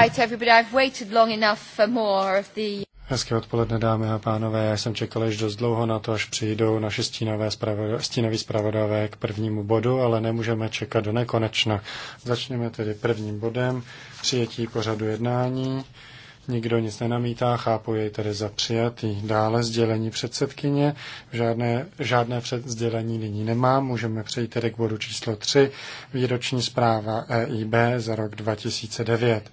Right, everybody, I've waited long enough for more of the... Hezké odpoledne, dámy a pánové. Já jsem čekal již dost dlouho na to, až přijdou naše stínové spravo, stínoví zpravodové k prvnímu bodu, ale nemůžeme čekat do nekonečna. Začněme tedy prvním bodem, přijetí pořadu jednání. Nikdo nic nenamítá, chápu jej tedy za přijatý. Dále sdělení předsedkyně. Žádné, žádné před sdělení nyní nemá. Můžeme přejít tedy k bodu číslo 3. Výroční zpráva EIB za rok 2009.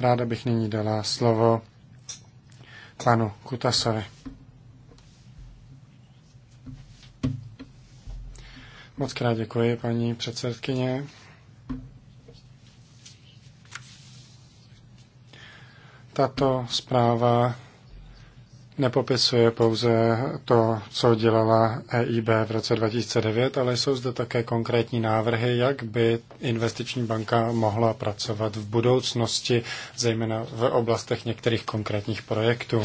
Ráda bych nyní dala slovo panu Kutasovi. Moc krát děkuji, paní předsedkyně. Tato zpráva nepopisuje pouze to, co dělala EIB v roce 2009, ale jsou zde také konkrétní návrhy, jak by investiční banka mohla pracovat v budoucnosti, zejména v oblastech některých konkrétních projektů.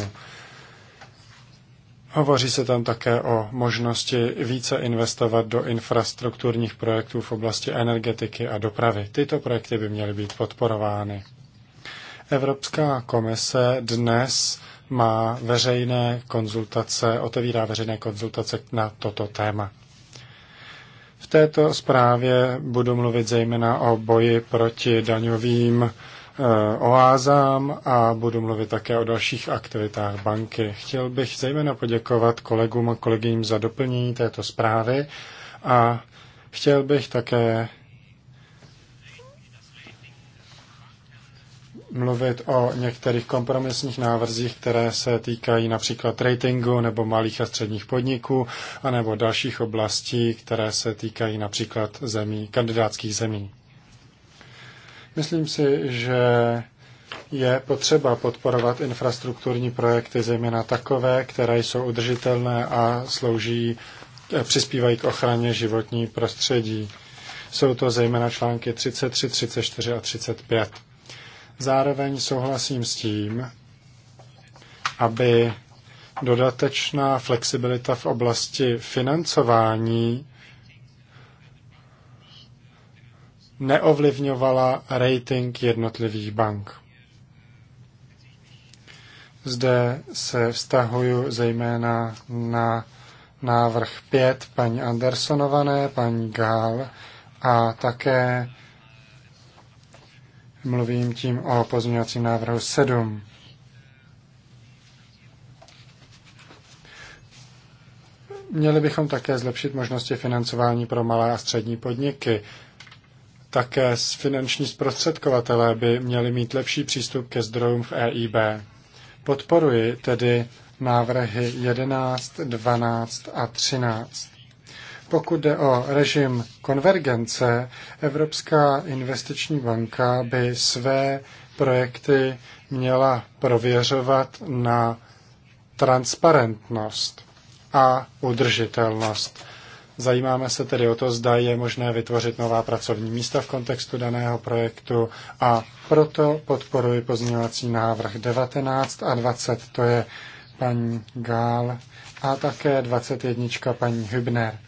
Hovoří se tam také o možnosti více investovat do infrastrukturních projektů v oblasti energetiky a dopravy. Tyto projekty by měly být podporovány. Evropská komise dnes má veřejné konzultace, otevírá veřejné konzultace na toto téma. V této zprávě budu mluvit zejména o boji proti daňovým eh, oázám a budu mluvit také o dalších aktivitách banky. Chtěl bych zejména poděkovat kolegům a kolegyním za doplnění této zprávy a chtěl bych také mluvit o některých kompromisních návrzích, které se týkají například ratingu nebo malých a středních podniků, anebo dalších oblastí, které se týkají například zemí, kandidátských zemí. Myslím si, že je potřeba podporovat infrastrukturní projekty, zejména takové, které jsou udržitelné a slouží, eh, přispívají k ochraně životní prostředí. Jsou to zejména články 33, 34 a 35. Zároveň souhlasím s tím, aby dodatečná flexibilita v oblasti financování neovlivňovala rating jednotlivých bank. Zde se vztahuju zejména na návrh 5 paní Andersonované, paní Gál a také Mluvím tím o pozměňovacím návrhu 7. Měli bychom také zlepšit možnosti financování pro malé a střední podniky. Také finanční zprostředkovatelé by měli mít lepší přístup ke zdrojům v EIB. Podporuji tedy návrhy 11, 12 a 13. Pokud jde o režim konvergence, Evropská investiční banka by své projekty měla prověřovat na transparentnost a udržitelnost. Zajímáme se tedy o to, zda je možné vytvořit nová pracovní místa v kontextu daného projektu a proto podporuji pozměňovací návrh 19 a 20, to je paní Gál a také 21 paní Hübner.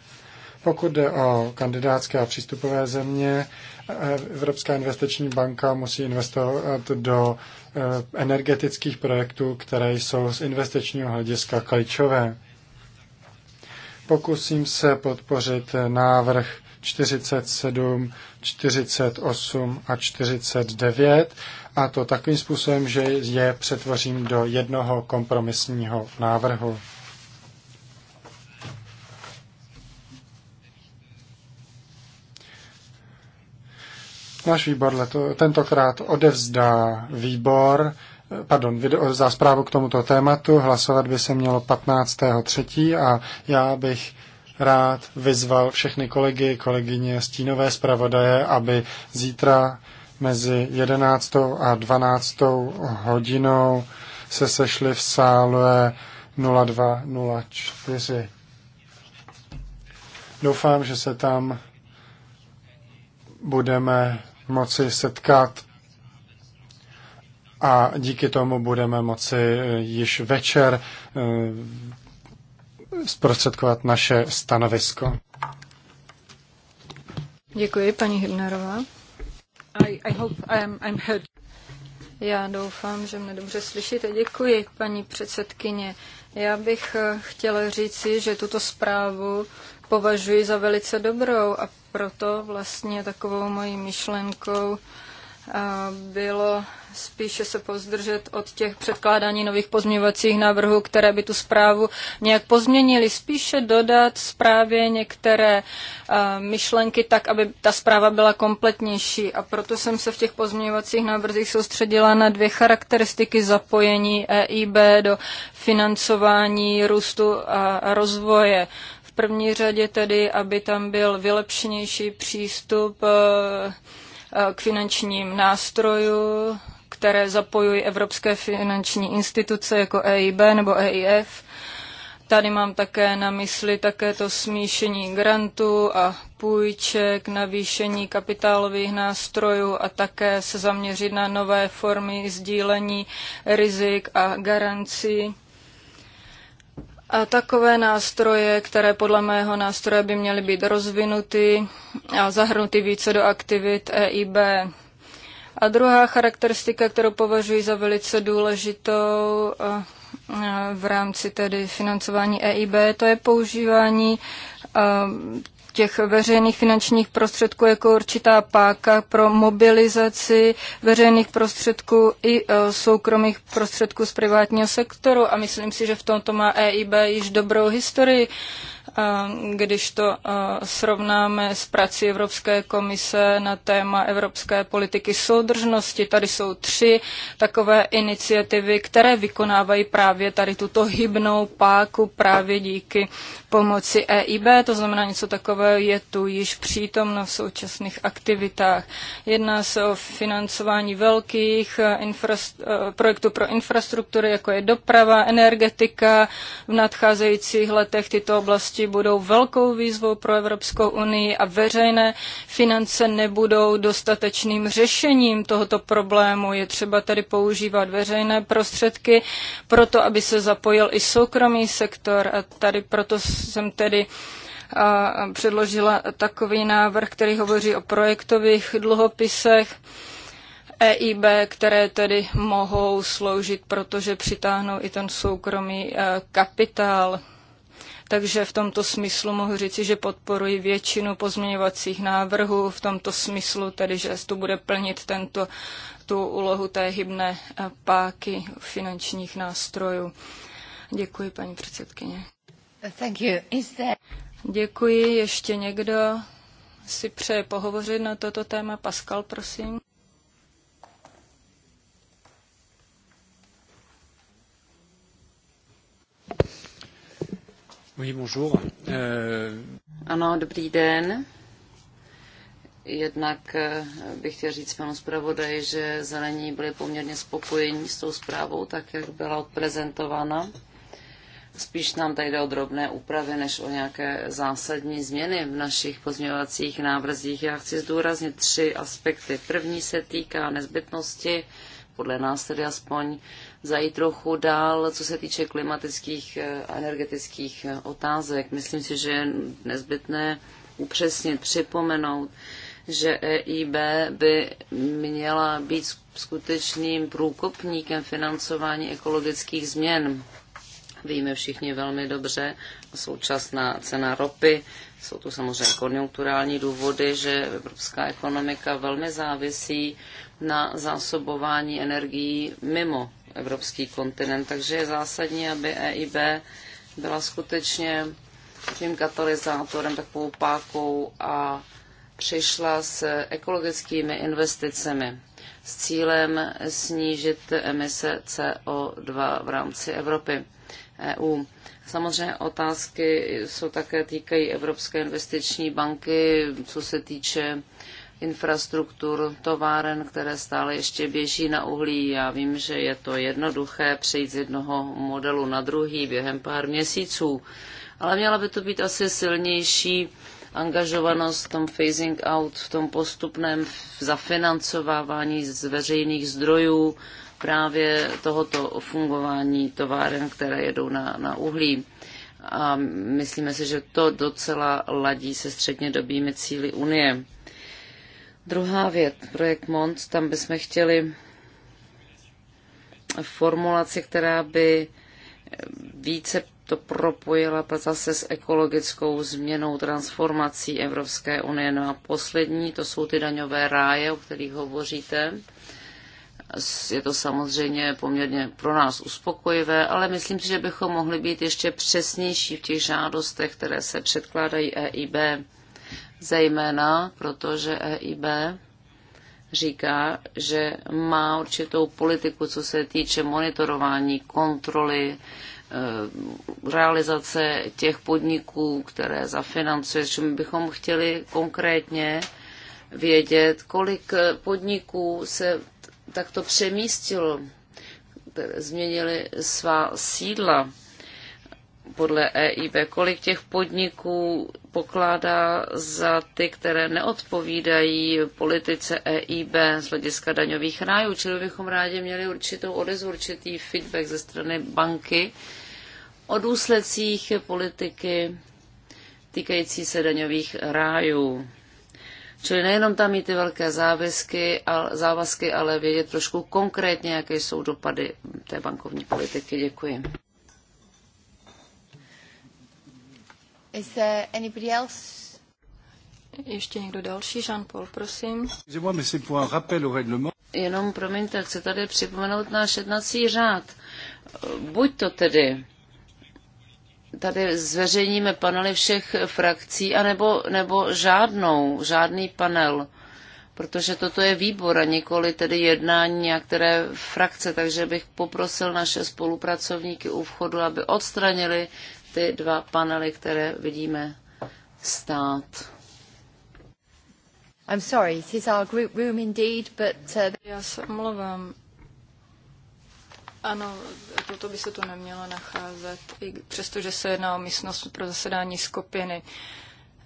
Pokud jde o kandidátské a přístupové země, Evropská investiční banka musí investovat do eh, energetických projektů, které jsou z investičního hlediska klíčové. Pokusím se podpořit návrh 47, 48 a 49 a to takovým způsobem, že je přetvořím do jednoho kompromisního návrhu. Náš výbor leto, tentokrát odevzdá výbor, pardon, za zprávu k tomuto tématu. Hlasovat by se mělo 15.3. a já bych rád vyzval všechny kolegy, kolegyně, stínové zpravodaje, aby zítra mezi 11. a 12. hodinou se sešli v sále 0204. Doufám, že se tam budeme moci setkat a díky tomu budeme moci eh, již večer eh, zprostředkovat naše stanovisko. Děkuji, paní Hybnerová. I, I hope I'm, um, I'm heard. Já doufám, že mě dobře slyšíte. Děkuji, paní předsedkyně. Já bych eh, chtěla říci, že tuto zprávu považuji za velice dobrou a proto vlastně takovou mojí myšlenkou bylo spíše se pozdržet od těch předkládání nových pozměňovacích návrhů, které by tu zprávu nějak pozměnili. Spíše dodat zprávě některé myšlenky tak, aby ta zpráva byla kompletnější. A proto jsem se v těch pozměňovacích návrzích soustředila na dvě charakteristiky zapojení EIB do financování růstu a rozvoje. V první řadě tedy, aby tam byl vylepšenější přístup eh, eh, k finančním nástrojům, které zapojují evropské finanční instituce jako EIB nebo EIF. Tady mám také na mysli také to smíšení grantů a půjček, navýšení kapitálových nástrojů a také se zaměřit na nové formy sdílení rizik a garancí a takové nástroje, které podle mého nástroje by měly být rozvinuty a zahrnuty více do aktivit EIB. A druhá charakteristika, kterou považuji za velice důležitou v rámci tedy financování EIB, to je používání těch veřejných finančních prostředků jako určitá páka pro mobilizaci veřejných prostředků i e, soukromých prostředků z privátního sektoru. A myslím si, že v tomto má EIB již dobrou historii když to srovnáme s prací Evropské komise na téma evropské politiky soudržnosti. Tady jsou tři takové iniciativy, které vykonávají právě tady tuto hybnou páku právě díky pomoci EIB, to znamená něco takového je tu již přítomno v současných aktivitách. Jedná se o financování velkých projektů pro infrastruktury, jako je doprava, energetika. V nadcházejících letech tyto oblasti oblasti budou velkou výzvou pro Evropskou unii a veřejné finance nebudou dostatečným řešením tohoto problému. Je třeba tedy používat veřejné prostředky pro to aby se zapojil i soukromý sektor a tady proto jsem tedy a předložila takový návrh, který hovoří o projektových dluhopisech EIB, které tedy mohou sloužit, protože přitáhnou i ten soukromý e, kapitál. Takže v tomto smyslu mohu říci, že podporuji většinu pozměňovacích návrhů v tomto smyslu, tedy že tu bude plnit tento, tu úlohu té hybné eh, páky finančních nástrojů. Děkuji, paní předsedkyně. Thank you. Is there... Děkuji. Ještě někdo si přeje pohovořit na toto téma? Pascal, prosím. Oui, bonjour. Euh, ano, dobrý den. Jednak eh, bych chtěl říct panu zpravodaji, že zelení byli poměrně spokojení s tou zprávou, tak jak byla odprezentována. Spíš nám tady jde o drobné úpravy, než o nějaké zásadní změny v našich pozměňovacích návrzích. Já chci zdůraznit tři aspekty. První se týká nezbytnosti, podle nás tedy aspoň, zajít trochu dál, co se týče klimatických eh, a energetických eh, otázek. Myslím si, že je nezbytné upřesnit, připomenout, že EIB by měla být skutečným průkopníkem financování ekologických změn. Víme všichni velmi dobře, současná cena ropy, jsou tu samozřejmě konjunkturální důvody, že evropská ekonomika velmi závisí na zásobování energií mimo evropský kontinent. Takže je zásadní, aby EIB byla skutečně tím katalyzátorem, takovou pákou a přišla s ekologickými investicemi s cílem snížit emise CO2 v rámci Evropy. EU. Samozřejmě otázky jsou také týkají Evropské investiční banky, co se týče infrastruktur, továren, které stále ještě běží na uhlí. Já vím, že je to jednoduché přejít z jednoho modelu na druhý během pár měsíců, ale měla by to být asi silnější angažovanost v tom phasing out, v tom postupném zafinancovávání z veřejných zdrojů právě tohoto fungování továren, které jedou na, na uhlí. A myslíme si, že to docela ladí se střednědobými cíly Unie. Druhá věc, projekt MONT, tam bychom chtěli formulaci, která by více to propojila zase s ekologickou změnou, transformací Evropské unie. No a poslední, to jsou ty daňové ráje, o kterých hovoříte. Je to samozřejmě poměrně pro nás uspokojivé, ale myslím si, že bychom mohli být ještě přesnější v těch žádostech, které se předkládají EIB zejména protože EIB říká, že má určitou politiku, co se týče monitorování, kontroly, eh, realizace těch podniků, které zafinancuje, čím bychom chtěli konkrétně vědět, kolik podniků se takto přemístilo, změnili svá sídla podle EIB, kolik těch podniků pokládá za ty, které neodpovídají politice EIB z hlediska daňových rájů. Čili bychom rádi měli určitou odezvu, určitý feedback ze strany banky o důsledcích politiky týkající se daňových rájů. Čili nejenom tam mít ty velké závisky, ale, závazky, ale vědět trošku konkrétně, jaké jsou dopady té bankovní politiky. Děkuji. Is there anybody else? Ještě někdo další? Jean-Paul, prosím. Jenom, promiňte, chci tady připomenout náš jednací řád. Buď to tedy tady zveřejníme panely všech frakcí, anebo nebo žádnou, žádný panel, protože toto je výbor a nikoli tedy jednání některé frakce, takže bych poprosil naše spolupracovníky u vchodu, aby odstranili ty dva panely, které vidíme stát. I'm sorry, this is our group room indeed, but... Uh... Já se omlouvám. Ano, toto by se tu nemělo nacházet, i přestože se jedná o místnost pro zasedání skupiny.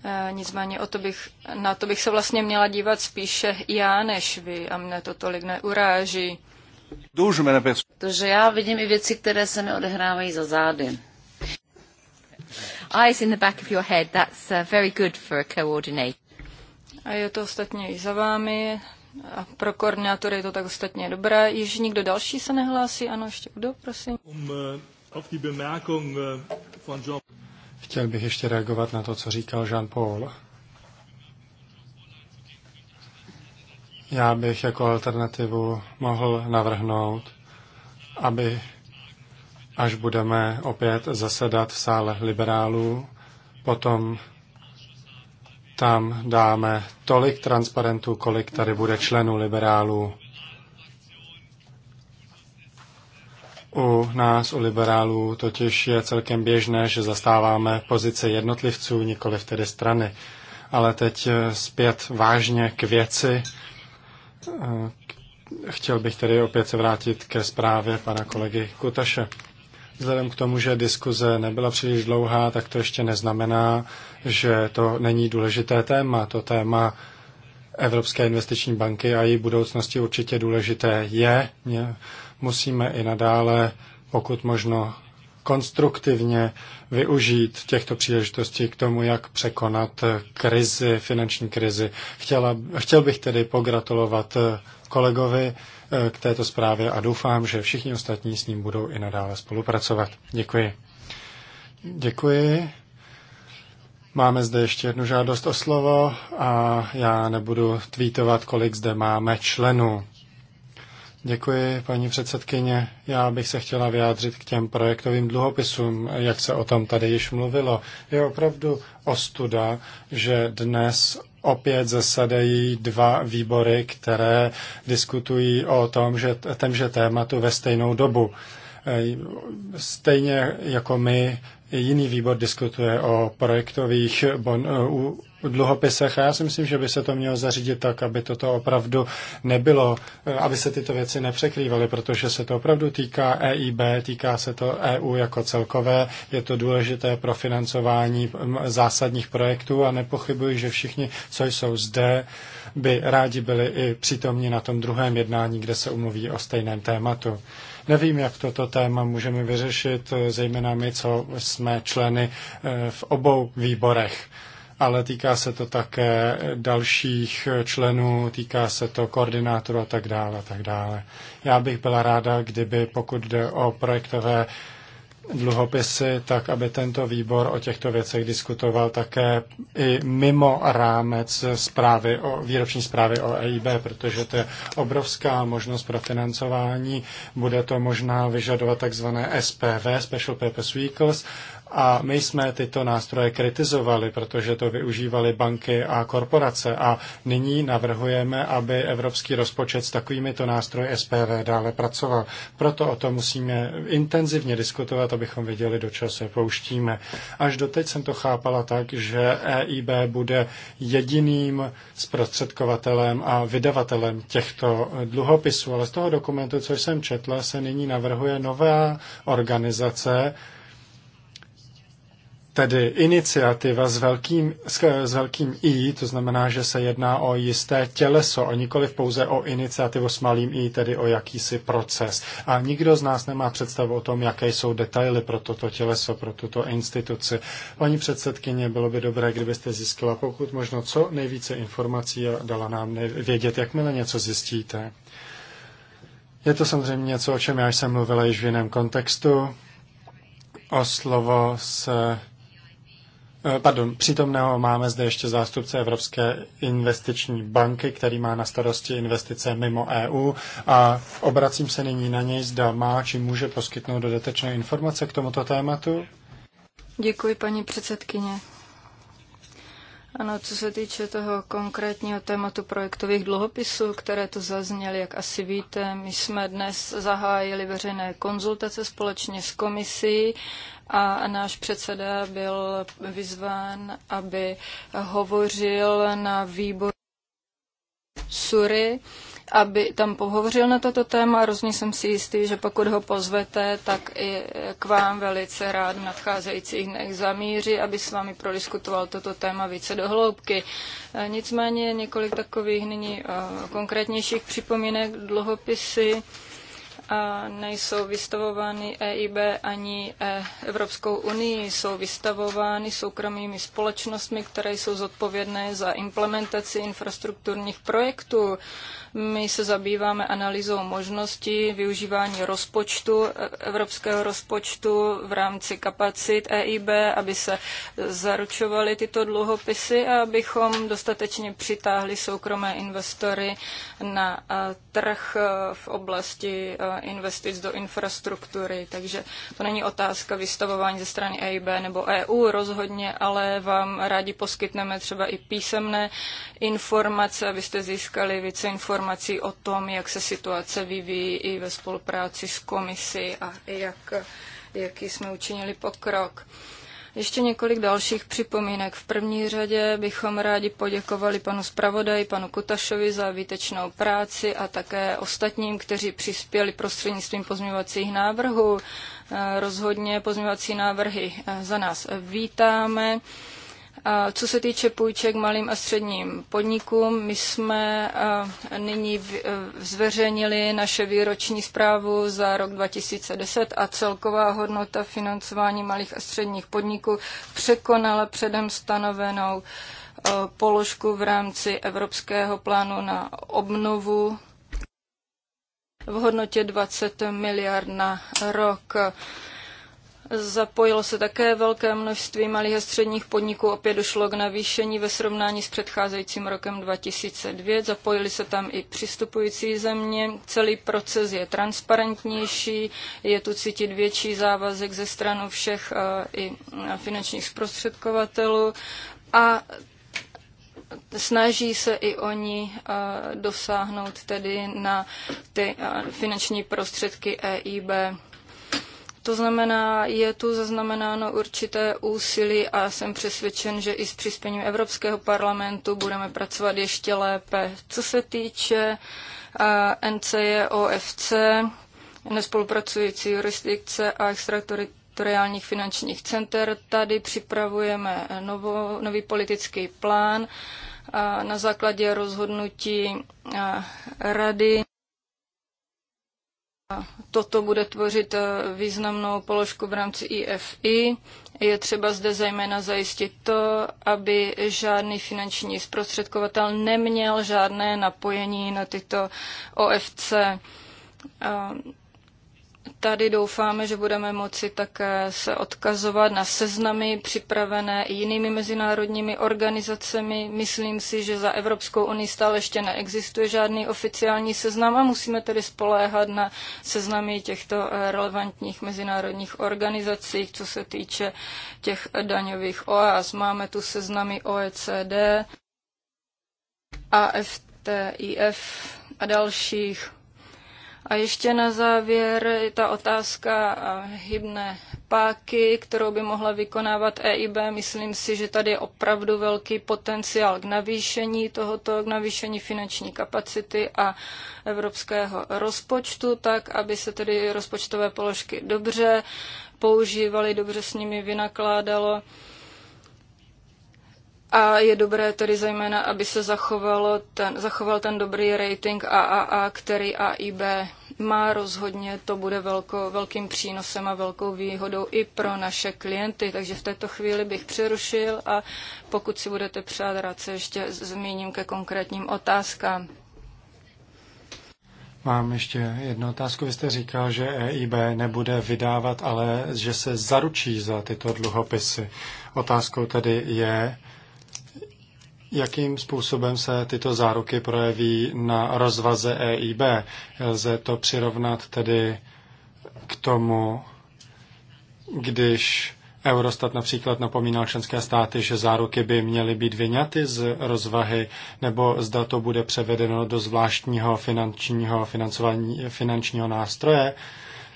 E, nicméně o to bych, na to bych se vlastně měla dívat spíše já než vy a mne to tolik neuráží. Protože já vidím i věci, které se mi odehrávají za zády eyes in the back of your head, that's uh, very good for a coordinator. A je to ostatně i za vámi. A pro koordinátory je to tak ostatně dobré. Již nikdo další se nehlásí? Ano, ještě kdo, prosím? Um, uh, auf die uh, von Jean... Chtěl bych ještě reagovat na to, co říkal Jean-Paul. Já bych jako alternativu mohl navrhnout, aby až budeme opět zasedat v sále liberálů. Potom tam dáme tolik transparentů, kolik tady bude členů liberálů. U nás, u liberálů, totiž je celkem běžné, že zastáváme pozice jednotlivců, nikoli v tedy strany. Ale teď eh, zpět vážně k věci. Eh, chtěl bych tedy opět se vrátit ke zprávě pana kolegy Kutaše. Vzhledem k tomu, že diskuze nebyla příliš dlouhá, tak to ještě neznamená, že to není důležité téma. To téma Evropské investiční banky a její budoucnosti určitě důležité je. Musíme i nadále, pokud možno, konstruktivně využít těchto příležitostí k tomu, jak překonat krizi, finanční krizi. Chtěla, chtěl bych tedy pogratulovat kolegovi Eh, k této zprávě a doufám, že všichni ostatní s ním budou i nadále spolupracovat. Děkuji. Děkuji. Máme zde ještě jednu žádost o slovo a já nebudu tweetovat, kolik zde máme členů. Děkuji, paní předsedkyně. Já bych se chtěla vyjádřit k těm projektovým dluhopisům, jak se o tom tady již mluvilo. Je opravdu ostuda, že dnes opět zasadají dva výbory, které diskutují o tom, že témže tématu ve stejnou dobu. E, stejně jako my, jiný výbor diskutuje o projektových bon, dluhopisech a já si myslím, že by se to mělo zařídit tak, aby toto opravdu nebylo, eh, aby se tyto věci nepřekrývaly, protože se to opravdu týká EIB, týká se to EU jako celkové, je to důležité pro financování hm, zásadních projektů a nepochybuji, že všichni, co jsou zde, by rádi byli i přítomní na tom druhém jednání, kde se umluví o stejném tématu. Nevím, jak toto téma můžeme vyřešit, eh, zejména my, co jsme členy eh, v obou výborech ale týká se to také dalších členů, týká se to koordinátorů a tak dále, a tak dále. Já bych byla ráda, kdyby, pokud jde o projektové dluhopisy, tak aby tento výbor o těchto věcech diskutoval také i mimo rámec zprávy o, výroční zprávy o EIB, protože to je obrovská možnost pro financování. Bude to možná vyžadovat takzvané SPV, Special Purpose Vehicles, a my jsme tyto nástroje kritizovali, protože to využívaly banky a korporace. A nyní navrhujeme, aby evropský rozpočet s takovýmito nástroji SPV dále pracoval. Proto o tom musíme intenzivně diskutovat, abychom věděli, do čeho se pouštíme. Až doteď jsem to chápala tak, že EIB bude jediným zprostředkovatelem a vydavatelem těchto dluhopisů. Ale z toho dokumentu, co jsem četla, se nyní navrhuje nová organizace, tedy iniciativa s velkým, s, velkým I, to znamená, že se jedná o jisté těleso, a nikoli pouze o iniciativu s malým I, tedy o jakýsi proces. A nikdo z nás nemá představu o tom, jaké jsou detaily pro toto těleso, pro tuto instituci. Paní předsedkyně, bylo by dobré, kdybyste získala pokud možno co nejvíce informací a dala nám vědět, jakmile něco zjistíte. Je to samozřejmě něco, o čem já jsem mluvila již v jiném kontextu. O slovo se Eh, pardon, přítomného máme zde ještě zástupce Evropské investiční banky, který má na starosti investice mimo EU a obracím se nyní na něj, zda má či může poskytnout dodatečné informace k tomuto tématu. Děkuji, paní předsedkyně. Ano, co se týče toho konkrétního tématu projektových dluhopisů, které tu zazněly, jak asi víte, my jsme dnes zahájili veřejné konzultace společně s komisí a náš předseda byl vyzván, aby hovořil na výboru Sury aby tam pohovořil na toto téma. Rozně jsem si jistý, že pokud ho pozvete, tak i k vám velice rád v nadcházejících dnech zamíří, aby s vámi prodiskutoval toto téma více do hloubky. E, nicméně několik takových nyní e, konkrétnějších připomínek dluhopisy e, nejsou vystavovány EIB ani Evropskou unii, jsou vystavovány soukromými společnostmi, které jsou zodpovědné za implementaci infrastrukturních projektů. My se zabýváme analýzou možností využívání rozpočtu, evropského rozpočtu v rámci kapacit EIB, aby se zaručovaly tyto dluhopisy a abychom dostatečně přitáhli soukromé investory na eh, trh eh, v oblasti eh, investic do infrastruktury. Takže to není otázka vystavování ze strany EIB nebo EU rozhodně, ale vám rádi poskytneme třeba i písemné informace, abyste získali více informací informací o tom, jak se situace vyvíjí i ve spolupráci s komisí a jak, jaký jsme učinili pokrok. Ještě několik dalších připomínek. V první řadě bychom rádi poděkovali panu zpravodaji, panu Kutašovi za výtečnou práci a také ostatním, kteří přispěli prostřednictvím pozměňovacích návrhů. Eh, rozhodně pozměňovací návrhy eh, za nás vítáme. Co se týče půjček malým a středním podnikům, my jsme nyní e, zveřejnili naše výroční zprávu za rok 2010 a celková hodnota financování malých a středních podniků překonala předem stanovenou e, položku v rámci Evropského plánu na obnovu v hodnotě 20 miliard na rok. Zapojilo se také velké množství malých a středních podniků, opět došlo k navýšení ve srovnání s předcházejícím rokem 2002. Zapojili se tam i přistupující země, celý proces je transparentnější, je tu cítit větší závazek ze strany všech eh, i finančních zprostředkovatelů a snaží se i oni eh, dosáhnout tedy na ty eh, finanční prostředky EIB. To znamená, je tu zaznamenáno určité úsilí a jsem přesvědčen, že i s přispěním Evropského parlamentu budeme pracovat ještě lépe. Co se týče eh, NCE, OFC, nespolupracující jurisdikce a extrateritoriálních finančních center, tady připravujeme novo, nový politický plán eh, na základě rozhodnutí eh, Rady Toto bude tvořit eh, významnou položku v rámci IFI. Je třeba zde zejména zajistit to, aby žádný finanční zprostředkovatel neměl žádné napojení na tyto OFC. Eh, Tady doufáme, že budeme moci také se odkazovat na seznamy připravené i jinými mezinárodními organizacemi. Myslím si, že za Evropskou unii stále ještě neexistuje žádný oficiální seznam a musíme tedy spoléhat na seznamy těchto eh, relevantních mezinárodních organizací, co se týče těch daňových oáz. Máme tu seznamy OECD, AFTIF a dalších a ještě na závěr je ta otázka hybné páky, kterou by mohla vykonávat EIB. Myslím si, že tady je opravdu velký potenciál k navýšení tohoto, k navýšení finanční kapacity a evropského rozpočtu, tak aby se tedy rozpočtové položky dobře používaly, dobře s nimi vynakládalo a je dobré tedy zejména, aby se zachovalo ten, zachoval ten dobrý rating AAA, který AIB má rozhodně, to bude velko, velkým přínosem a velkou výhodou i pro naše klienty. Takže v této chvíli bych přerušil a pokud si budete přát, rád se ještě zmíním ke konkrétním otázkám. Mám ještě jednu otázku. Vy jste říkal, že EIB nebude vydávat, ale že se zaručí za tyto dluhopisy. Otázkou tedy je, Jakým způsobem se tyto záruky projeví na rozvaze EIB? Lze to přirovnat tedy k tomu, když Eurostat například napomínal členské státy, že záruky by měly být vyňaty z rozvahy, nebo zda to bude převedeno do zvláštního finančního, financování, finančního nástroje,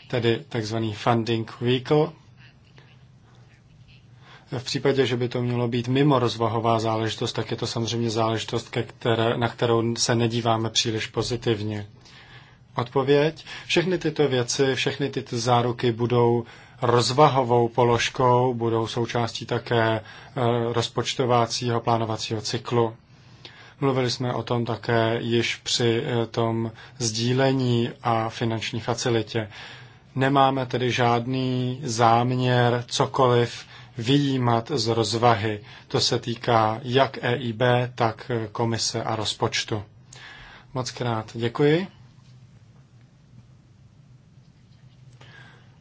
tedy tzv. funding vehicle. V případě, že by to mělo být mimo rozvahová záležitost, tak je to samozřejmě záležitost, ke které, na kterou se nedíváme příliš pozitivně. Odpověď? Všechny tyto věci, všechny tyto záruky budou rozvahovou položkou, budou součástí také e, rozpočtovacího plánovacího cyklu. Mluvili jsme o tom také již při e, tom sdílení a finanční facilitě. Nemáme tedy žádný záměr cokoliv vyjímat z rozvahy. To se týká jak EIB, tak komise a rozpočtu. Moc krát děkuji.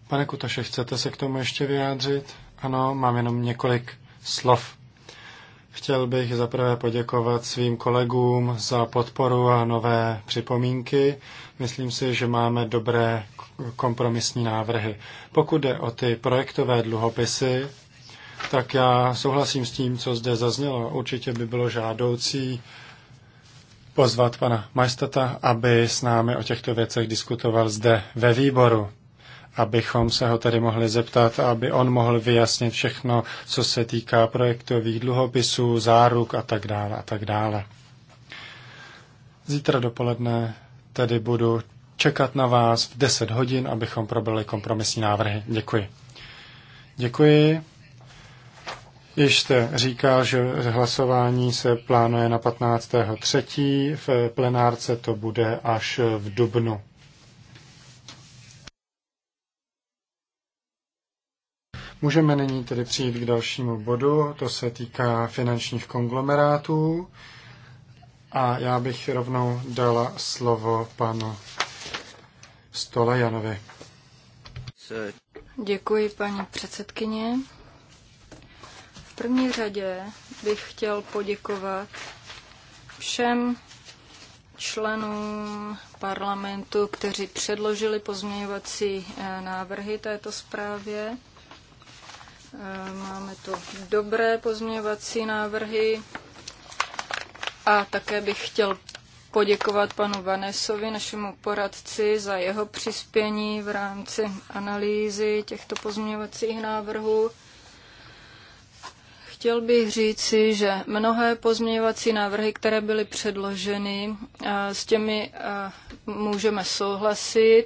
Pane Kutaše, chcete se k tomu ještě vyjádřit? Ano, mám jenom několik slov. Chtěl bych zaprvé poděkovat svým kolegům za podporu a nové připomínky. Myslím si, že máme dobré kompromisní návrhy. Pokud jde o ty projektové dluhopisy, tak já souhlasím s tím, co zde zaznělo. Určitě by bylo žádoucí pozvat pana Majstata, aby s námi o těchto věcech diskutoval zde ve výboru, abychom se ho tedy mohli zeptat, aby on mohl vyjasnit všechno, co se týká projektových dluhopisů, záruk a tak dále a tak dále. Zítra dopoledne tedy budu čekat na vás v 10 hodin, abychom probrali kompromisní návrhy. Děkuji. Děkuji. Již jste říkal, že hlasování se plánuje na 15.3. V plenárce to bude až v dubnu. Můžeme nyní tedy přijít k dalšímu bodu, to se týká finančních konglomerátů. A já bych rovnou dala slovo panu Stolejanovi. Děkuji, paní předsedkyně první řadě bych chtěl poděkovat všem členům parlamentu, kteří předložili pozměňovací eh, návrhy této zprávě. Eh, máme tu dobré pozměňovací návrhy a také bych chtěl poděkovat panu Vanesovi, našemu poradci, za jeho přispění v rámci analýzy těchto pozměňovacích návrhů. Chtěl bych říci, že mnohé pozměňovací návrhy, které byly předloženy, s těmi můžeme souhlasit.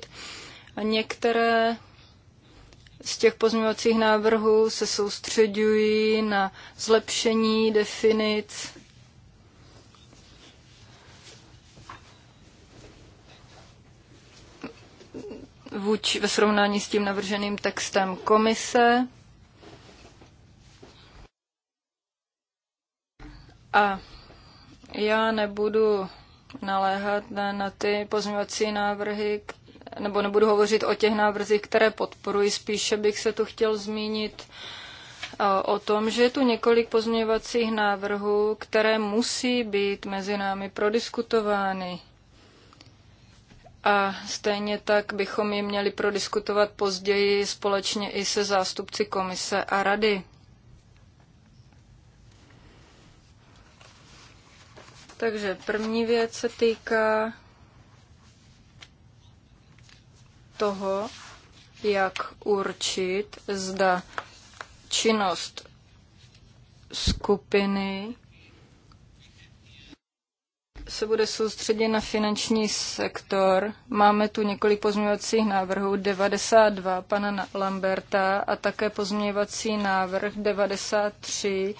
některé z těch pozměňovacích návrhů se soustředují na zlepšení definic vůči ve srovnání s tím navrženým textem komise. A já nebudu naléhat na, na ty pozměňovací návrhy, nebo nebudu hovořit o těch návrzích, které podporuji, spíše bych se tu chtěl zmínit o tom, že je tu několik pozměňovacích návrhů, které musí být mezi námi prodiskutovány. A stejně tak bychom je měli prodiskutovat později společně i se zástupci komise a rady. Takže první věc se týká toho, jak určit, zda činnost skupiny se bude soustředit na finanční sektor. Máme tu několik pozměňovacích návrhů 92 pana Lamberta a také pozměňovací návrh 93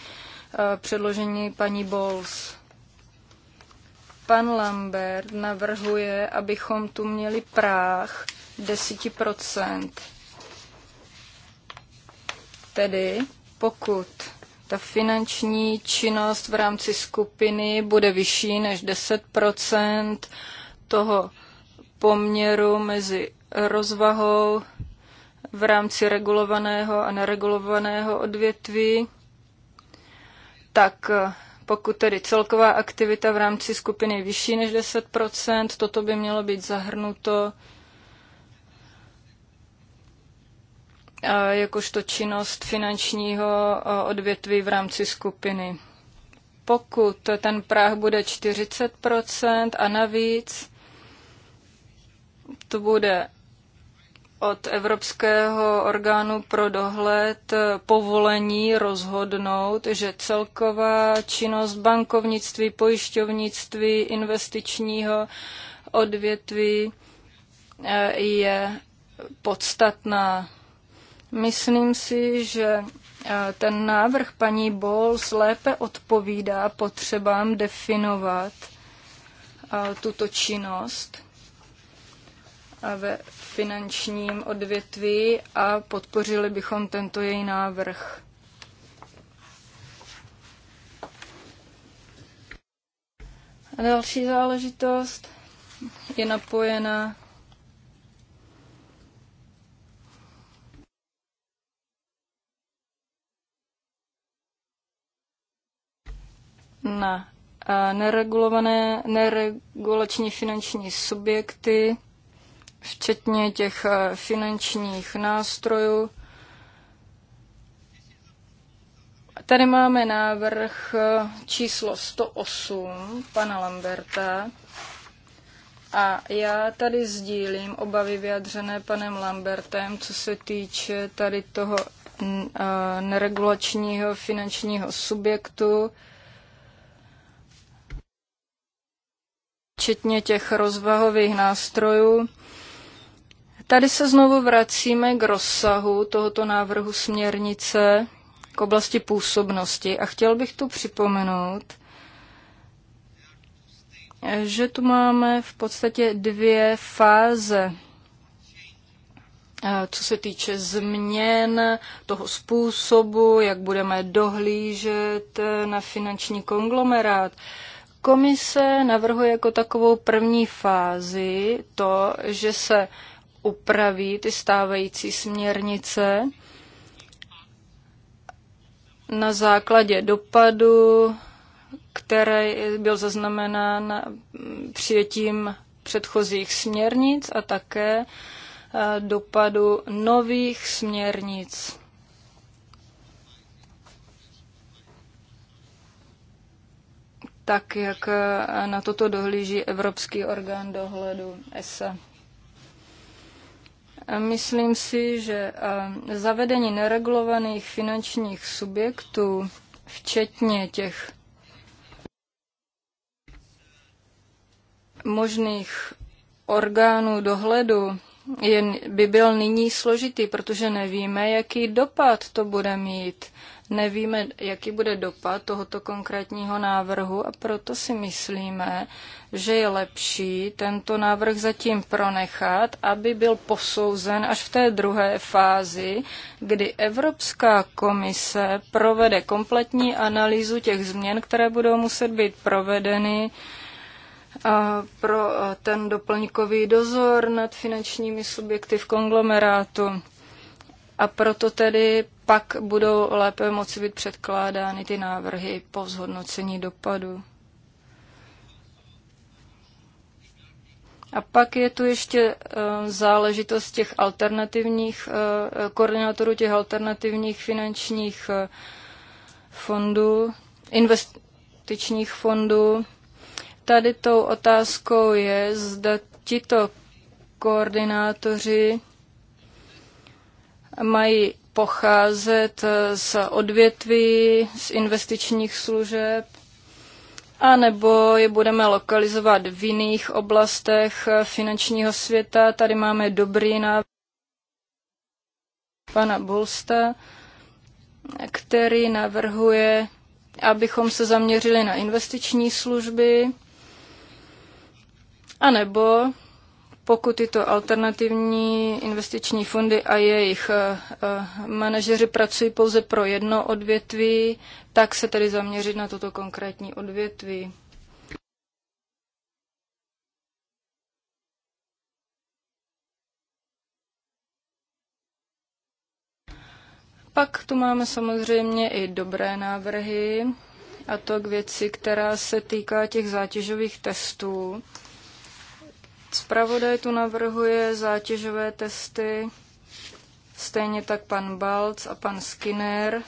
eh, předložení paní Bowles. Pan Lambert navrhuje, abychom tu měli práh 10%. Tedy pokud ta finanční činnost v rámci skupiny bude vyšší než 10 toho poměru mezi rozvahou v rámci regulovaného a neregulovaného odvětví, tak pokud tedy celková aktivita v rámci skupiny je vyšší než 10%, toto by mělo být zahrnuto eh, jakožto činnost finančního eh, odvětví v rámci skupiny. Pokud ten práh bude 40% a navíc, to bude od Evropského orgánu pro dohled povolení rozhodnout, že celková činnost bankovnictví, pojišťovnictví, investičního odvětví eh, je podstatná. Myslím si, že eh, ten návrh paní Bowles lépe odpovídá potřebám definovat eh, tuto činnost. A ve finančním odvětví a podpořili bychom tento její návrh. A další záležitost je napojena na neregulované, neregulační finanční subjekty včetně těch eh, finančních nástrojů. Tady máme návrh eh, číslo 108 pana Lamberta. A já tady sdílím obavy vyjadřené panem Lambertem, co se týče tady toho eh, neregulačního finančního subjektu, včetně těch rozvahových nástrojů. Tady se znovu vracíme k rozsahu tohoto návrhu směrnice k oblasti působnosti a chtěl bych tu připomenout, že tu máme v podstatě dvě fáze co se týče změn toho způsobu, jak budeme dohlížet na finanční konglomerát. Komise navrhuje jako takovou první fázi to, že se upraví ty stávající směrnice na základě dopadu, který byl zaznamenán přijetím předchozích směrnic a také eh, dopadu nových směrnic. tak, jak eh, na toto dohlíží Evropský orgán dohledu ESA. Myslím si, že zavedení neregulovaných finančních subjektů, včetně těch možných orgánů dohledu, je, by byl nyní složitý, protože nevíme, jaký dopad to bude mít. Nevíme, jaký bude dopad tohoto konkrétního návrhu a proto si myslíme, že je lepší tento návrh zatím pronechat, aby byl posouzen až v té druhé fázi, kdy Evropská komise provede kompletní analýzu těch změn, které budou muset být provedeny pro ten doplňkový dozor nad finančními subjekty v konglomerátu. A proto tedy pak budou lépe moci být předkládány ty návrhy po zhodnocení dopadu. A pak je tu ještě eh, záležitost těch alternativních, eh, koordinátorů těch alternativních finančních eh, fondů, investičních fondů. Tady tou otázkou je, zda tito koordinátoři mají pocházet eh, z odvětví, z investičních služeb, a nebo je budeme lokalizovat v jiných oblastech eh, finančního světa. Tady máme dobrý návrh pana Bolsta, který navrhuje, abychom se zaměřili na investiční služby, a nebo pokud tyto alternativní investiční fondy a jejich eh, eh, manažeři pracují pouze pro jedno odvětví, tak se tedy zaměřit na toto konkrétní odvětví. Pak tu máme samozřejmě i dobré návrhy, a to k věci, která se týká těch zátěžových testů. Spravodaj tu navrhuje zátěžové testy, stejně tak pan Balc a pan Skinner.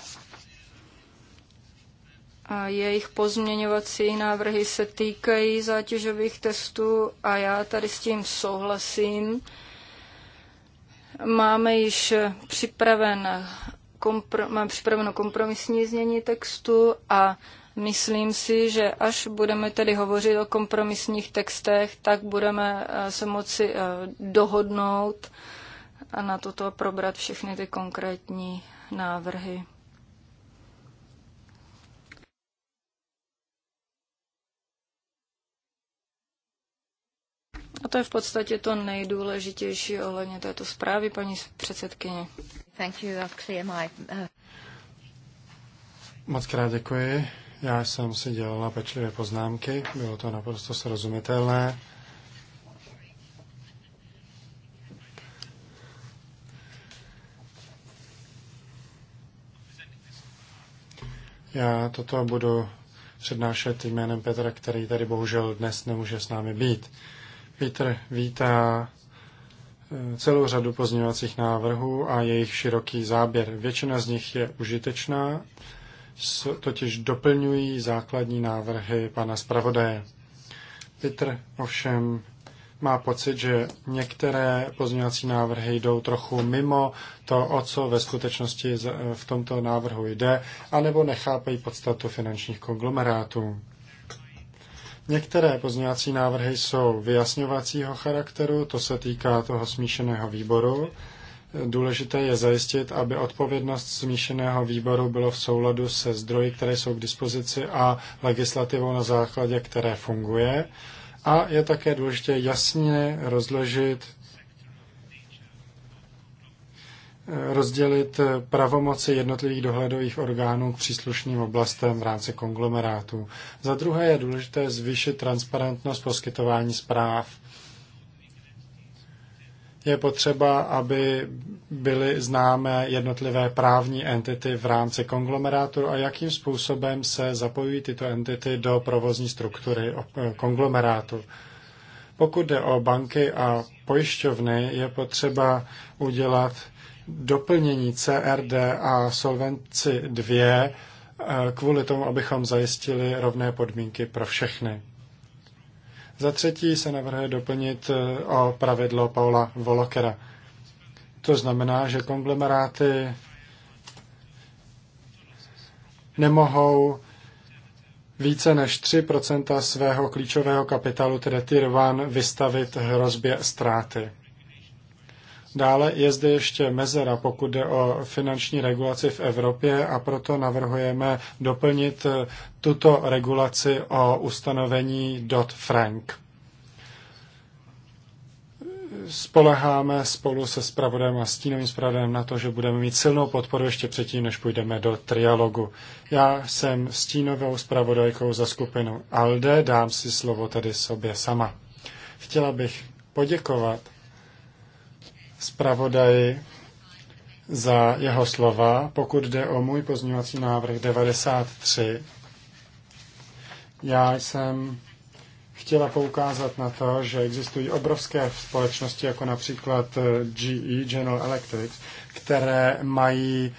A jejich pozměňovací návrhy se týkají zátěžových testů a já tady s tím souhlasím. Máme již připraven kompro, mám připraveno kompromisní znění textu a Myslím si, že až budeme tedy hovořit o kompromisních textech, tak budeme eh, se moci eh, dohodnout a na toto probrat všechny ty konkrétní návrhy. A to je v podstatě to nejdůležitější ohledně této zprávy, paní předsedkyně. Thank you, clear my, uh, Moc krát děkuji. Já jsem si dělala pečlivé poznámky, bylo to naprosto srozumitelné. Já toto budu přednášet jménem Petra, který tady bohužel dnes nemůže s námi být. Petr vítá eh, celou řadu pozměňovacích návrhů a jejich široký záběr. Většina z nich je užitečná totiž doplňují základní návrhy pana zpravodaje. Petr ovšem má pocit, že některé pozměňovací návrhy jdou trochu mimo to, o co ve skutečnosti v tomto návrhu jde, anebo nechápejí podstatu finančních konglomerátů. Některé pozměňovací návrhy jsou vyjasňovacího charakteru, to se týká toho smíšeného výboru, Důležité je zajistit, aby odpovědnost smíšeného výboru bylo v souladu se zdroji, které jsou k dispozici a legislativou na základě, které funguje. A je také důležité jasně rozložit rozdělit pravomoci jednotlivých dohledových orgánů k příslušným oblastem v rámci konglomerátu. Za druhé je důležité zvýšit transparentnost poskytování zpráv je potřeba, aby byly známé jednotlivé právní entity v rámci konglomerátu a jakým způsobem se zapojují tyto entity do provozní struktury eh, konglomerátu. Pokud jde o banky a pojišťovny, je potřeba udělat doplnění CRD a Solvenci 2 eh, kvůli tomu, abychom zajistili rovné podmínky pro všechny. Za třetí se navrhuje doplnit eh, o pravidlo Paula Volokera. To znamená, že konglomeráty nemohou více než 3 svého klíčového kapitálu, tedy Tyrvan, vystavit hrozbě ztráty. Dále je zde ještě mezera, pokud jde o finanční regulaci v Evropě a proto navrhujeme doplnit eh, tuto regulaci o ustanovení Dodd-Frank. Spoleháme spolu se spravodajem a stínovým spravodajem na to, že budeme mít silnou podporu ještě předtím, než půjdeme do trialogu. Já jsem stínovou spravodajkou za skupinu ALDE, dám si slovo tedy sobě sama. Chtěla bych poděkovat zpravodaji za jeho slova. Pokud jde o můj pozměňovací návrh 93, já jsem chtěla poukázat na to, že existují obrovské společnosti, jako například eh, GE, General Electric, které mají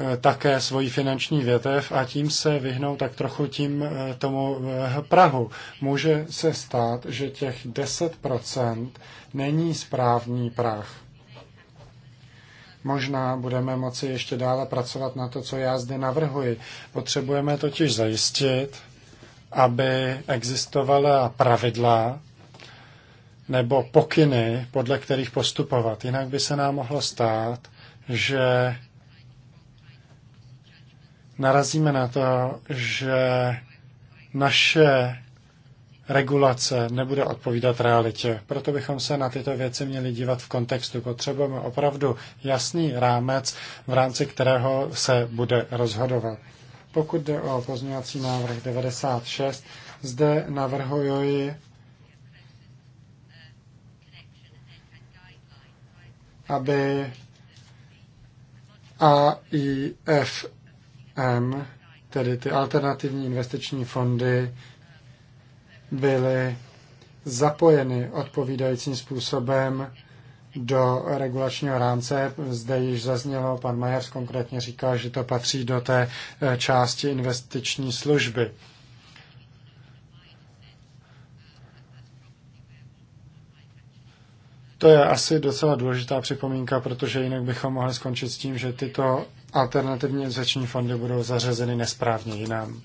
eh, také svoji finanční větev a tím se vyhnou tak trochu tím eh, tomu Prahu. Může se stát, že těch 10% není správný prach. Možná budeme moci ještě dále pracovat na to, co já zde navrhuji. Potřebujeme totiž zajistit, aby existovala pravidla nebo pokyny, podle kterých postupovat. Jinak by se nám mohlo stát, že narazíme na to, že naše regulace nebude odpovídat realitě. Proto bychom se na tyto věci měli dívat v kontextu. Potřebujeme opravdu jasný rámec, v rámci kterého se bude rozhodovat. Pokud jde o pozměňovací návrh 96, zde navrhuji aby AIFM, tedy ty alternativní investiční fondy, byly zapojeny odpovídajícím způsobem do regulačního rámce. Zde již zaznělo, pan Majers konkrétně říká, že to patří do té eh, části investiční služby. To je asi docela důležitá připomínka, protože jinak bychom mohli skončit s tím, že tyto alternativní investiční fondy budou zařazeny nesprávně jinam.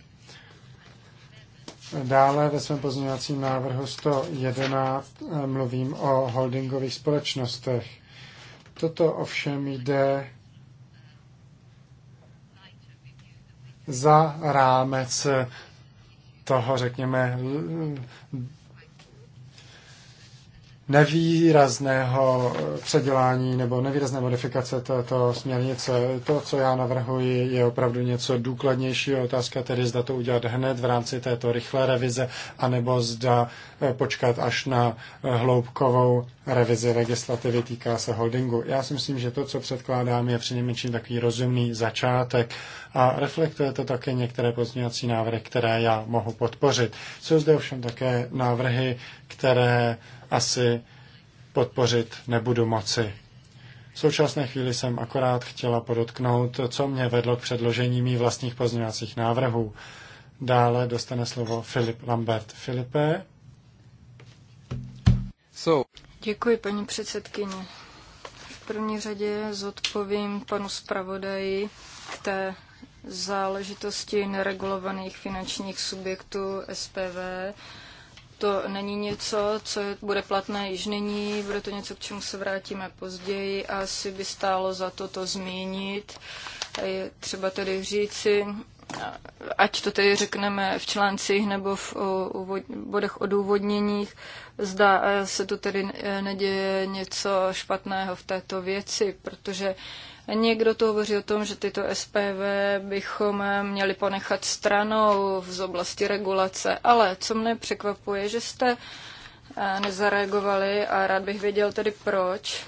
Dále ve svém pozměňovacím návrhu 111 eh, mluvím o holdingových společnostech. Toto ovšem jde za rámec toho, řekněme, nevýrazného eh, předělání nebo nevýrazné modifikace této směrnice. To, co já navrhuji, je opravdu něco důkladnějšího. Otázka tedy, zda to udělat hned v rámci této rychlé revize, anebo zda eh, počkat až na eh, hloubkovou revizi legislativy týká se holdingu. Já si myslím, že to, co předkládám, je přinejmenším takový rozumný začátek a reflektuje to také některé pozměňovací návrhy, které já mohu podpořit. Jsou zde ovšem také návrhy, které asi podpořit nebudu moci. V současné chvíli jsem akorát chtěla podotknout, co mě vedlo k předložení mých vlastních pozměňovacích návrhů. Dále dostane slovo Filip Lambert. Filipe? So. Děkuji, paní předsedkyně. V první řadě zodpovím panu zpravodaji k té záležitosti neregulovaných finančních subjektů SPV to není něco, co bude platné již nyní, bude to něco, k čemu se vrátíme později a asi by stálo za to to zmínit. Je třeba tedy říci, ať to tedy řekneme v článcích nebo v bodech odůvodněních, zda eh, se tu tedy eh, neděje něco špatného v této věci, protože někdo to hovoří o tom, že tyto SPV bychom eh, měli ponechat stranou z oblasti regulace, ale co mne překvapuje, že jste nezareagovali a rád bych věděl tedy proč,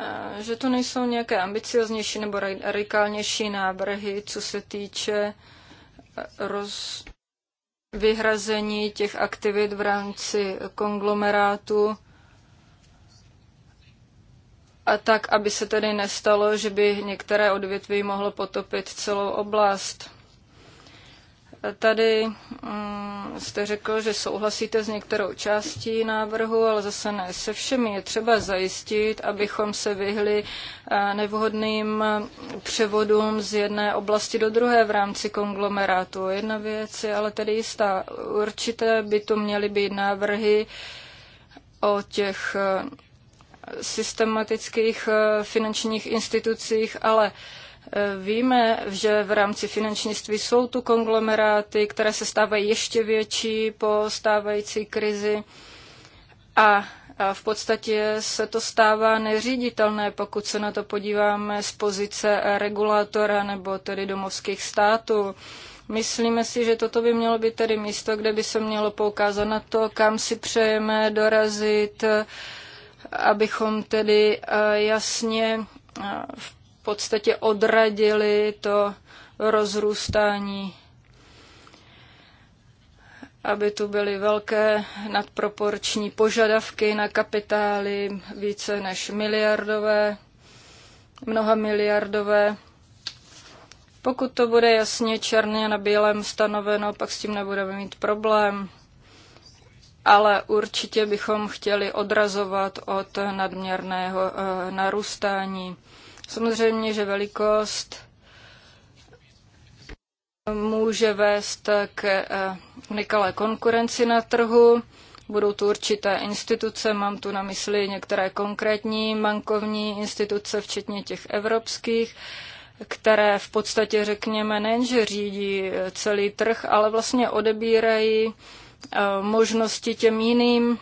Eh, že to nejsou nějaké ambicioznější nebo radikálnější návrhy, co se týče eh, roz, vyhrazení těch aktivit v rámci konglomerátu a tak, aby se tedy nestalo, že by některé odvětví mohlo potopit celou oblast. Tady mm, jste řekl, že souhlasíte s některou částí návrhu, ale zase ne se všemi. Je třeba zajistit, abychom se vyhli eh, nevhodným převodům z jedné oblasti do druhé v rámci konglomerátu. Jedna věc je ale tedy jistá. Určité by to měly být návrhy o těch eh, systematických eh, finančních institucích, ale uh, Víme, že v rámci finančnictví jsou tu konglomeráty, které se stávají ještě větší po stávající krizi a a v podstatě se to stává neříditelné, pokud se na to podíváme z pozice regulátora nebo tedy domovských států. Myslíme si, že toto by mělo být tedy místo, kde by se mělo poukázat na to, kam si přejeme dorazit, abychom tedy eh, jasně eh, v podstatě odradili to rozrůstání, aby tu byly velké nadproporční požadavky na kapitály, více než miliardové, mnoha miliardové. Pokud to bude jasně černě na bílém stanoveno, pak s tím nebudeme mít problém ale určitě bychom chtěli odrazovat od nadměrného eh, narůstání. Samozřejmě, že velikost může vést k eh, nekalé konkurenci na trhu. Budou tu určité instituce, mám tu na mysli některé konkrétní bankovní instituce, včetně těch evropských, které v podstatě, řekněme, nejenže řídí eh, celý trh, ale vlastně odebírají eh, možnosti těm jiným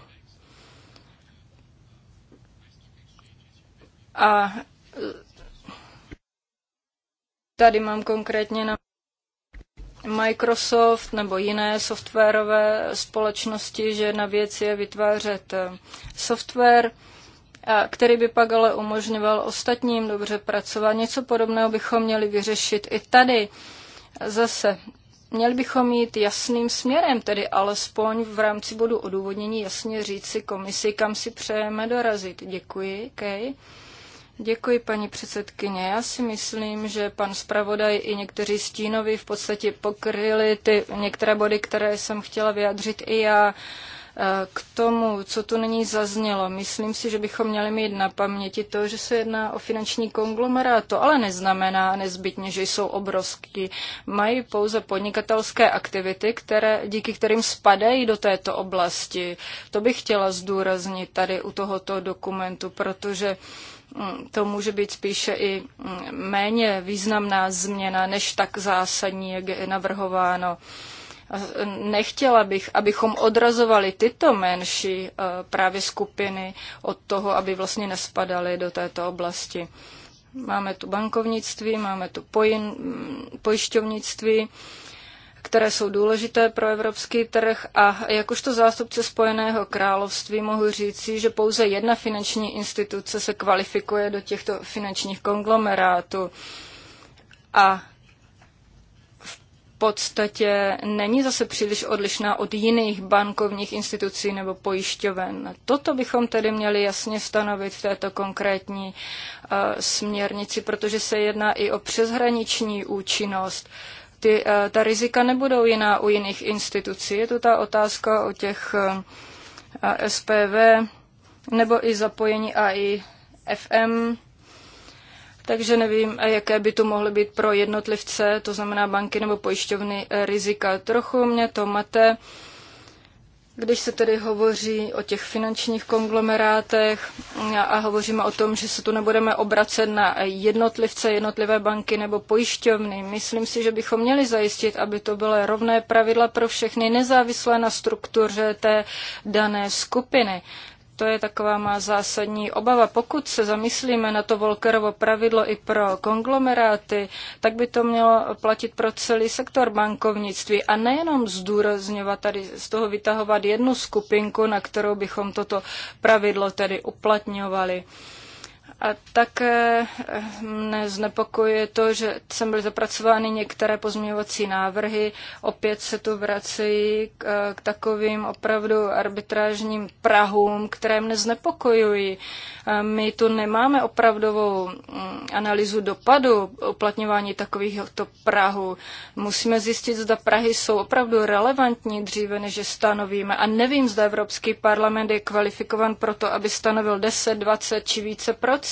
a Tady mám konkrétně na Microsoft nebo jiné softwarové společnosti, že na věc je vytvářet eh, software, který by pak ale umožňoval ostatním dobře pracovat. Něco podobného bychom měli vyřešit i tady. Zase, měli bychom jít jasným směrem, tedy alespoň v rámci bodu odůvodnění jasně říci komisi, kam si přejeme dorazit. Děkuji, Kej. Okay. Děkuji, paní předsedkyně. Já si myslím, že pan zpravodaj i někteří stínoví v podstatě pokryli ty některé body, které jsem chtěla vyjádřit i já. Eh, k tomu, co tu nyní zaznělo, myslím si, že bychom měli mít na paměti to, že se jedná o finanční konglomerát. To ale neznamená nezbytně, že jsou obrovský. Mají pouze podnikatelské aktivity, které, díky kterým spadají do této oblasti. To bych chtěla zdůraznit tady u tohoto dokumentu, protože uh, Mm, to může být spíše i mm, méně významná změna, než tak zásadní, jak je navrhováno. Mm, nechtěla bych, abychom odrazovali tyto menší e, právě skupiny od toho, aby vlastně nespadaly do této oblasti. Máme tu bankovnictví, máme tu pojin, pojišťovnictví, které jsou důležité pro evropský trh a jakožto zástupce Spojeného království mohu říci, že pouze jedna finanční instituce se kvalifikuje do těchto finančních konglomerátů. A v podstatě není zase příliš odlišná od jiných bankovních institucí nebo pojišťoven. Toto bychom tedy měli jasně stanovit v této konkrétní uh, směrnici, protože se jedná i o přeshraniční účinnost. Uh, ty, eh, ta rizika nebudou jiná u jiných institucí. Je to ta otázka o těch eh, SPV nebo i zapojení AI FM. Takže nevím, jaké by to mohly být pro jednotlivce, to znamená banky nebo pojišťovny, eh, rizika. Trochu mě to mate. Když se tedy hovoří o těch finančních konglomerátech a hovoříme o tom, že se tu nebudeme obracet na jednotlivce, jednotlivé banky nebo pojišťovny, myslím si, že bychom měli zajistit, aby to bylo rovné pravidla pro všechny, nezávislé na struktuře té dané skupiny to je taková má zásadní obava. Pokud se zamyslíme na to Volkerovo pravidlo i pro konglomeráty, tak by to mělo platit pro celý sektor bankovnictví a nejenom zdůrazňovat tady z toho vytahovat jednu skupinku, na kterou bychom toto pravidlo tedy uplatňovali. A také eh, mne znepokojuje to, že sem byly zapracovány některé pozměňovací návrhy. Opět se tu vrací k, eh, k takovým opravdu arbitrážním prahům, které mne znepokojují. Eh, my tu nemáme opravdovou mm, analýzu dopadu uplatňování takovýchto prahů. Musíme zjistit, zda Prahy jsou opravdu relevantní dříve, než je stanovíme. A nevím, zda Evropský parlament je kvalifikovan pro to, aby stanovil 10, 20 či více procent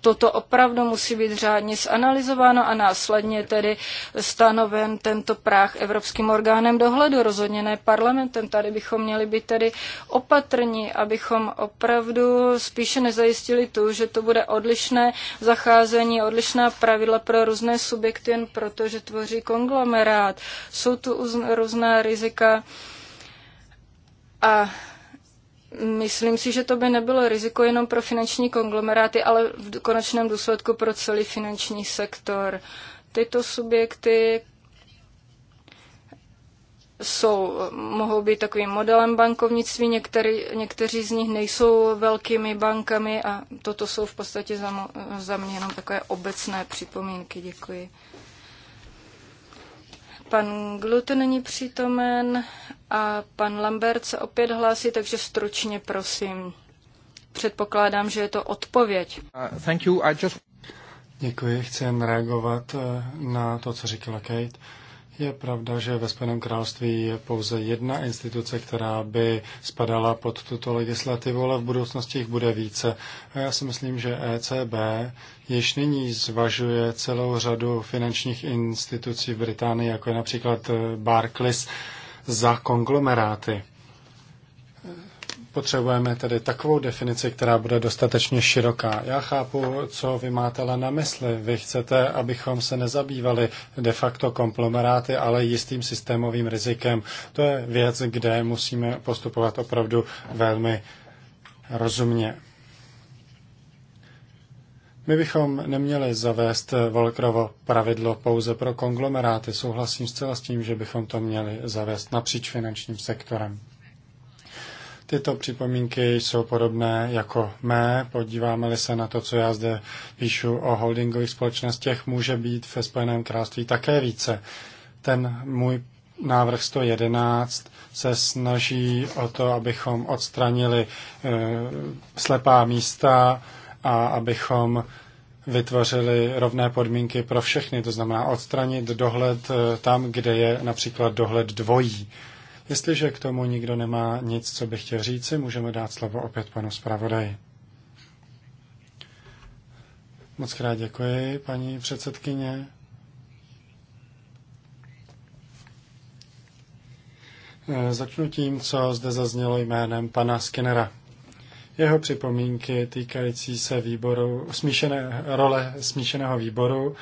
Toto opravdu musí být řádně zanalizováno a následně tedy stanoven tento práh evropským orgánem dohledu, rozhodně ne parlamentem. Tady bychom měli být tedy opatrní, abychom opravdu spíše nezajistili tu, že to bude odlišné zacházení, odlišná pravidla pro různé subjekty jen proto, že tvoří konglomerát. Jsou tu různá rizika a Myslím si, že to by nebylo riziko jenom pro finanční konglomeráty, ale v konečném důsledku pro celý finanční sektor. Tyto subjekty jsou, mohou být takovým modelem bankovnictví, některý, někteří z nich nejsou velkými bankami a toto jsou v podstatě za, za mě jenom takové obecné připomínky. Děkuji. Pan Glut není přítomen a pan Lambert se opět hlásí, takže stručně prosím. Předpokládám, že je to odpověď. Uh, thank you. I just... Děkuji, chci jen reagovat uh, na to, co říkala Kate. Je pravda, že ve Spojeném království je pouze jedna instituce, která by spadala pod tuto legislativu, ale v budoucnosti jich bude více. A já si myslím, že ECB již nyní zvažuje celou řadu finančních institucí v Británii, jako je například Barclays, za konglomeráty potřebujeme tedy takovou definici, která bude dostatečně široká. Já chápu, co vy máte ale na mysli. Vy chcete, abychom se nezabývali de facto komplomeráty, ale jistým systémovým rizikem. To je věc, kde musíme postupovat opravdu velmi rozumně. My bychom neměli zavést Volkrovo pravidlo pouze pro konglomeráty. Souhlasím zcela s tím, že bychom to měli zavést napříč finančním sektorem. Tyto připomínky jsou podobné jako mé. Podíváme-li se na to, co já zde píšu o holdingových společnostech, může být ve Spojeném království také více. Ten můj návrh 111 se snaží o to, abychom odstranili e, slepá místa a abychom vytvořili rovné podmínky pro všechny, to znamená odstranit dohled eh, tam, kde je například dohled dvojí. Jestliže k tomu nikdo nemá nic, co by chtěl říci, můžeme dát slovo opět panu zpravodaji. Moc krát děkuji, paní předsedkyně. Začnu tím, co zde zaznělo jménem pana Skinnera. Jeho připomínky týkající se výboru, smíšené, role smíšeného výboru,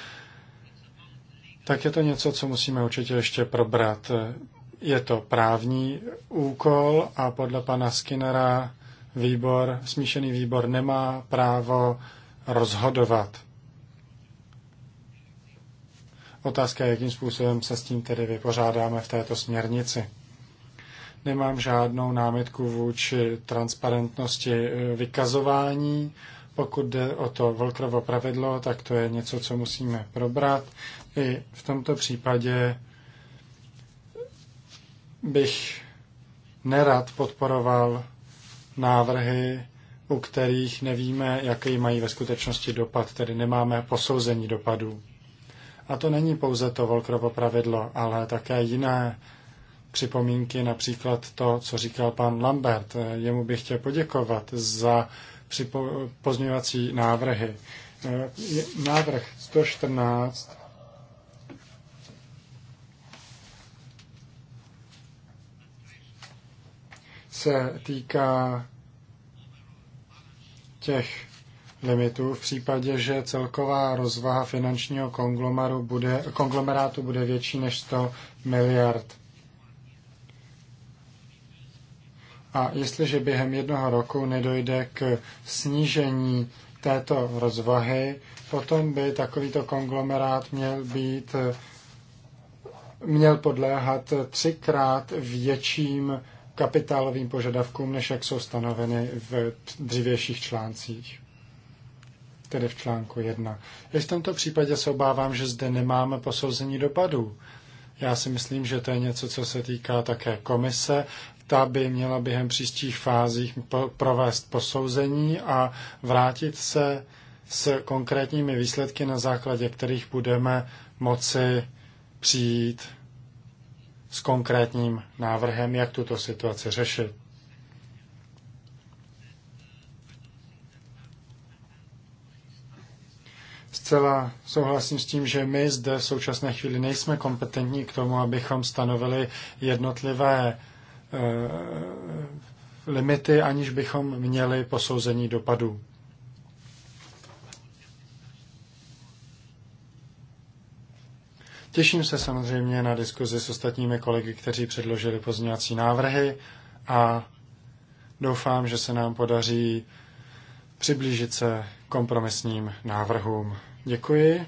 tak je to něco, co musíme určitě ještě probrat. Je to právní úkol a podle pana Skinnera výbor, smíšený výbor nemá právo rozhodovat. Otázka je, jakým způsobem se s tím tedy vypořádáme v této směrnici. Nemám žádnou námitku vůči transparentnosti eh, vykazování. Pokud jde o to Volkrovo pravidlo, tak to je něco, co musíme probrat. I v tomto případě bych nerad podporoval návrhy, u kterých nevíme, jaký mají ve skutečnosti dopad, tedy nemáme posouzení dopadů. A to není pouze to Volkrovo pravidlo, ale také jiné připomínky, například to, co říkal pan Lambert. Jemu bych chtěl poděkovat za pozměňovací návrhy. E, návrh 114 se týká těch limitů v případě, že celková rozvaha finančního konglomeru bude, konglomerátu bude větší než 100 miliard. A jestliže během jednoho roku nedojde k snížení této rozvahy, potom by takovýto konglomerát měl být měl podléhat třikrát větším kapitálovým požadavkům, než jak jsou stanoveny v dřívějších článcích, tedy v článku 1. I v tomto případě se obávám, že zde nemáme posouzení dopadů. Já si myslím, že to je něco, co se týká také komise. Ta by měla během příštích fázích provést posouzení a vrátit se s konkrétními výsledky, na základě kterých budeme moci přijít s konkrétním návrhem, jak tuto situaci řešit. Zcela souhlasím s tím, že my zde v současné chvíli nejsme kompetentní k tomu, abychom stanovili jednotlivé e, limity, aniž bychom měli posouzení dopadů. Těším se samozřejmě na diskuzi s ostatními kolegy, kteří předložili pozměňovací návrhy a doufám, že se nám podaří přiblížit se kompromisním návrhům. Děkuji.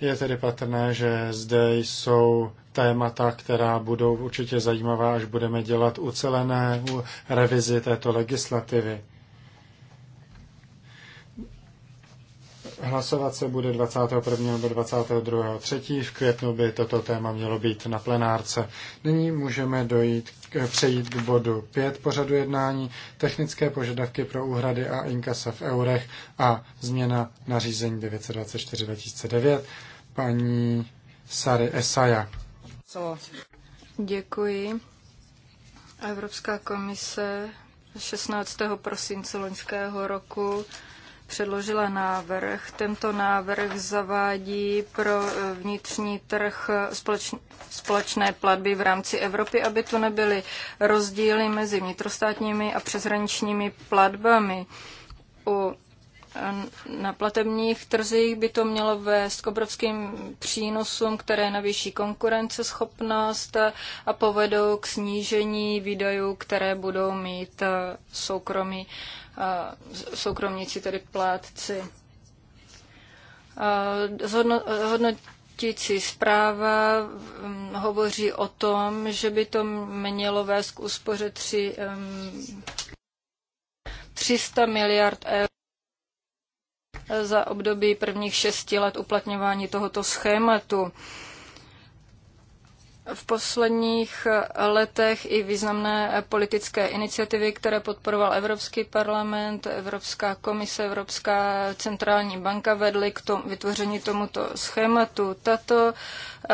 Je tedy patrné, že zde jsou témata, která budou určitě zajímavá, až budeme dělat ucelené revizi této legislativy. Hlasovat se bude 21. nebo 22. 3. V květnu by toto téma mělo být na plenárce. Nyní můžeme dojít k, přejít k bodu 5 pořadu jednání, technické požadavky pro úhrady a inkasa v eurech a změna nařízení 924-2009. Paní Sary Esaja. Co? Děkuji. Evropská komise 16. prosince loňského roku předložila návrh. Tento návrh zavádí pro eh, vnitřní trh společné platby v rámci Evropy, aby tu nebyly rozdíly mezi vnitrostátními a přeshraničními platbami. U eh, na platebních trzích by to mělo vést k obrovským přínosům, které navýší konkurenceschopnost a povedou k snížení výdajů, které budou mít eh, soukromí soukromníci, tedy plátci. Hodnotící zpráva mm, hovoří o tom, že by to mělo vést k úspoře 300 miliard eur za období prvních šesti let uplatňování tohoto schématu v posledních letech i významné politické iniciativy, které podporoval Evropský parlament, Evropská komise, Evropská centrální banka vedly k tomu, vytvoření tomuto schématu. Tato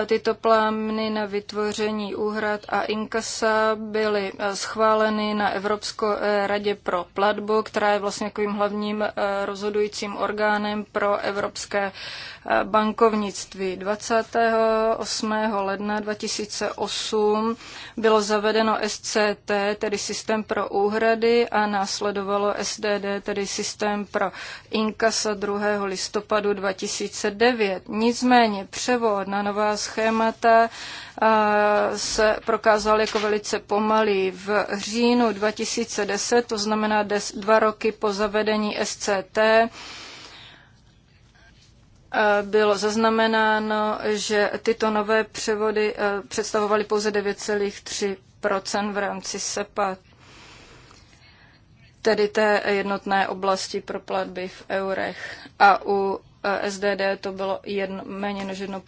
Tyto plány na vytvoření úhrad a inkasa byly eh, schváleny na Evropské eh, radě pro platbu, která je vlastně takovým hlavním eh, rozhodujícím orgánem pro evropské bankovnictví. 28. ledna 2008 bylo zavedeno SCT, tedy systém pro úhrady, a následovalo SDD, tedy systém pro inkasa 2. listopadu 2009. Nicméně převod na nová schémata se prokázal jako velice pomalý. V říjnu 2010, to znamená des, dva roky po zavedení SCT, bylo zaznamenáno, že tyto nové převody představovaly pouze 9,3 v rámci SEPA, tedy té jednotné oblasti pro platby v eurech. A u e, SDD to bylo jen méně než 1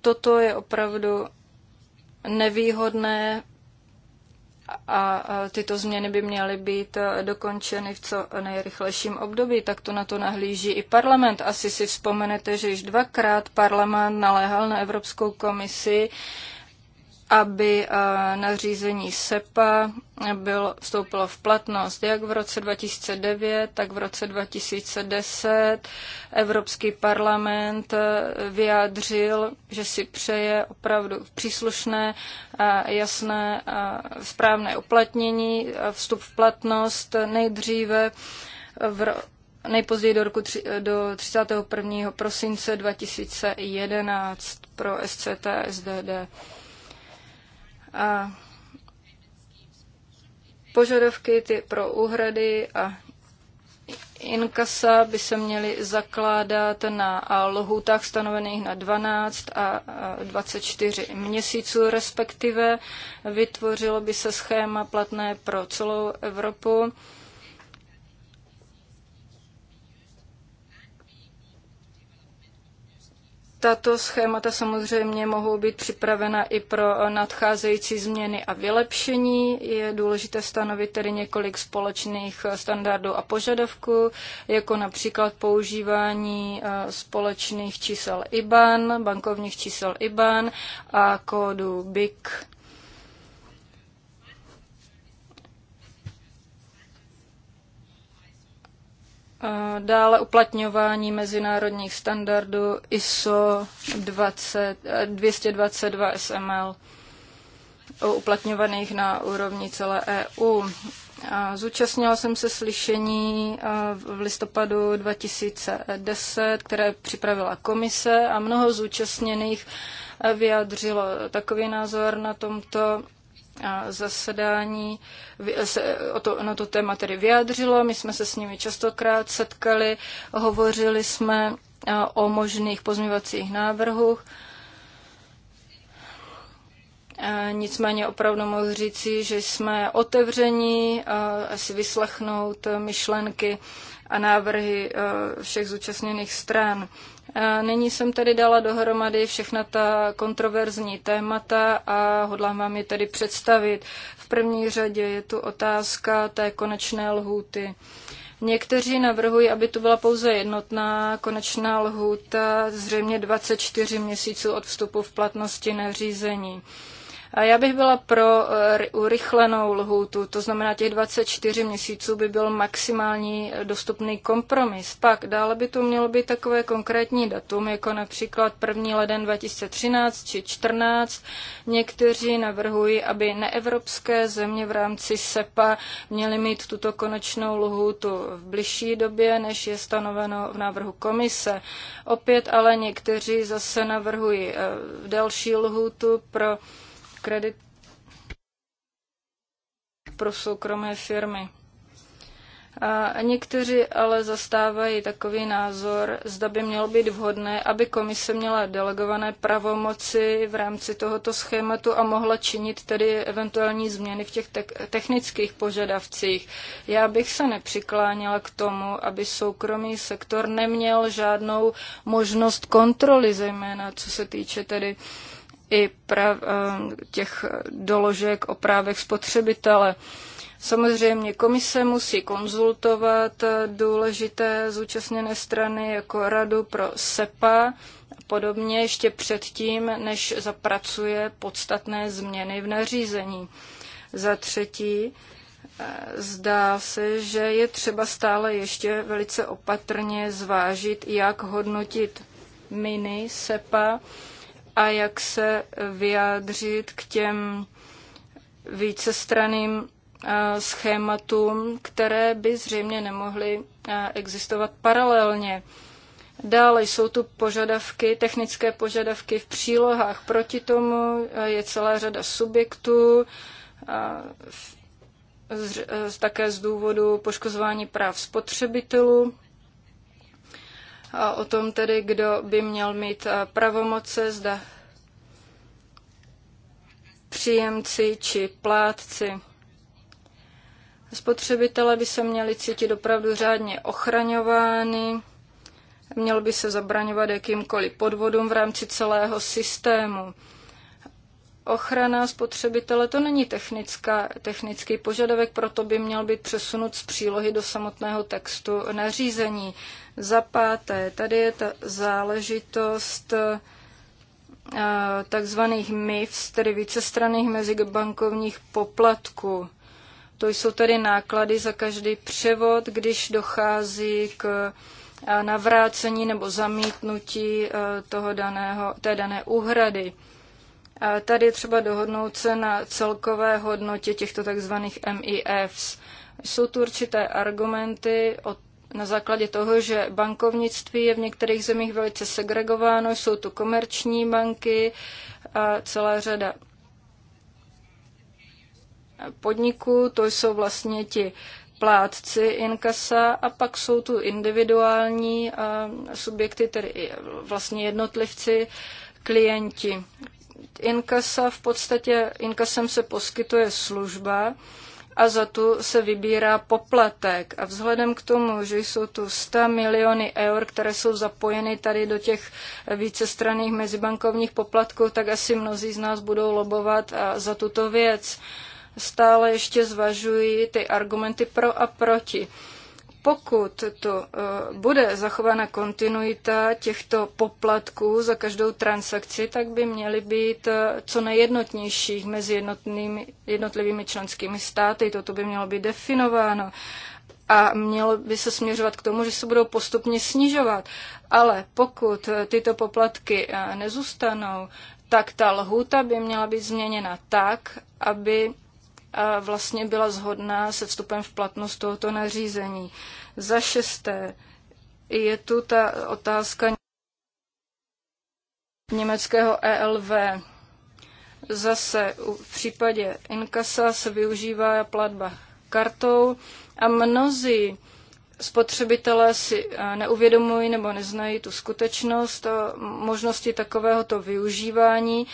toto je opravdu nevýhodné a tyto změny by měly být dokončeny v co nejrychlejším období. Tak to na to nahlíží i parlament. Asi si vzpomenete, že již dvakrát parlament naléhal na Evropskou komisi, aby eh, nařízení SEPA bylo, vstoupilo v platnost. Jak v roce 2009, tak v roce 2010 Evropský parlament eh, vyjádřil, že si přeje opravdu příslušné, eh, jasné, správné uplatnění, vstup v platnost nejdříve v nejpozději do, roku tři, do 31. prosince 2011 pro SCT SDD a požadavky ty pro úhrady a inkasa by se měly zakládat na lohutách stanovených na 12 a 24 měsíců respektive. Vytvořilo by se schéma platné pro celou Evropu Tato schémata samozřejmě mohou být připravena i pro nadcházející změny a vylepšení. Je důležité stanovit tedy několik společných eh, standardů a požadavků, jako například používání eh, společných čísel IBAN, bankovních čísel IBAN a kódu BIC. Dále uplatňování mezinárodních standardů ISO 20, 222 SML uplatňovaných na úrovni celé EU. Zúčastnila jsem se slyšení eh, v listopadu 2010, které připravila komise a mnoho zúčastněných eh, vyjádřilo takový názor na tomto zasedání se o to, na to téma tedy vyjádřilo. My jsme se s nimi častokrát setkali, hovořili jsme o možných pozměvacích návrhů Nicméně opravdu mohu říci, že jsme otevření si vyslechnout myšlenky a návrhy e, všech zúčastněných stran. E, nyní jsem tedy dala dohromady všechna ta kontroverzní témata a hodlám vám je tedy představit. V první řadě je tu otázka té konečné lhůty. Někteří navrhují, aby tu byla pouze jednotná konečná lhůta, zřejmě 24 měsíců od vstupu v platnosti nařízení. řízení. A já bych byla pro eh, urychlenou lhůtu, to znamená těch 24 měsíců by byl maximální eh, dostupný kompromis. Pak dále by to mělo být takové konkrétní datum, jako například 1. leden 2013 či 14. Někteří navrhují, aby neevropské země v rámci SEPA měly mít tuto konečnou lhůtu v bližší době, než je stanoveno v návrhu komise. Opět ale někteří zase navrhují eh, delší lhůtu pro kredit pro soukromé firmy. A někteří ale zastávají takový názor, zda by mělo být vhodné, aby komise měla delegované pravomoci v rámci tohoto schématu a mohla činit tedy eventuální změny v těch te- technických požadavcích. Já bych se nepřikláněla k tomu, aby soukromý sektor neměl žádnou možnost kontroly, zejména co se týče tedy uh, i prav, eh, těch doložek o právech spotřebitele. Samozřejmě komise musí konzultovat eh, důležité zúčastněné strany jako radu pro SEPA a podobně ještě předtím, než zapracuje podstatné změny v nařízení. Za třetí, eh, Zdá se, že je třeba stále ještě velice opatrně zvážit, jak hodnotit mini SEPA a jak se vyjádřit k těm vícestraným eh, schématům, které by zřejmě nemohly eh, existovat paralelně. Dále jsou tu požadavky, technické požadavky v přílohách. Proti tomu eh, je celá řada subjektů, také z důvodu poškozování práv spotřebitelů o tom tedy, kdo by měl mít eh, pravomoce, zda příjemci či plátci. Spotřebitele by se měli cítit opravdu řádně ochraňovány, měl by se zabraňovat jakýmkoliv podvodům v rámci celého systému. Ochrana spotřebitele to není technická, technický požadavek, proto by měl být přesunut z přílohy do samotného textu nařízení. Za páté, tady je ta záležitost eh, takzvaných MIFs, tedy vícestranných mezibankovních poplatků. To jsou tedy náklady za každý převod, když dochází k eh, navrácení nebo zamítnutí eh, toho daného, té dané úhrady. Tady je třeba dohodnout se na celkové hodnotě těchto tzv. MIFs. Jsou tu určité argumenty o na základě toho, že bankovnictví je v některých zemích velice segregováno, jsou tu komerční banky a celá řada podniků, to jsou vlastně ti plátci inkasa a pak jsou tu individuální subjekty, tedy vlastně jednotlivci, klienti, inkasa v podstatě inkasem se poskytuje služba a za tu se vybírá poplatek. A vzhledem k tomu, že jsou tu 100 miliony eur, které jsou zapojeny tady do těch vícestranných mezibankovních poplatků, tak asi mnozí z nás budou lobovat a za tuto věc. Stále ještě zvažují ty argumenty pro a proti pokud to eh, bude zachována kontinuita těchto poplatků za každou transakci, tak by měly být eh, co nejjednotnější mezi jednotlivými členskými státy. Toto by mělo být definováno a mělo by se směřovat k tomu, že se budou postupně snižovat. Ale pokud eh, tyto poplatky nezůstanou, tak ta lhůta by měla být změněna tak, aby vlastně byla zhodná se vstupem v platnost tohoto nařízení. Za šesté je tu ta otázka německého ELV. Zase v případě inkasa se využívá platba kartou a mnozí spotřebitelé si eh, neuvědomují nebo neznají tu skutečnost eh, možnosti takovéhoto využívání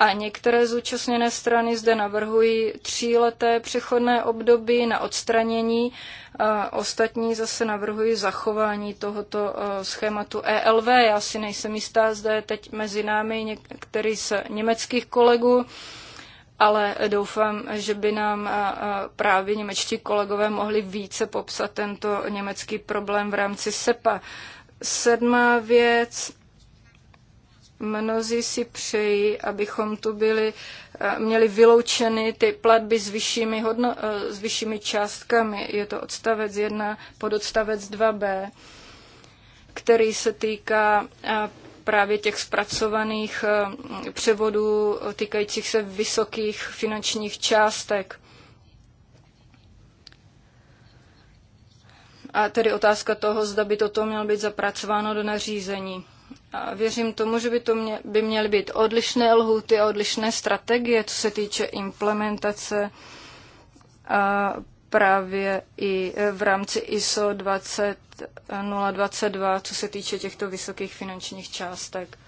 a některé zúčastněné strany zde navrhují tříleté přechodné období na odstranění, a ostatní zase navrhují zachování tohoto e, schématu ELV. Já si nejsem jistá, zde je teď mezi námi některý z německých kolegů, ale doufám, že by nám e, e, právě němečtí kolegové mohli více popsat tento německý problém v rámci SEPA. Sedmá věc, Mnozí si přejí, abychom tu byli, eh, měli vyloučeny ty platby s vyššími, hodno, eh, s vyššími částkami. Je to odstavec 1 pod odstavec 2b, který se týká eh, právě těch zpracovaných převodů týkajících se vysokých finančních částek. A tedy otázka toho, zda by toto mělo být zapracováno do nařízení. Věřím tomu, že by to mě, by měly být odlišné lhuty a odlišné strategie, co se týče implementace a právě i v rámci ISO 20022, co se týče těchto vysokých finančních částek.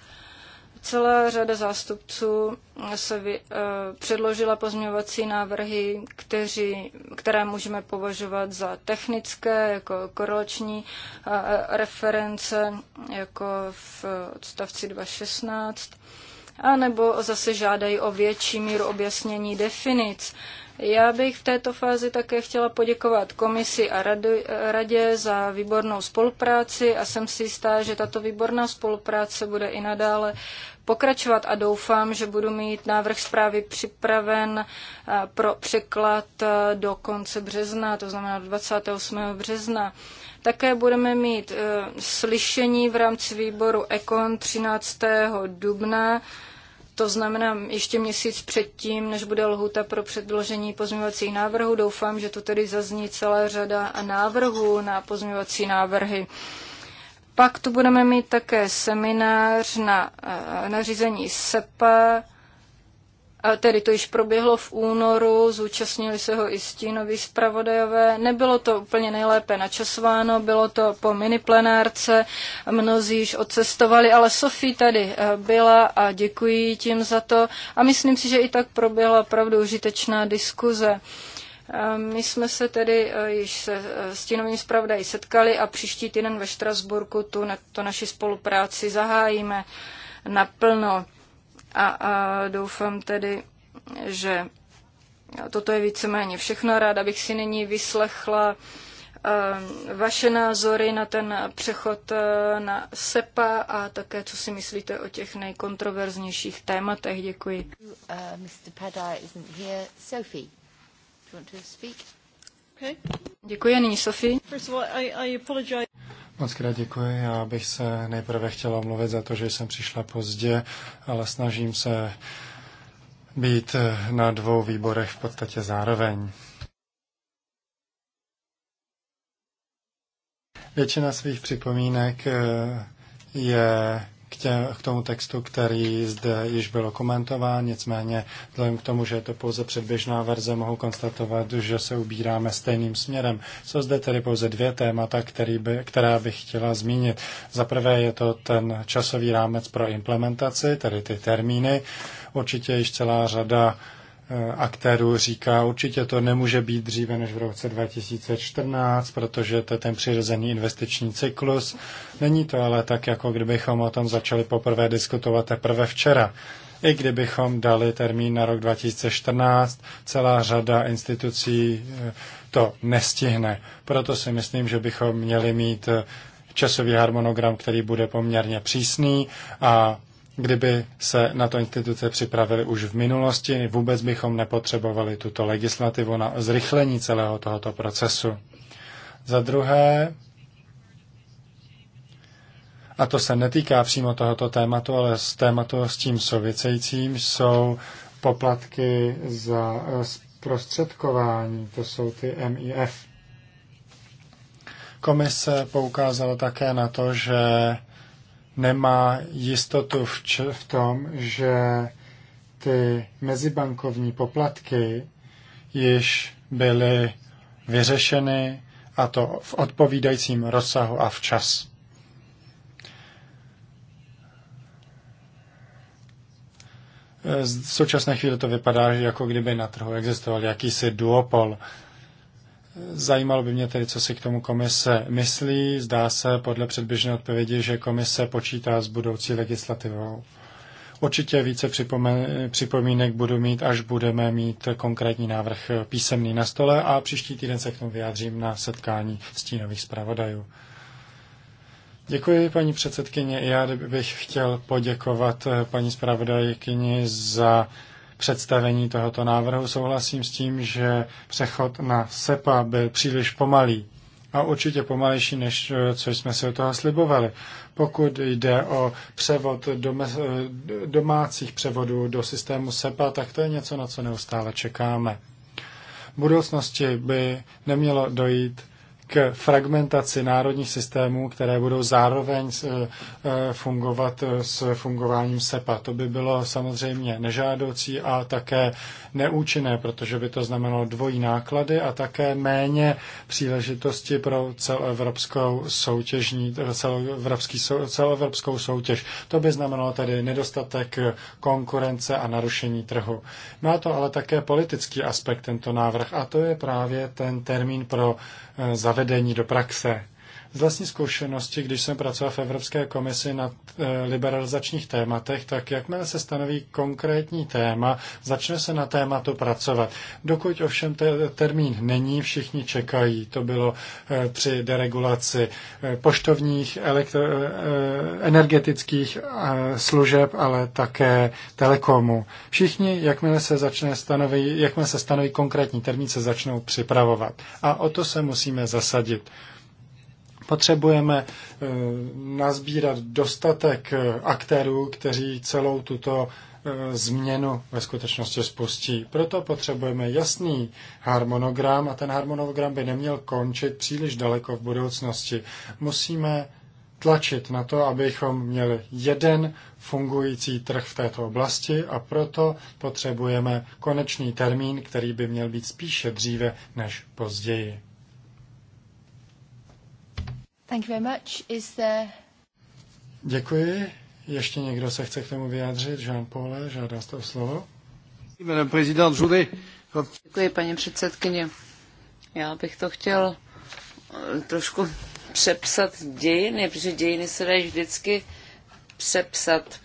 Celá řada zástupců se vy, eh, předložila pozměňovací návrhy, kteří, které můžeme považovat za technické, jako korelační eh, reference, jako v odstavci 216 anebo zase žádají o větší míru objasnění definic. Já bych v této fázi také chtěla poděkovat komisi a radě za výbornou spolupráci a jsem si jistá, že tato výborná spolupráce bude i nadále pokračovat a doufám, že budu mít návrh zprávy připraven eh, pro překlad eh, do konce března, to znamená 28. března. Také budeme mít eh, slyšení v rámci výboru EKON 13. dubna to znamená, ještě měsíc předtím, než bude lhuta pro předložení pozměňovacích návrhů, doufám, že tu tedy zazní celá řada návrhů na pozměňovací návrhy. Pak tu budeme mít také seminář na eh, nařízení SEPA, tedy to již proběhlo v únoru, zúčastnili se ho i stínoví zpravodajové. Nebylo to úplně nejlépe načasováno, bylo to po miniplenárce, mnozí již odcestovali, ale Sofie tady eh, byla a děkuji tím za to. A myslím si, že i tak proběhla opravdu užitečná diskuze. My jsme se tedy eh, již se eh, stínovým zpravodají setkali a příští týden ve Štrasburku tu na, to naši spolupráci zahájíme naplno. A, a doufám tedy, že toto je víceméně všechno. Ráda bych si nyní vyslechla eh, vaše názory na ten přechod eh, na SEPA a také, co si myslíte o těch nejkontroverznějších tématech. Děkuji. Děkuji, nyní Sophie. Moc krát děkuji. Já bych se nejprve chtěla omluvit za to, že jsem přišla pozdě, ale snažím se být na dvou výborech v podstatě zároveň. Většina svých připomínek eh, je k, tě, k tomu textu, který zde již bylo komentován. Nicméně, vzhledem k tomu, že je to pouze předběžná verze, mohu konstatovat, že se ubíráme stejným směrem. Jsou zde tedy pouze dvě témata, který by, která bych chtěla zmínit. Za prvé je to ten časový rámec pro implementaci, tedy ty termíny. Určitě již celá řada Eh, aktérů říká, určitě to nemůže být dříve než v roce 2014, protože to je ten přirozený investiční cyklus. Není to ale tak, jako kdybychom o tom začali poprvé diskutovat teprve včera. I kdybychom dali termín na rok 2014, celá řada institucí eh, to nestihne. Proto si myslím, že bychom měli mít eh, časový harmonogram, který bude poměrně přísný a Kdyby se na to instituce připravili už v minulosti, vůbec bychom nepotřebovali tuto legislativu na zrychlení celého tohoto procesu. Za druhé, a to se netýká přímo tohoto tématu, ale s tématu s tím souvisejícím, jsou poplatky za eh, zprostředkování, to jsou ty MIF. Komise poukázala také na to, že nemá jistotu v, č- v tom, že ty mezibankovní poplatky již byly vyřešeny a to v odpovídajícím rozsahu a včas. V současné chvíli to vypadá, jako kdyby na trhu existoval jakýsi duopol Zajímalo by mě tedy, co si k tomu komise myslí. Zdá se podle předběžné odpovědi, že komise počítá s budoucí legislativou. Určitě více připomínek budu mít, až budeme mít konkrétní návrh písemný na stole a příští týden se k tomu vyjádřím na setkání stínových zpravodajů. Děkuji, paní předsedkyně. Já bych chtěl poděkovat paní zpravodajkyni za představení tohoto návrhu. Souhlasím s tím, že přechod na SEPA byl příliš pomalý a určitě pomalejší, než eh, co jsme si od toho slibovali. Pokud jde o převod eh, domácích převodů do systému SEPA, tak to je něco, na co neustále čekáme. V budoucnosti by nemělo dojít k fragmentaci národních systémů, které budou zároveň eh, eh, fungovat eh, s fungováním SEPA. To by bylo samozřejmě nežádoucí a také neúčinné, protože by to znamenalo dvojí náklady a také méně příležitosti pro celoevropskou soutěžní, celoevropský, celoevropskou soutěž. To by znamenalo tedy nedostatek konkurence a narušení trhu. Má no to ale také politický aspekt tento návrh a to je právě ten termín pro zavedení zavedení do praxe. Z vlastní zkušenosti, když jsem pracoval v Evropské komisi na eh, liberalizačních tématech, tak jakmile se stanoví konkrétní téma, začne se na tématu pracovat. Dokud ovšem te- termín není, všichni čekají. To bylo eh, při deregulaci eh, poštovních, elektro- energetických služeb, ale také telekomu. Všichni, jakmile se začne stanoví, jakmile se stanoví konkrétní termín, se začnou připravovat. A o to se musíme zasadit. Potřebujeme eh, nazbírat dostatek eh, aktérů, kteří celou tuto eh, změnu ve skutečnosti spustí. Proto potřebujeme jasný harmonogram a ten harmonogram by neměl končit příliš daleko v budoucnosti. Musíme tlačit na to, abychom měli jeden fungující trh v této oblasti a proto potřebujeme konečný termín, který by měl být spíše dříve než později. Thank you very much. Is there... Děkuji. Ještě někdo se chce k tomu vyjádřit? Jean Paul, žádá to slovo. Děkuji, paní předsedkyně. Já bych to chtěl eh, trošku přepsat dějiny, protože dějiny se dají vždycky přepsat.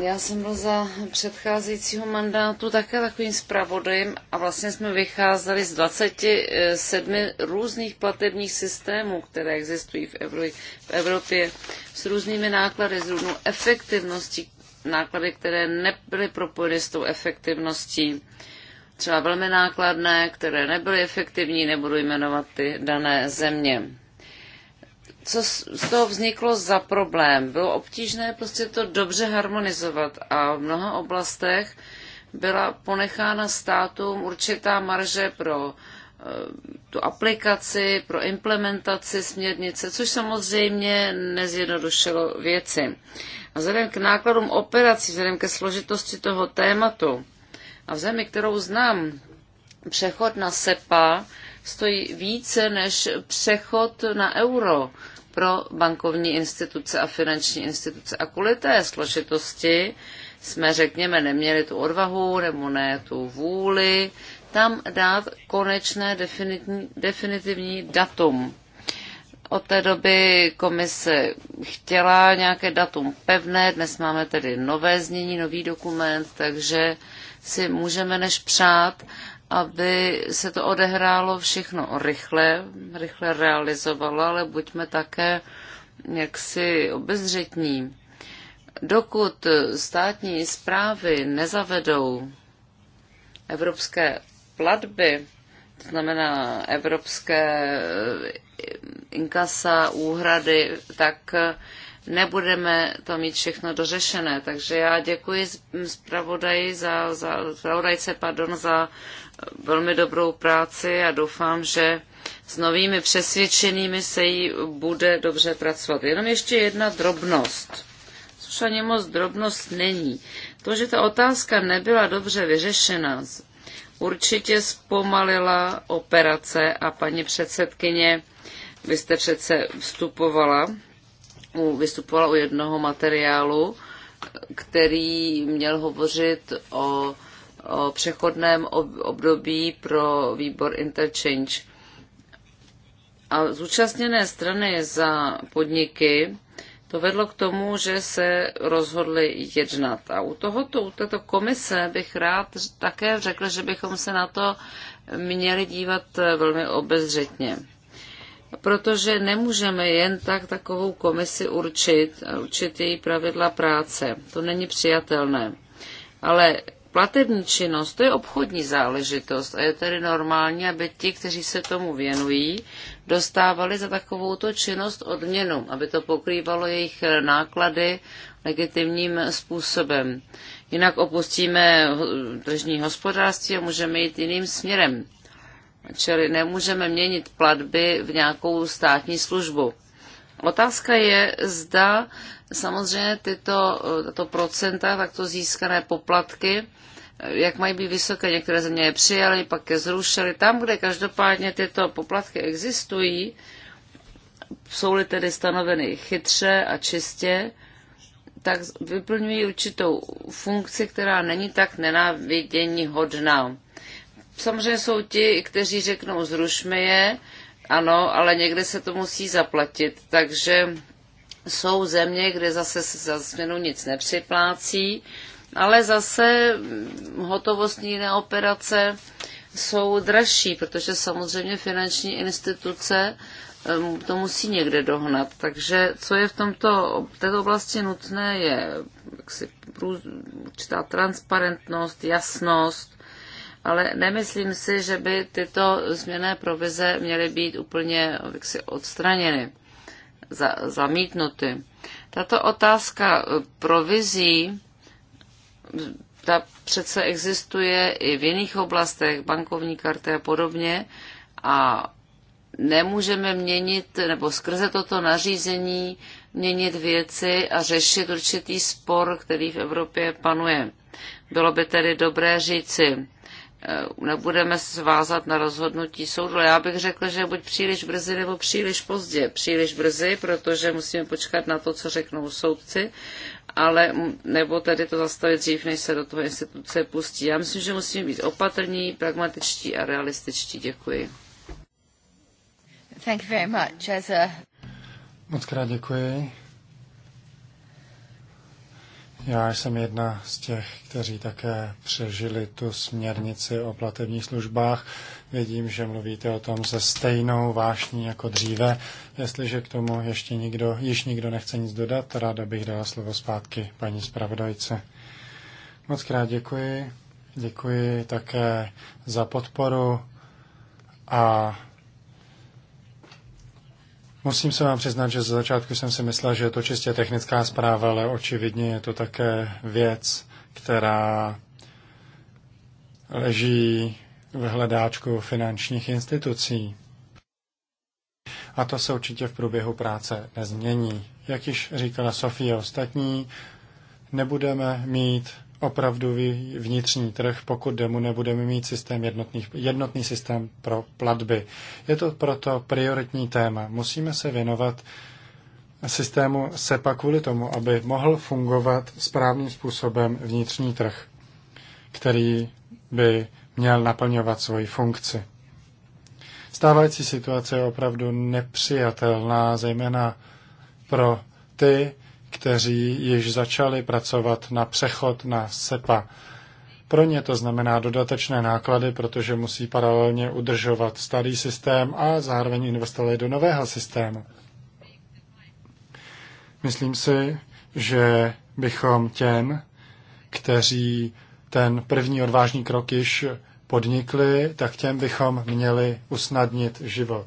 Já jsem byl za předcházejícího mandátu také takovým zpravodajem a vlastně jsme vycházeli z 27 různých platebních systémů, které existují v, v Evropě, s různými náklady, s různou efektivností, náklady, které nebyly propojeny s tou efektivností, třeba velmi nákladné, které nebyly efektivní, nebudu jmenovat ty dané země co z toho vzniklo za problém? Bylo obtížné prostě to dobře harmonizovat a v mnoha oblastech byla ponechána státům určitá marže pro eh, tu aplikaci, pro implementaci směrnice, což samozřejmě nezjednodušilo věci. A vzhledem k nákladům operací, vzhledem ke složitosti toho tématu a v zemi, kterou znám, přechod na SEPA stojí více než přechod na euro pro bankovní instituce a finanční instituce. A kvůli té složitosti jsme, řekněme, neměli tu odvahu nebo ne tu vůli tam dát konečné definitivní, definitivní datum. Od té doby komise chtěla nějaké datum pevné, dnes máme tedy nové znění, nový dokument, takže si můžeme než přát, aby se to odehrálo všechno rychle, rychle realizovalo, ale buďme také jaksi obezřetní. Dokud státní zprávy nezavedou evropské platby, to znamená evropské eh, inkasa, úhrady, tak eh, nebudeme to mít všechno dořešené. Takže já děkuji zpravodaji za, za, zpravodajce pardon, za velmi dobrou práci a doufám, že s novými přesvědčenými se jí bude dobře pracovat. Jenom ještě jedna drobnost, což ani moc drobnost není. To, že ta otázka nebyla dobře vyřešena, určitě zpomalila operace a paní předsedkyně, vy jste přece vstupovala, u, vystupovala u jednoho materiálu, který měl hovořit o o přechodném období pro výbor Interchange. A zúčastněné strany za podniky to vedlo k tomu, že se rozhodli jednat. A u tohoto, u této komise bych rád také řekl, že bychom se na to měli dívat velmi obezřetně. Protože nemůžeme jen tak takovou komisi určit, určit její pravidla práce. To není přijatelné. Ale Platební činnost, to je obchodní záležitost a je tedy normální, aby ti, kteří se tomu věnují, dostávali za takovouto činnost odměnu, aby to pokrývalo jejich náklady legitimním způsobem. Jinak opustíme tržní hospodářství a můžeme jít jiným směrem. Čili nemůžeme měnit platby v nějakou státní službu. Otázka je, zda samozřejmě tyto tato procenta, takto získané poplatky, jak mají být vysoké. Některé země je přijaly, pak je zrušily. Tam, kde každopádně tyto poplatky existují, jsou-li tedy stanoveny chytře a čistě, tak vyplňují určitou funkci, která není tak nenávidění hodná. Samozřejmě jsou ti, kteří řeknou zrušme je, ano, ale někde se to musí zaplatit, takže jsou země, kde zase se za změnu nic nepřiplácí, ale zase hotovostní operace jsou dražší, protože samozřejmě finanční instituce ehm, to musí někde dohnat. Takže co je v tomto, v této oblasti nutné, je jaksi, určitá transparentnost, jasnost, ale nemyslím si, že by tyto změné provize měly být úplně jaksi, odstraněny, za, zamítnuty. Tato otázka eh, provizí ta přece existuje i v jiných oblastech, bankovní karty a podobně a nemůžeme měnit nebo skrze toto nařízení měnit věci a řešit určitý spor, který v Evropě panuje. Bylo by tedy dobré říci, eh, nebudeme svázat na rozhodnutí soudu. Já bych řekl, že buď příliš brzy nebo příliš pozdě. Příliš brzy, protože musíme počkat na to, co řeknou soudci ale nebo tedy to zastavit dřív, než se do toho instituce pustí. Já myslím, že musíme být opatrní, pragmatičtí a realističtí. Děkuji. Thank you very much. As a... Moc krát děkuji. Já jsem jedna z těch, kteří také přežili tu směrnici o platebních službách. Vidím, že mluvíte o tom se stejnou vášní jako dříve. Jestliže k tomu ještě nikdo, již nikdo nechce nic dodat, ráda bych dala slovo zpátky paní zpravodajce. Moc krát děkuji. Děkuji také za podporu a Musím se vám přiznat, že za začátku jsem si myslel, že je to čistě technická zpráva, ale očividně je to také věc, která leží v hledáčku finančních institucí. A to se určitě v průběhu práce nezmění. Jak již říkala Sofie ostatní, nebudeme mít opravdu vnitřní trh, pokud demu nebudeme mít systém jednotný jednotný systém pro platby. Je to proto prioritní téma. Musíme se věnovat systému SEPA kvůli tomu, aby mohl fungovat správným způsobem vnitřní trh, který by měl naplňovat svoji funkci. Stávající situace je opravdu nepřijatelná, zejména pro ty, kteří již začali pracovat na přechod na SEPA. Pro ně to znamená dodatečné náklady, protože musí paralelně udržovat starý systém a zároveň investovat do nového systému. Myslím si, že bychom těm, kteří ten první odvážný krok již podnikli, tak těm bychom měli usnadnit život.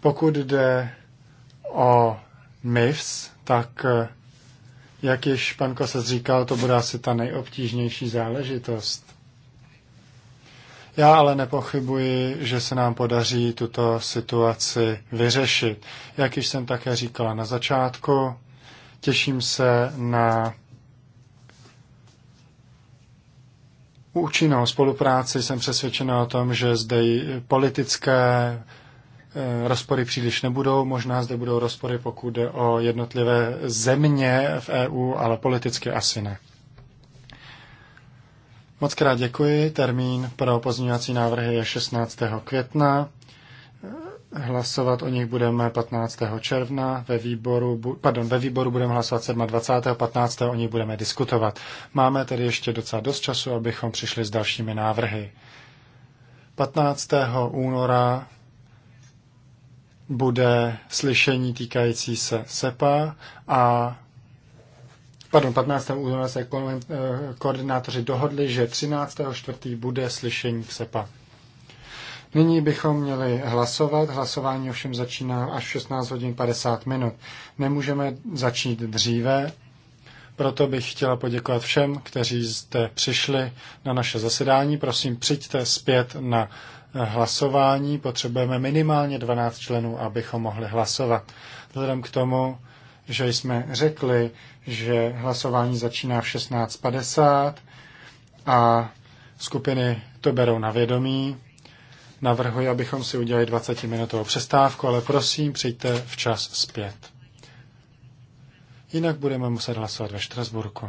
Pokud jde o MIFS, tak jak již pan se říkal, to bude asi ta nejobtížnější záležitost. Já ale nepochybuji, že se nám podaří tuto situaci vyřešit. Jak již jsem také říkala na začátku, těším se na účinnou spolupráci jsem přesvědčena o tom, že zde politické eh, rozpory příliš nebudou. Možná zde budou rozpory, pokud jde o jednotlivé země v EU, ale politicky asi ne. Moc krát děkuji. Termín pro pozměňovací návrhy je 16. května. Hlasovat o nich budeme 15. června, ve výboru, pardon, ve výboru budeme hlasovat 27. 15. o nich budeme diskutovat. Máme tedy ještě docela dost času, abychom přišli s dalšími návrhy. 15. února bude slyšení týkající se SEPA a pardon, 15. února se eh, koordinátoři dohodli, že 13. čtvrtý bude slyšení k SEPA. Nyní bychom měli hlasovat. Hlasování ovšem začíná až 16 hodin 50 minut. Nemůžeme začít dříve, proto bych chtěla poděkovat všem, kteří jste přišli na naše zasedání. Prosím, přijďte zpět na eh, hlasování. Potřebujeme minimálně 12 členů, abychom mohli hlasovat. Vzhledem k tomu, že jsme řekli, že hlasování začíná v 16.50 a skupiny to berou na vědomí, Navrhuji, abychom si udělali 20-minutovou přestávku, ale prosím, přijďte včas zpět. Jinak budeme muset hlasovat ve Štrasburku.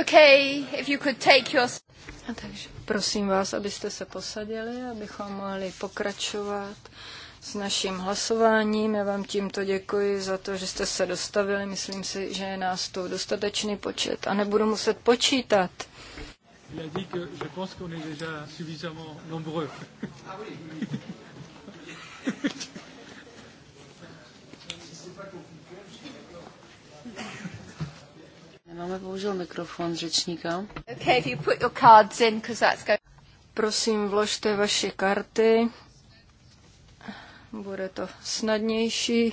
Okay, if you could take your... A takže prosím vás, abyste se posadili, abychom mohli pokračovat s naším hlasováním. Já vám tímto děkuji za to, že jste se dostavili. Myslím si, že je nás tu dostatečný počet a nebudu muset počítat. Il a dit que je pense qu'on est déjà suffisamment nombreux. Ah mikrofon řečníka. Okay, if you put your cards in, that's going... Prosím, vložte vaše karty. Bude to snadnější.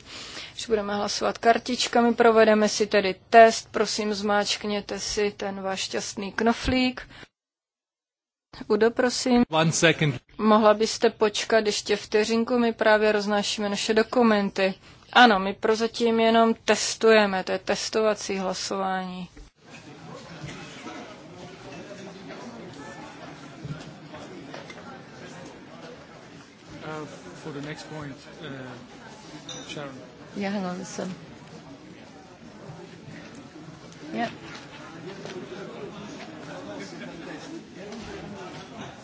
Když budeme hlasovat kartičkami, provedeme si tedy test. Prosím, zmáčkněte si ten váš šťastný knoflík. Udo, prosím. One second. Mohla byste počkat ještě vteřinku, my právě roznášíme naše dokumenty. Ano, my prozatím jenom testujeme, to je testovací hlasování. for the next point, uh, Sharon. Yeah, hang on. So. Yeah.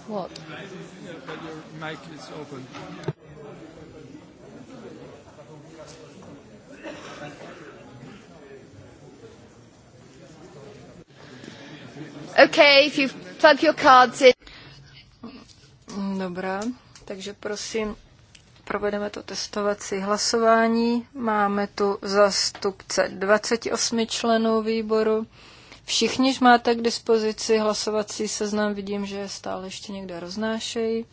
What? but your mic is open. Okay, if you plug your cards in. Dobrá, takže prosím, provedeme to testovací hlasování. Máme tu zastupce 28 členů výboru. Všichni máte k dispozici hlasovací seznam, vidím, že je stále ještě někde roznášejí.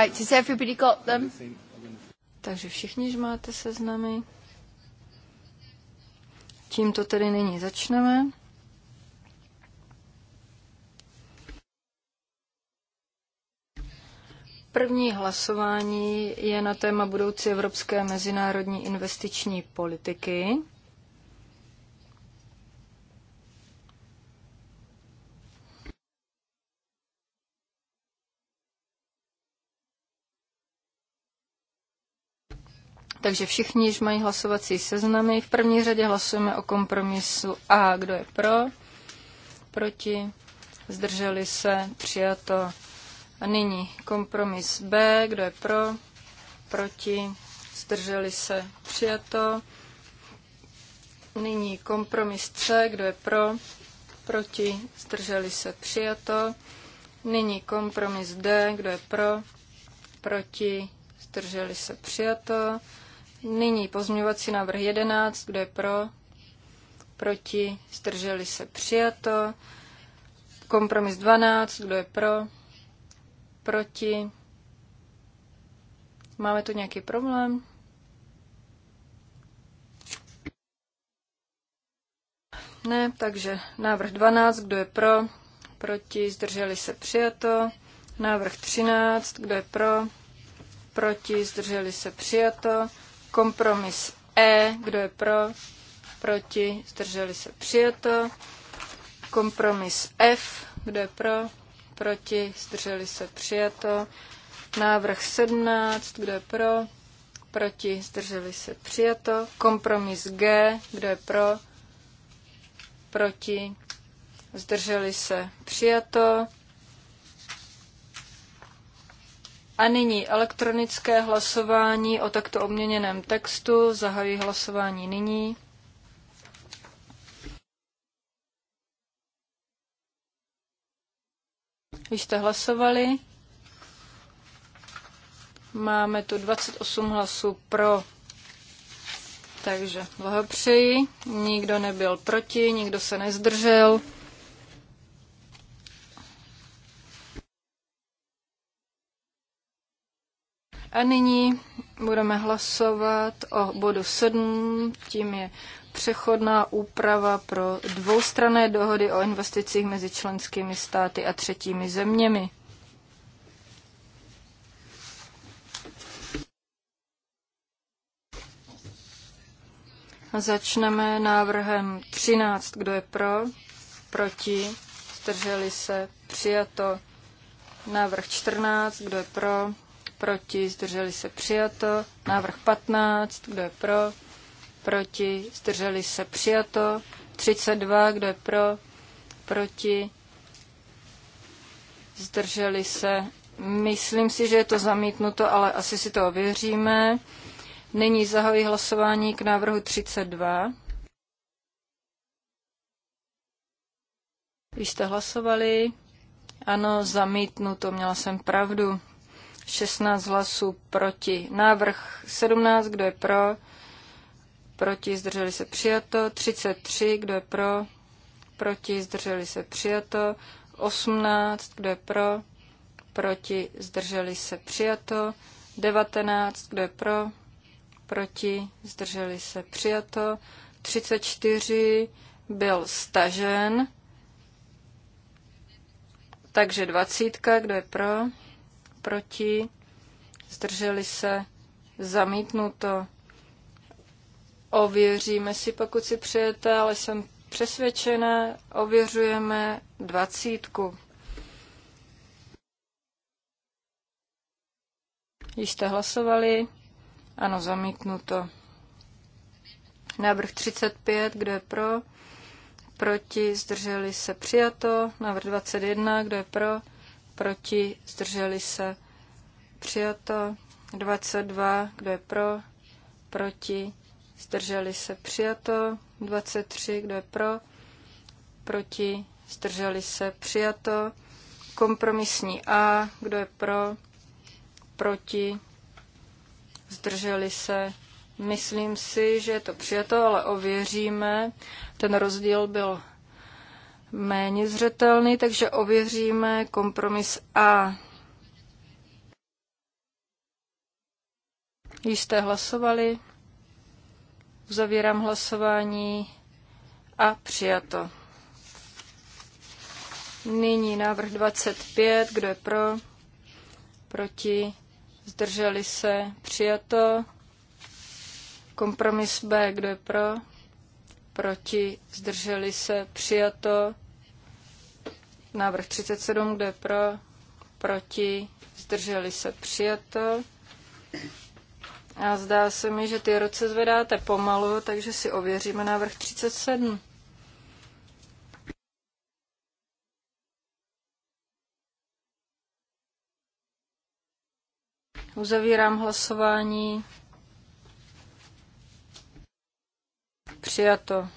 Right, has everybody got them? Takže všichni, že máte seznamy. Tímto tedy nyní začneme. První hlasování je na téma budoucí evropské mezinárodní investiční politiky. Takže všichni již mají hlasovací seznamy. V první řadě hlasujeme o kompromisu A. Kdo je pro? Proti? Zdrželi se? Přijato. A nyní kompromis B. Kdo je pro? Proti? Zdrželi se? Přijato. Nyní kompromis C. Kdo je pro? Proti? Zdrželi se? Přijato. Nyní kompromis D. Kdo je pro? Proti? Zdrželi se? Přijato. Nyní pozměňovací návrh 11, kdo je pro, proti, zdrželi se přijato. Kompromis 12, kdo je pro, proti. Máme tu nějaký problém? Ne, takže návrh 12, kdo je pro, proti, zdrželi se přijato. Návrh 13, kdo je pro, proti, zdrželi se přijato. Kompromis E, kdo je pro, proti, zdrželi se přijato. Kompromis F, kdo je pro, proti, zdrželi se přijato. Návrh 17, kdo je pro, proti, zdrželi se přijato. Kompromis G, kdo je pro, proti, zdrželi se přijato. A nyní elektronické hlasování o takto obměněném textu. Zahajuji hlasování nyní. Vy jste hlasovali. Máme tu 28 hlasů pro. Takže blahopřeji. Nikdo nebyl proti, nikdo se nezdržel. A nyní budeme hlasovat o bodu 7, tím je přechodná úprava pro dvoustrané dohody o investicích mezi členskými státy a třetími zeměmi. Začneme návrhem 13. Kdo je pro? Proti? Zdrželi se? Přijato. Návrh 14. Kdo je pro? proti, zdrželi se přijato. Návrh 15, kdo je pro, proti, zdrželi se přijato. 32, kdo je pro, proti, zdrželi se. Myslím si, že je to zamítnuto, ale asi si to ověříme. Nyní zahojí hlasování k návrhu 32. Vy jste hlasovali? Ano, zamítnu to. měla jsem pravdu. 16 hlasů proti. Návrh 17, kdo je pro? Proti, zdrželi se přijato. 33, kdo je pro? Proti, zdrželi se přijato. 18, kdo je pro? Proti, zdrželi se přijato. 19, kdo je pro? Proti, zdrželi se přijato. 34 byl stažen. Takže 20, kdo je pro? proti, zdrželi se, zamítnuto. Ověříme si, pokud si přejete, ale jsem přesvědčená ověřujeme dvacítku. Již jste hlasovali? Ano, zamítnuto. Návrh 35, kdo je pro? Proti, zdrželi se přijato. Návrh 21, kdo je pro? proti, zdrželi se, přijato. 22, kdo je pro, proti, zdrželi se, přijato. 23, kdo je pro, proti, zdrželi se, přijato. Kompromisní A, kdo je pro, proti, zdrželi se. Myslím si, že je to přijato, ale ověříme. Ten rozdíl byl méně zřetelný, takže ověříme kompromis A. Již jste hlasovali. Uzavírám hlasování a přijato. Nyní návrh 25. Kdo je pro? Proti? Zdrželi se? Přijato. Kompromis B. Kdo je pro? Proti? Zdrželi se? Přijato. Návrh 37, kde pro, proti, zdrželi se přijato. A zdá se mi, že ty roce zvedáte pomalu, takže si ověříme návrh 37. Uzavírám hlasování. Přijato.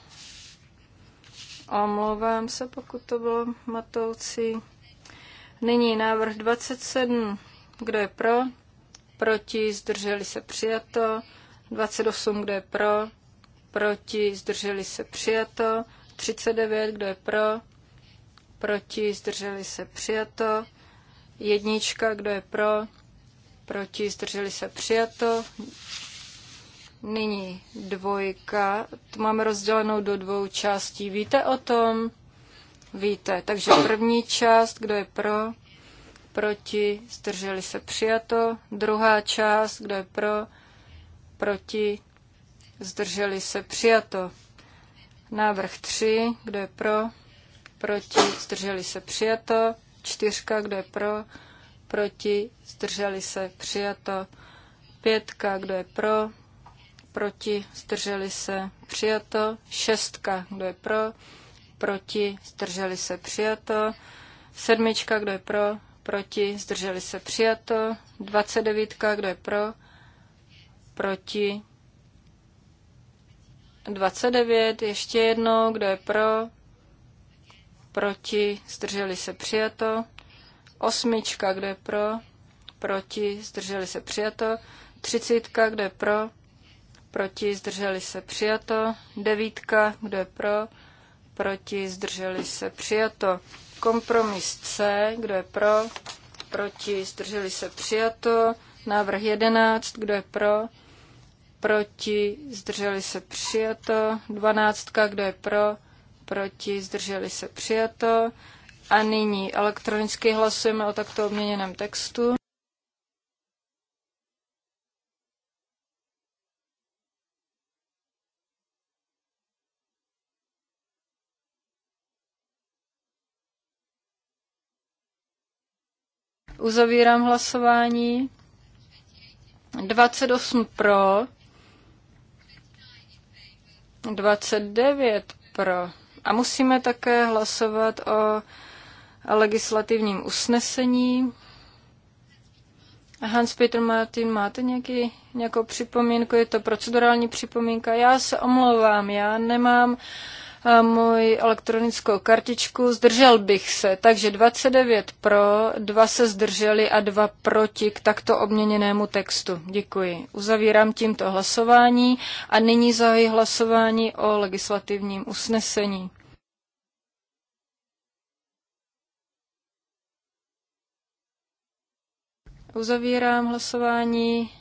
Omlouvám se, pokud to bylo matoucí. Nyní návrh 27. Kdo je pro? Proti, zdrželi se přijato. 28, kdo je pro? Proti, zdrželi se přijato. 39, kdo je pro? Proti, zdrželi se přijato. Jednička, kdo je pro? Proti, zdrželi se přijato. Nyní dvojka, tu máme rozdělenou do dvou částí. Víte o tom? Víte. Takže první část, kdo je pro, proti, zdrželi se přijato. Druhá část, kdo je pro, proti, zdrželi se přijato. Návrh tři, kdo je pro, proti, zdrželi se přijato. Čtyřka, kdo je pro, proti, zdrželi se přijato. Pětka, kdo je pro, proti, zdrželi se, přijato. Šestka, kdo je pro, proti, zdrželi se, přijato. Sedmička, kdo je pro, proti, zdrželi se, přijato. devítka kdo je pro, proti. dvacet devět ještě jednou, kdo je pro, proti, zdrželi se, přijato. Osmička, kdo je pro, proti, zdrželi se, přijato. Třicítka, kdo je pro, proti, zdrželi se přijato. Devítka, kdo je pro, proti, zdrželi se přijato. Kompromis C, kdo je pro, proti, zdrželi se přijato. Návrh 11, kdo je pro, proti, zdrželi se přijato. 12, kdo je pro, proti, zdrželi se přijato. A nyní elektronicky hlasujeme o takto obměněném textu. Uzavírám hlasování. 28 pro, 29 pro. A musíme také hlasovat o legislativním usnesení. Hans-Peter Martin, máte nějaký, nějakou připomínku? Je to procedurální připomínka? Já se omlouvám, já nemám uh, moji elektronickou kartičku, zdržel bych se. Takže 29 pro, dva se zdrželi a dva proti k takto obměněnému textu. Děkuji. Uzavírám tímto hlasování a nyní zahají hlasování o legislativním usnesení. Uzavírám hlasování.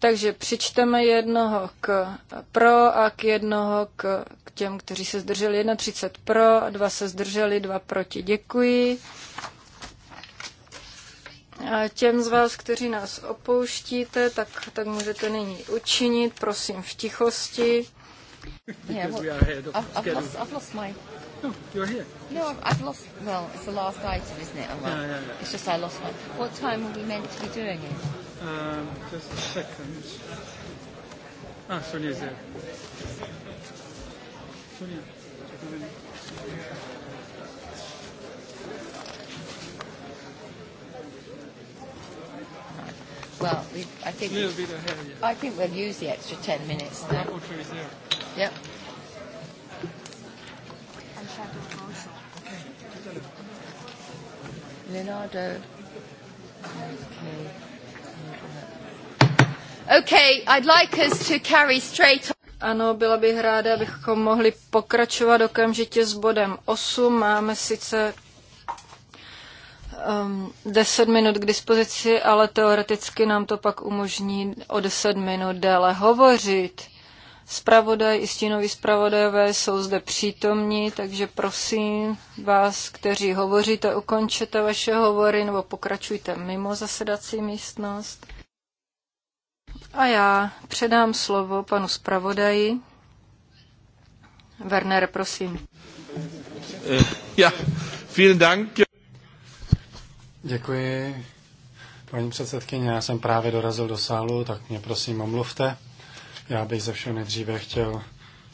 Takže přičteme jednoho k pro a k jednoho k, k těm, kteří se zdrželi 31 pro dva se zdrželi, dva proti. Děkuji. A těm z vás, kteří nás opouštíte, tak, tak můžete nyní učinit, prosím v tichosti. Yeah, well, I've, I've, I've lost my No, you're here. No, I've lost. Well, it's the last item, isn't it? well, yeah, yeah, yeah. It's just I lost one. What time were we meant to be doing it? Um, just a second. Ah, Sonia's there. Sonia. Well, we, I think we, I think we'll use the extra ten minutes. Now. Yep. Leonardo. Okay, I'd like us to carry straight ano, byla bych ráda, abychom mohli pokračovat okamžitě s bodem 8. Máme sice um, 10 minut k dispozici, ale teoreticky nám to pak umožní o 10 minut déle hovořit. Spravodaj i stínoví spravodajové jsou zde přítomní, takže prosím vás, kteří hovoříte, ukončete vaše hovory nebo pokračujte mimo zasedací místnost. A já předám slovo panu zpravodaji. Werner, prosím. Eh, ja, vielen Dank. Děkuji. Paní předsedkyně, já jsem právě dorazil do sálu, tak mě prosím omluvte. Já bych ze všeho nejdříve chtěl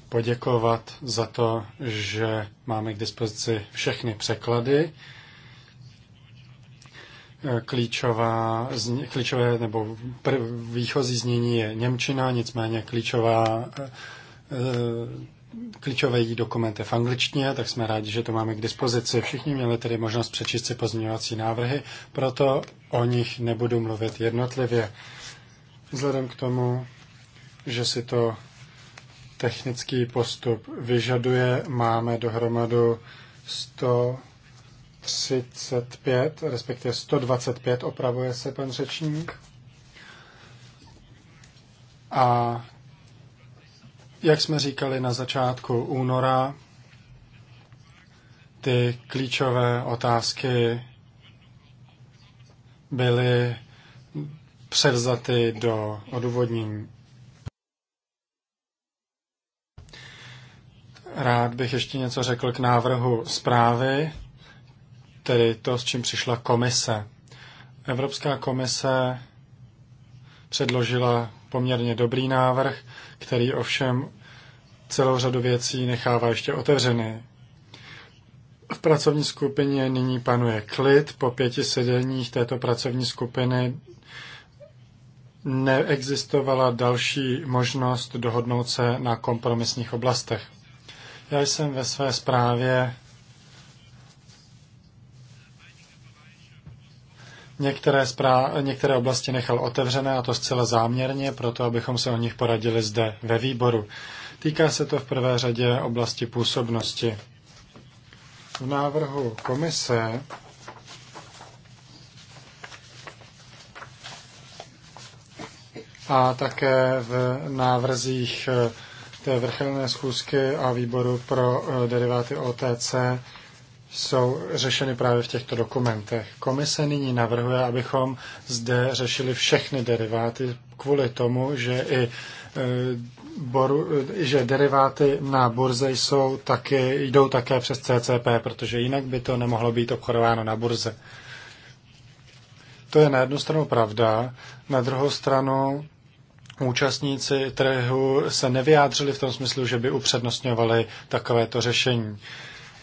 poděkovat za to, že máme k dispozici všechny překlady. Klíčová, klíčové nebo výchozí znění je Němčina, nicméně klíčová, eh, klíčové dokument je v angličtině, tak jsme rádi, že to máme k dispozici. Všichni měli tedy možnost přečíst si pozměňovací návrhy, proto o nich nebudu mluvit jednotlivě. Vzhledem k tomu, že si to technický postup vyžaduje. Máme dohromadu 135, respektive 125, opravuje se pan řečník. A jak jsme říkali na začátku února, ty klíčové otázky byly převzaty do odůvodnění Rád bych ještě něco řekl k návrhu zprávy, tedy to, s čím přišla komise. Evropská komise předložila poměrně dobrý návrh, který ovšem celou řadu věcí nechává ještě otevřený. V pracovní skupině nyní panuje klid. Po pěti sedeních této pracovní skupiny neexistovala další možnost dohodnout se na kompromisních oblastech. Já jsem ve své zprávě Některé, zprá- některé oblasti nechal otevřené a to zcela záměrně, proto abychom se o nich poradili zde ve výboru. Týká se to v prvé řadě oblasti působnosti. V návrhu komise a také v návrzích eh, té vrcholné schůzky a výboru pro eh, deriváty OTC jsou řešeny právě v těchto dokumentech. Komise nyní navrhuje, abychom zde řešili všechny deriváty kvůli tomu, že i eh, boru, eh, že deriváty na burze jsou taky, jdou také přes CCP, protože jinak by to nemohlo být obchodováno na burze. To je na jednu stranu pravda, na druhou stranu účastníci trhu se nevyjádřili v tom smyslu, že by upřednostňovali takovéto řešení.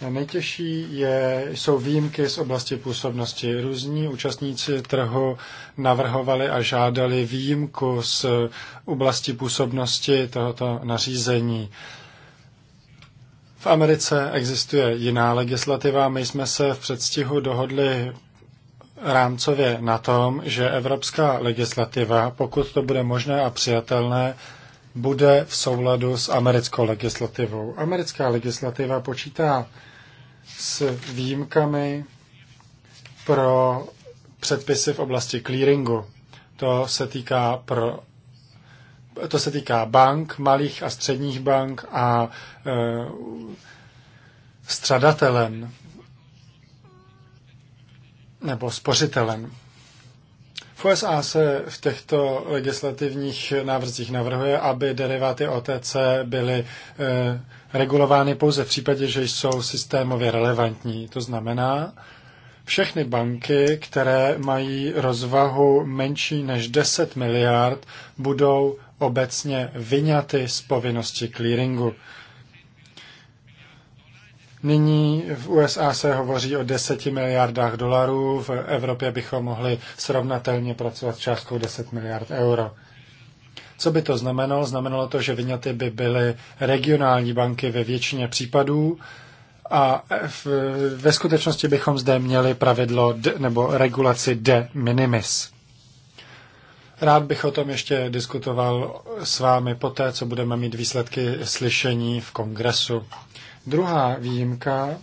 Nejtěžší je, jsou výjimky z oblasti působnosti. Různí účastníci trhu navrhovali a žádali výjimku z oblasti působnosti tohoto nařízení. V Americe existuje jiná legislativa. My jsme se v předstihu dohodli rámcově na tom, že evropská legislativa, pokud to bude možné a přijatelné, bude v souladu s americkou legislativou. Americká legislativa počítá s výjimkami pro předpisy v oblasti clearingu. To se týká pro to se týká bank, malých a středních bank a e, stradatelem nebo spořitelem. V USA se v těchto legislativních návrzích navrhuje, aby deriváty OTC byly e, regulovány pouze v případě, že jsou systémově relevantní. To znamená, všechny banky, které mají rozvahu menší než 10 miliard, budou obecně vyňaty z povinnosti clearingu. Nyní v USA se hovoří o 10 miliardách dolarů, v Evropě bychom mohli srovnatelně pracovat s částkou 10 miliard euro. Co by to znamenalo? Znamenalo to, že vyňaty by byly regionální banky ve většině případů a v, ve skutečnosti bychom zde měli pravidlo d, nebo regulaci de minimis. Rád bych o tom ještě diskutoval s vámi poté, co budeme mít výsledky slyšení v kongresu. Druhá výjimka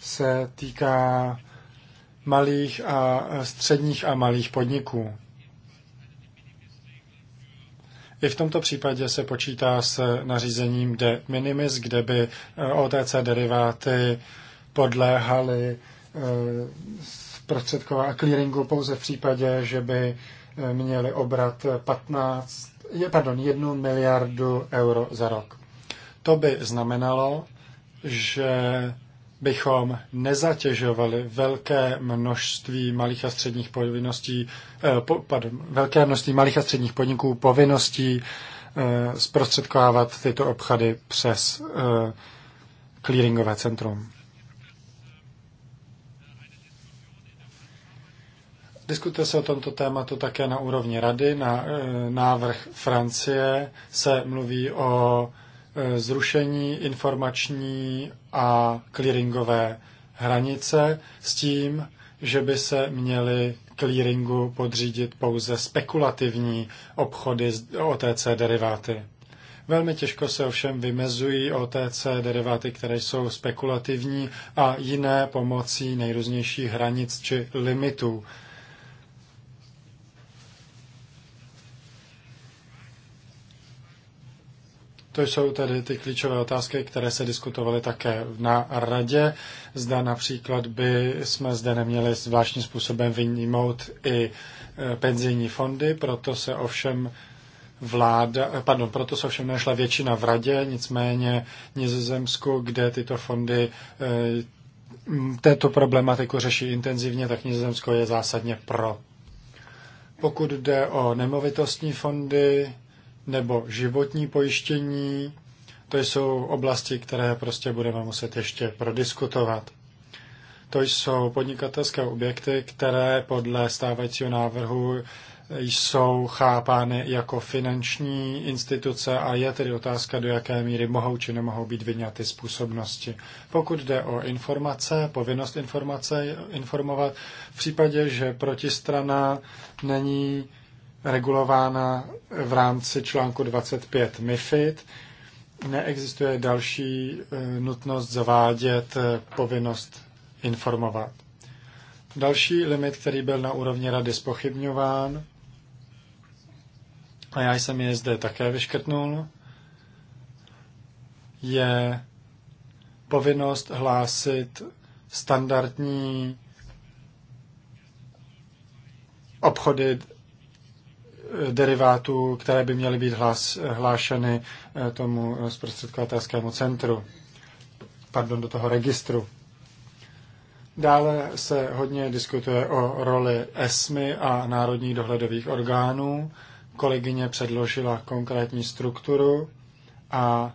se týká malých a středních a malých podniků. I v tomto případě se počítá s nařízením de minimis, kde by eh, OTC deriváty podléhaly eh, prostředkova a clearingu pouze v případě, že by eh, měli obrat 15 pardon, jednu miliardu euro za rok. To by znamenalo, že bychom nezatěžovali velké množství malých a středních povinností, eh, po, pardon, velké množství malých a středních podniků povinností eh, zprostředkovávat tyto obchady přes eh, clearingové centrum. Diskutuje se o tomto tématu také na úrovni rady. Na e, návrh Francie se mluví o e, zrušení informační a clearingové hranice s tím, že by se měly clearingu podřídit pouze spekulativní obchody s OTC deriváty. Velmi těžko se ovšem vymezují OTC deriváty, které jsou spekulativní a jiné pomocí nejrůznějších hranic či limitů. To jsou tedy ty klíčové otázky, které se diskutovaly také na radě. Zda například by jsme zde neměli zvláštním způsobem vynímout i e, penzijní fondy, proto se ovšem vláda, e, pardon, proto se ovšem nešla většina v radě, nicméně Nizozemsku, kde tyto fondy e, této problematiku řeší intenzivně, tak Nizozemsko je zásadně pro. Pokud jde o nemovitostní fondy, nebo životní pojištění. To jsou oblasti, které prostě budeme muset ještě prodiskutovat. To jsou podnikatelské objekty, které podle stávajícího návrhu jsou chápány jako finanční instituce a je tedy otázka, do jaké míry mohou či nemohou být vyňaty z působnosti. Pokud jde o informace, povinnost informace informovat, v případě, že protistrana není regulována v rámci článku 25 MIFID. Neexistuje další eh, nutnost zavádět eh, povinnost informovat. Další limit, který byl na úrovni rady spochybňován, a já jsem je zde také vyškrtnul, je povinnost hlásit standardní obchody derivátů, které by měly být hlas, hlášeny eh, tomu zprostředkovatelskému centru, pardon, do toho registru. Dále se hodně diskutuje o roli ESMY a národních dohledových orgánů. Kolegyně předložila konkrétní strukturu a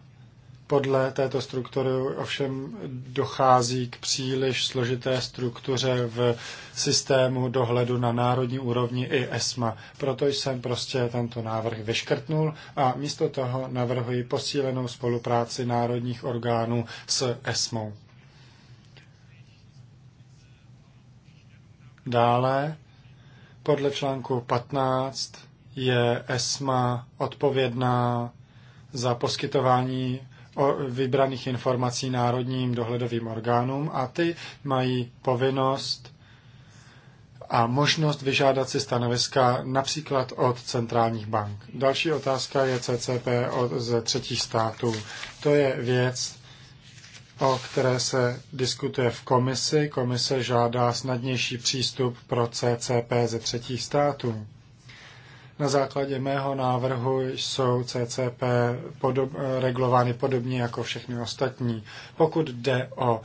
podle této struktury ovšem dochází k příliš složité struktuře v systému dohledu na národní úrovni i ESMA. Proto jsem prostě tento návrh vyškrtnul a místo toho navrhuji posílenou spolupráci národních orgánů s ESMou. Dále, podle článku 15 je ESMA odpovědná za poskytování vybraných informací národním dohledovým orgánům a ty mají povinnost a možnost vyžádat si stanoviska například od centrálních bank. Další otázka je CCP od, ze třetích států. To je věc, o které se diskutuje v komisi. Komise žádá snadnější přístup pro CCP ze třetích států na základě mého návrhu jsou CCP podob, regulovány podobně jako všechny ostatní. Pokud jde o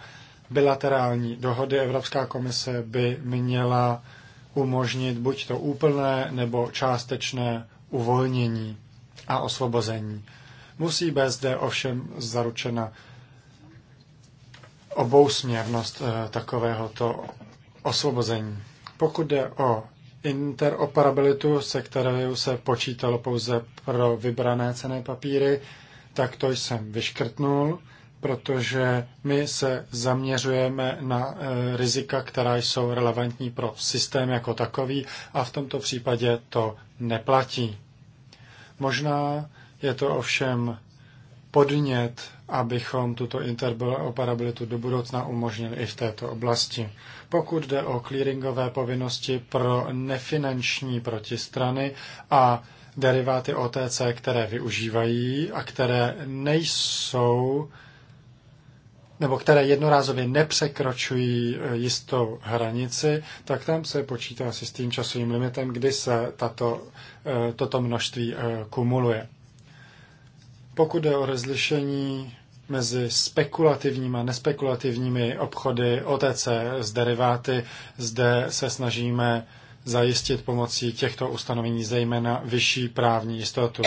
bilaterální dohody, Evropská komise by měla umožnit buď to úplné nebo částečné uvolnění a osvobození. Musí bez zde ovšem zaručena obousměrnost eh, takovéhoto osvobození. Pokud jde o interoperabilitu, se kterou se počítalo pouze pro vybrané cené papíry, tak to jsem vyškrtnul, protože my se zaměřujeme na eh, rizika, která jsou relevantní pro systém jako takový a v tomto případě to neplatí. Možná je to ovšem podnět, abychom tuto interoperabilitu do budoucna umožnili i v této oblasti. Pokud jde o clearingové povinnosti pro nefinanční protistrany a deriváty OTC, které využívají a které nejsou nebo které jednorázově nepřekročují eh, jistou hranici, tak tam se počítá si s tím časovým limitem, kdy se tato, eh, toto množství eh, kumuluje. Pokud jde o rozlišení mezi spekulativními a nespekulativními obchody OTC s deriváty, zde se snažíme zajistit pomocí těchto ustanovení zejména vyšší právní jistotu.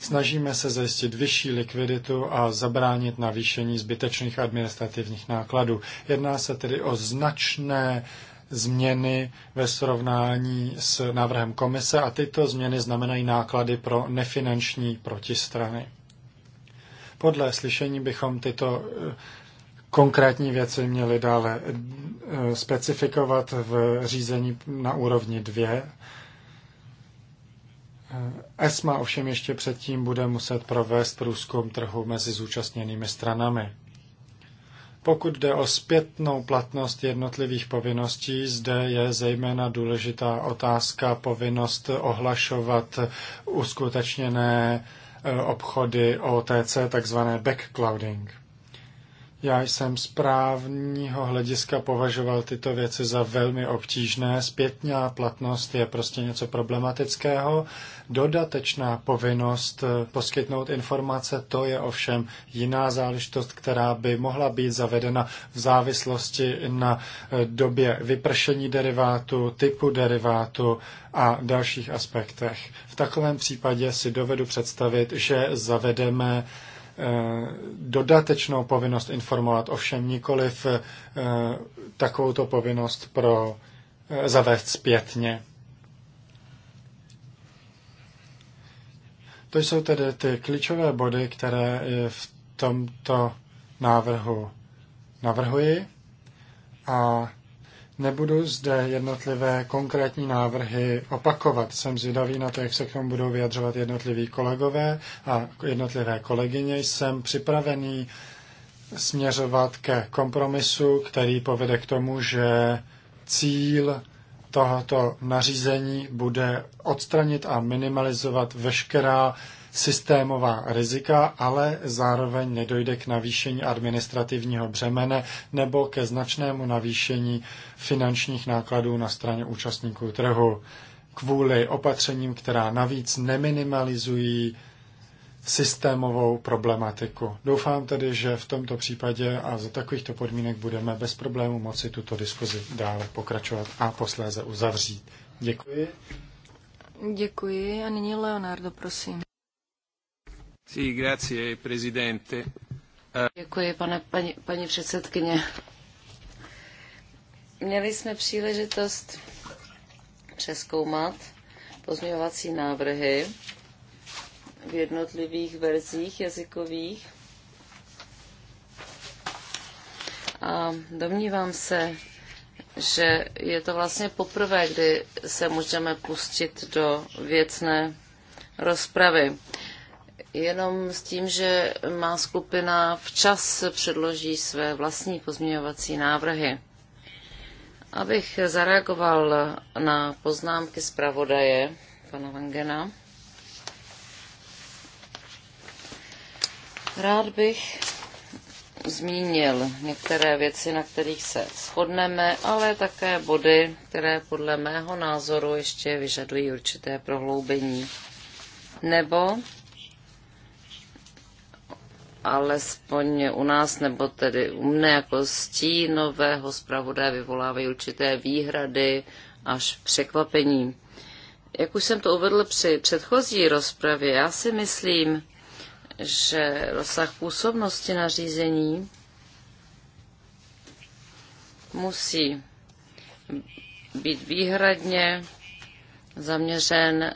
Snažíme se zajistit vyšší likviditu a zabránit navýšení zbytečných administrativních nákladů. Jedná se tedy o značné změny ve srovnání s návrhem komise a tyto změny znamenají náklady pro nefinanční protistrany. Podle slyšení bychom tyto eh, konkrétní věci měli dále eh, specifikovat v řízení na úrovni 2. Eh, ESMA ovšem ještě předtím bude muset provést průzkum trhu mezi zúčastněnými stranami. Pokud jde o zpětnou platnost jednotlivých povinností, zde je zejména důležitá otázka povinnost ohlašovat uskutečněné Eh, obchody OTC, takzvané backclouding. Já jsem z právního hlediska považoval tyto věci za velmi obtížné. Zpětná platnost je prostě něco problematického. Dodatečná povinnost eh, poskytnout informace, to je ovšem jiná záležitost, která by mohla být zavedena v závislosti na eh, době vypršení derivátu, typu derivátu a dalších aspektech. V takovém případě si dovedu představit, že zavedeme dodatečnou povinnost informovat, ovšem nikoliv eh, to povinnost pro eh, zavést zpětně. To jsou tedy ty klíčové body, které eh, v tomto návrhu navrhuji. A Nebudu zde jednotlivé konkrétní návrhy opakovat. Jsem zvědavý na to, jak se k tomu budou vyjadřovat jednotliví kolegové a jednotlivé kolegyně. Jsem připravený směřovat ke kompromisu, který povede k tomu, že cíl tohoto nařízení bude odstranit a minimalizovat veškerá systémová rizika, ale zároveň nedojde k navýšení administrativního břemene nebo ke značnému navýšení finančních nákladů na straně účastníků trhu kvůli opatřením, která navíc neminimalizují systémovou problematiku. Doufám tedy, že v tomto případě a za takovýchto podmínek budeme bez problému moci tuto diskuzi dále pokračovat a posléze uzavřít. Děkuji. Děkuji a nyní Leonardo, prosím. Děkuji, pane, paní, paní předsedkyně. Měli jsme příležitost přeskoumat pozměňovací návrhy v jednotlivých verzích jazykových. A domnívám se, že je to vlastně poprvé, kdy se můžeme pustit do věcné rozpravy jenom s tím, že má skupina včas předloží své vlastní pozměňovací návrhy. Abych zareagoval na poznámky zpravodaje pana Vangena, rád bych zmínil některé věci, na kterých se shodneme, ale také body, které podle mého názoru ještě vyžadují určité prohloubení nebo alespoň u nás, nebo tedy u mne jako stínového zpravodaje vyvolávají určité výhrady až překvapení. Jak už jsem to uvedl při předchozí rozpravě, já si myslím, že rozsah působnosti nařízení musí být výhradně zaměřen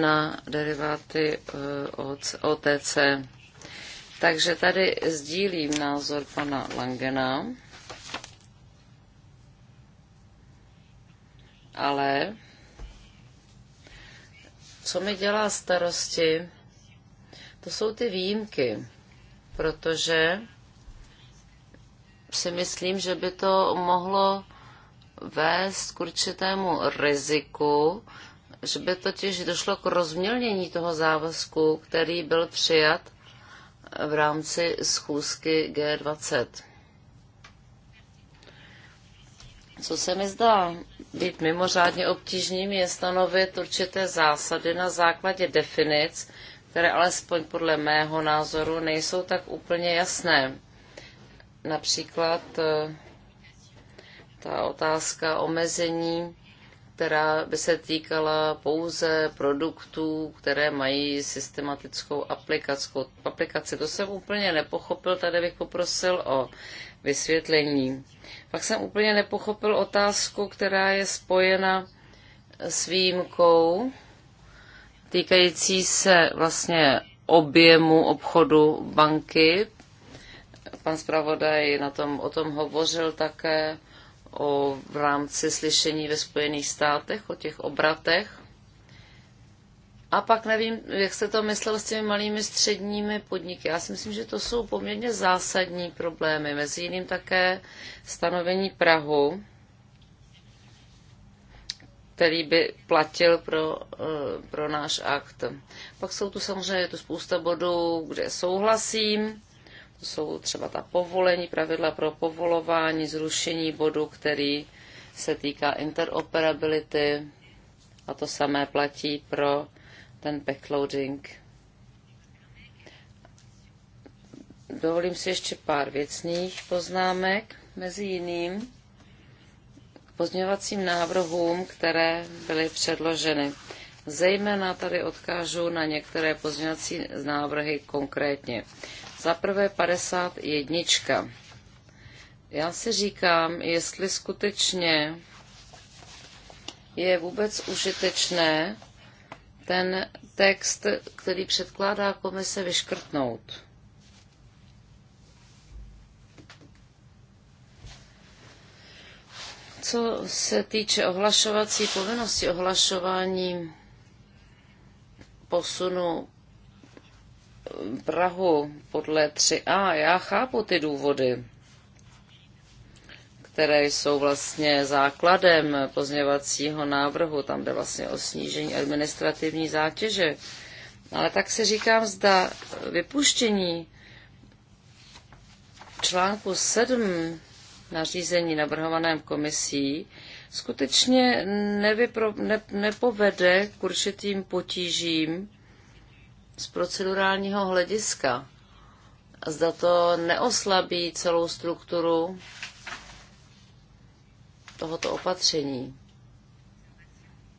na deriváty eh, OTC. Takže tady sdílím názor pana Langena, ale co mi dělá starosti, to jsou ty výjimky, protože si myslím, že by to mohlo vést k určitému riziku, že by totiž došlo k rozmělnění toho závazku, který byl přijat v rámci schůzky G20. Co se mi zdá být mimořádně obtížným, je stanovit určité zásady na základě definic, které alespoň podle mého názoru nejsou tak úplně jasné. Například eh, ta otázka omezení která by se týkala pouze produktů, které mají systematickou aplikaci. To jsem úplně nepochopil, tady bych poprosil o vysvětlení. Pak jsem úplně nepochopil otázku, která je spojena s výjimkou týkající se vlastně objemu obchodu banky. Pan zpravodaj na tom, o tom hovořil také o, v rámci slyšení ve Spojených státech o těch obratech. A pak nevím, jak jste to myslel s těmi malými středními podniky. Já si myslím, že to jsou poměrně zásadní problémy. Mezi jiným také stanovení Prahu, který by platil pro, eh, pro náš akt. Pak jsou tu samozřejmě tu spousta bodů, kde souhlasím jsou třeba ta povolení, pravidla pro povolování, zrušení bodu, který se týká interoperability a to samé platí pro ten backloading. Dovolím si ještě pár věcných poznámek, mezi jiným k pozměňovacím návrhům, které byly předloženy. Zejména tady odkážu na některé pozměňovací návrhy konkrétně. Za prvé 51. Já si říkám, jestli skutečně je vůbec užitečné ten text, který předkládá komise, vyškrtnout. Co se týče ohlašovací povinnosti, ohlašování posunu Prahu podle 3a. Já chápu ty důvody, které jsou vlastně základem pozměvacího návrhu. Tam jde vlastně o snížení administrativní zátěže. Ale tak si říkám, zda vypuštění článku 7 nařízení navrhovaném komisí skutečně nevypro, ne, nepovede k určitým potížím z procedurálního hlediska. Zda to neoslabí celou strukturu tohoto opatření.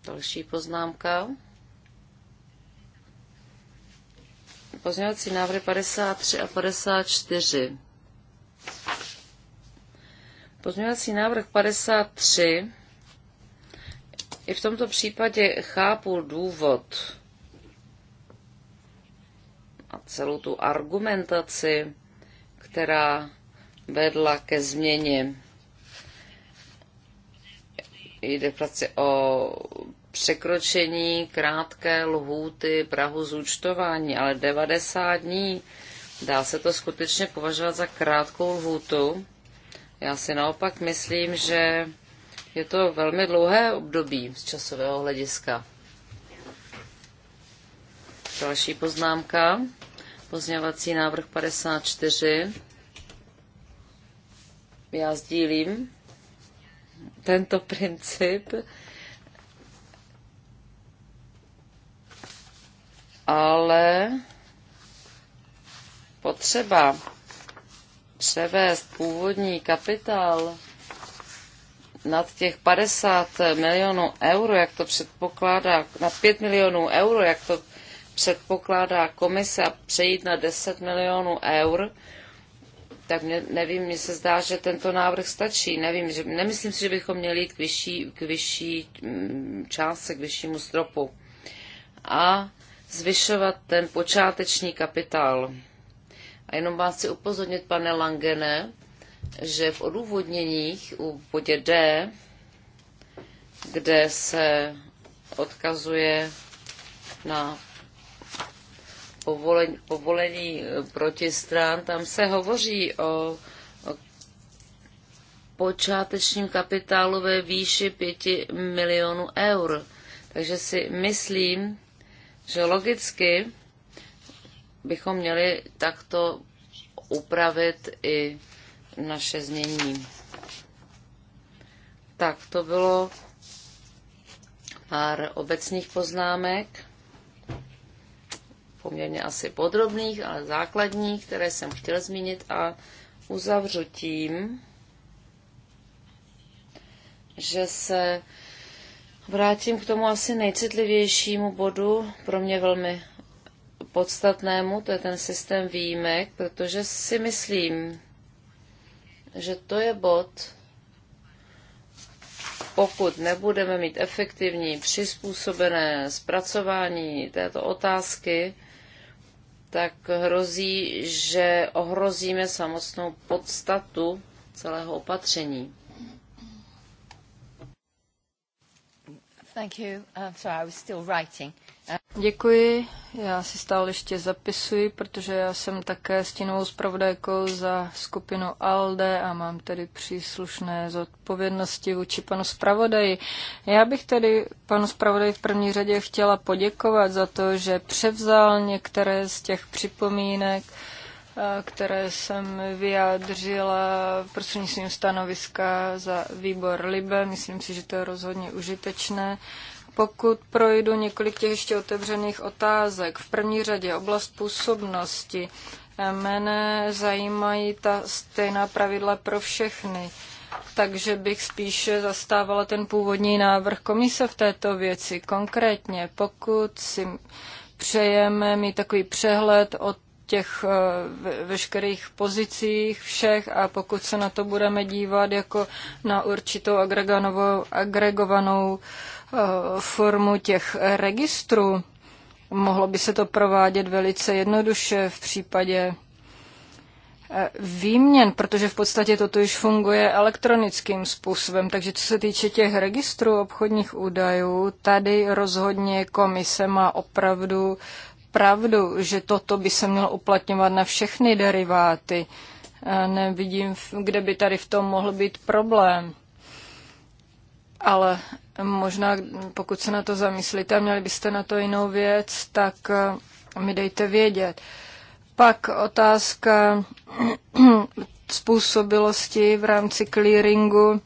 Další poznámka. Pozměňovací návrhy 53 a 54. Pozměňovací návrh 53. I v tomto případě chápu důvod, a celou tu argumentaci, která vedla ke změně. Jde vlastně o překročení krátké lhůty Prahu zúčtování, ale 90 dní. Dá se to skutečně považovat za krátkou lhůtu? Já si naopak myslím, že je to velmi dlouhé období z časového hlediska. Další poznámka. Pozměňovací návrh 54. Já sdílím tento princip. Ale potřeba převést původní kapitál nad těch 50 milionů euro, jak to předpokládá, na 5 milionů euro, jak to předpokládá komise přejít na 10 milionů eur, tak mě, nevím, mně se zdá, že tento návrh stačí. Nevím, že, nemyslím si, že bychom měli jít k vyšší, k vyšší mm, částce, k vyššímu stropu. A zvyšovat ten počáteční kapitál. A jenom vás chci upozornit, pane Langene, že v odůvodněních u bodě D, kde se odkazuje na povolení, povolení eh, protistrán, tam se hovoří o, o počátečním kapitálu ve výši 5 milionů eur. Takže si myslím, že logicky bychom měli takto upravit i naše znění. Tak, to bylo pár obecných poznámek poměrně asi podrobných, ale základních, které jsem chtěl zmínit a uzavřu tím, že se vrátím k tomu asi nejcitlivějšímu bodu, pro mě velmi podstatnému, to je ten systém výjimek, protože si myslím, že to je bod, pokud nebudeme mít efektivní přizpůsobené zpracování této otázky, tak hrozí, že ohrozíme samotnou podstatu celého opatření. Thank you. Uh, sorry, I was still writing. Děkuji. Já si stále ještě zapisuji, protože já jsem také stínovou zpravodajkou za skupinu ALDE a mám tedy příslušné zodpovědnosti vůči panu zpravodaji. Já bych tedy panu zpravodaji v první řadě chtěla poděkovat za to, že převzal některé z těch připomínek, které jsem vyjádřila prostřednictvím stanoviska za výbor LIBE. Myslím si, že to je rozhodně užitečné pokud projdu několik těch ještě otevřených otázek. V první řadě oblast působnosti. Mene zajímají ta stejná pravidla pro všechny, takže bych spíše zastávala ten původní návrh komise v této věci. Konkrétně, pokud si přejeme mít takový přehled o těch eh, veškerých pozicích všech a pokud se na to budeme dívat jako na určitou agregovanou Eh, formu těch registrů. Mohlo by se to provádět velice jednoduše v případě eh, výměn, protože v podstatě toto již funguje elektronickým způsobem. Takže co se týče těch registrů obchodních údajů, tady rozhodně komise má opravdu pravdu, že toto by se mělo uplatňovat na všechny deriváty. Eh, nevidím, kde by tady v tom mohl být problém. Ale Možná, pokud se na to zamyslíte měli byste na to jinou věc, tak eh, mi dejte vědět. Pak otázka způsobilosti v rámci clearingu.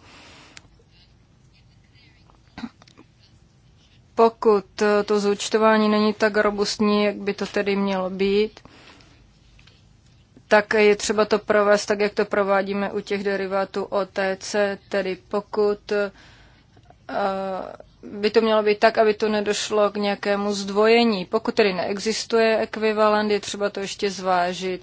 Pokud eh, to zúčtování není tak robustní, jak by to tedy mělo být, tak je třeba to provést tak, jak to provádíme u těch derivátů OTC, tedy pokud uh, by to mělo být tak, aby to nedošlo k nějakému zdvojení. Pokud tedy neexistuje ekvivalent, je třeba to ještě zvážit.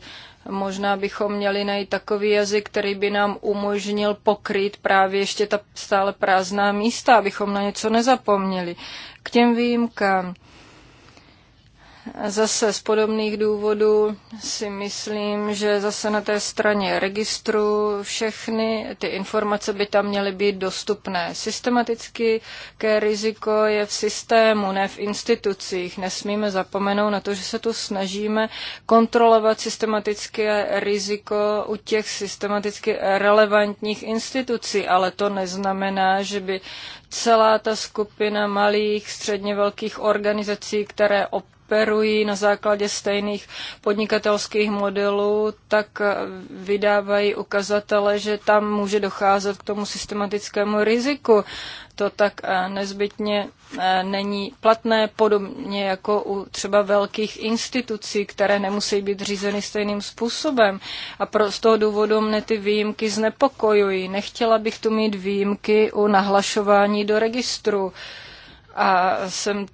Možná bychom měli najít takový jazyk, který by nám umožnil pokryt právě ještě ta stále prázdná místa, abychom na něco nezapomněli. K těm výjimkám zase z podobných důvodů si myslím, že zase na té straně registru všechny ty informace by tam měly být dostupné. Systematicky ke riziko je v systému, ne v institucích. Nesmíme zapomenout na to, že se tu snažíme kontrolovat systematické riziko u těch systematicky relevantních institucí, ale to neznamená, že by celá ta skupina malých, středně velkých organizací, které operují na základě stejných podnikatelských modelů, tak vydávají ukazatele, že tam může docházet k tomu systematickému riziku. To tak eh, nezbytně eh, není platné, podobně jako u třeba velkých institucí, které nemusí být řízeny stejným způsobem. A pro, z toho důvodu mne ty výjimky znepokojují. Nechtěla bych tu mít výjimky u nahlašování do registru. A jsem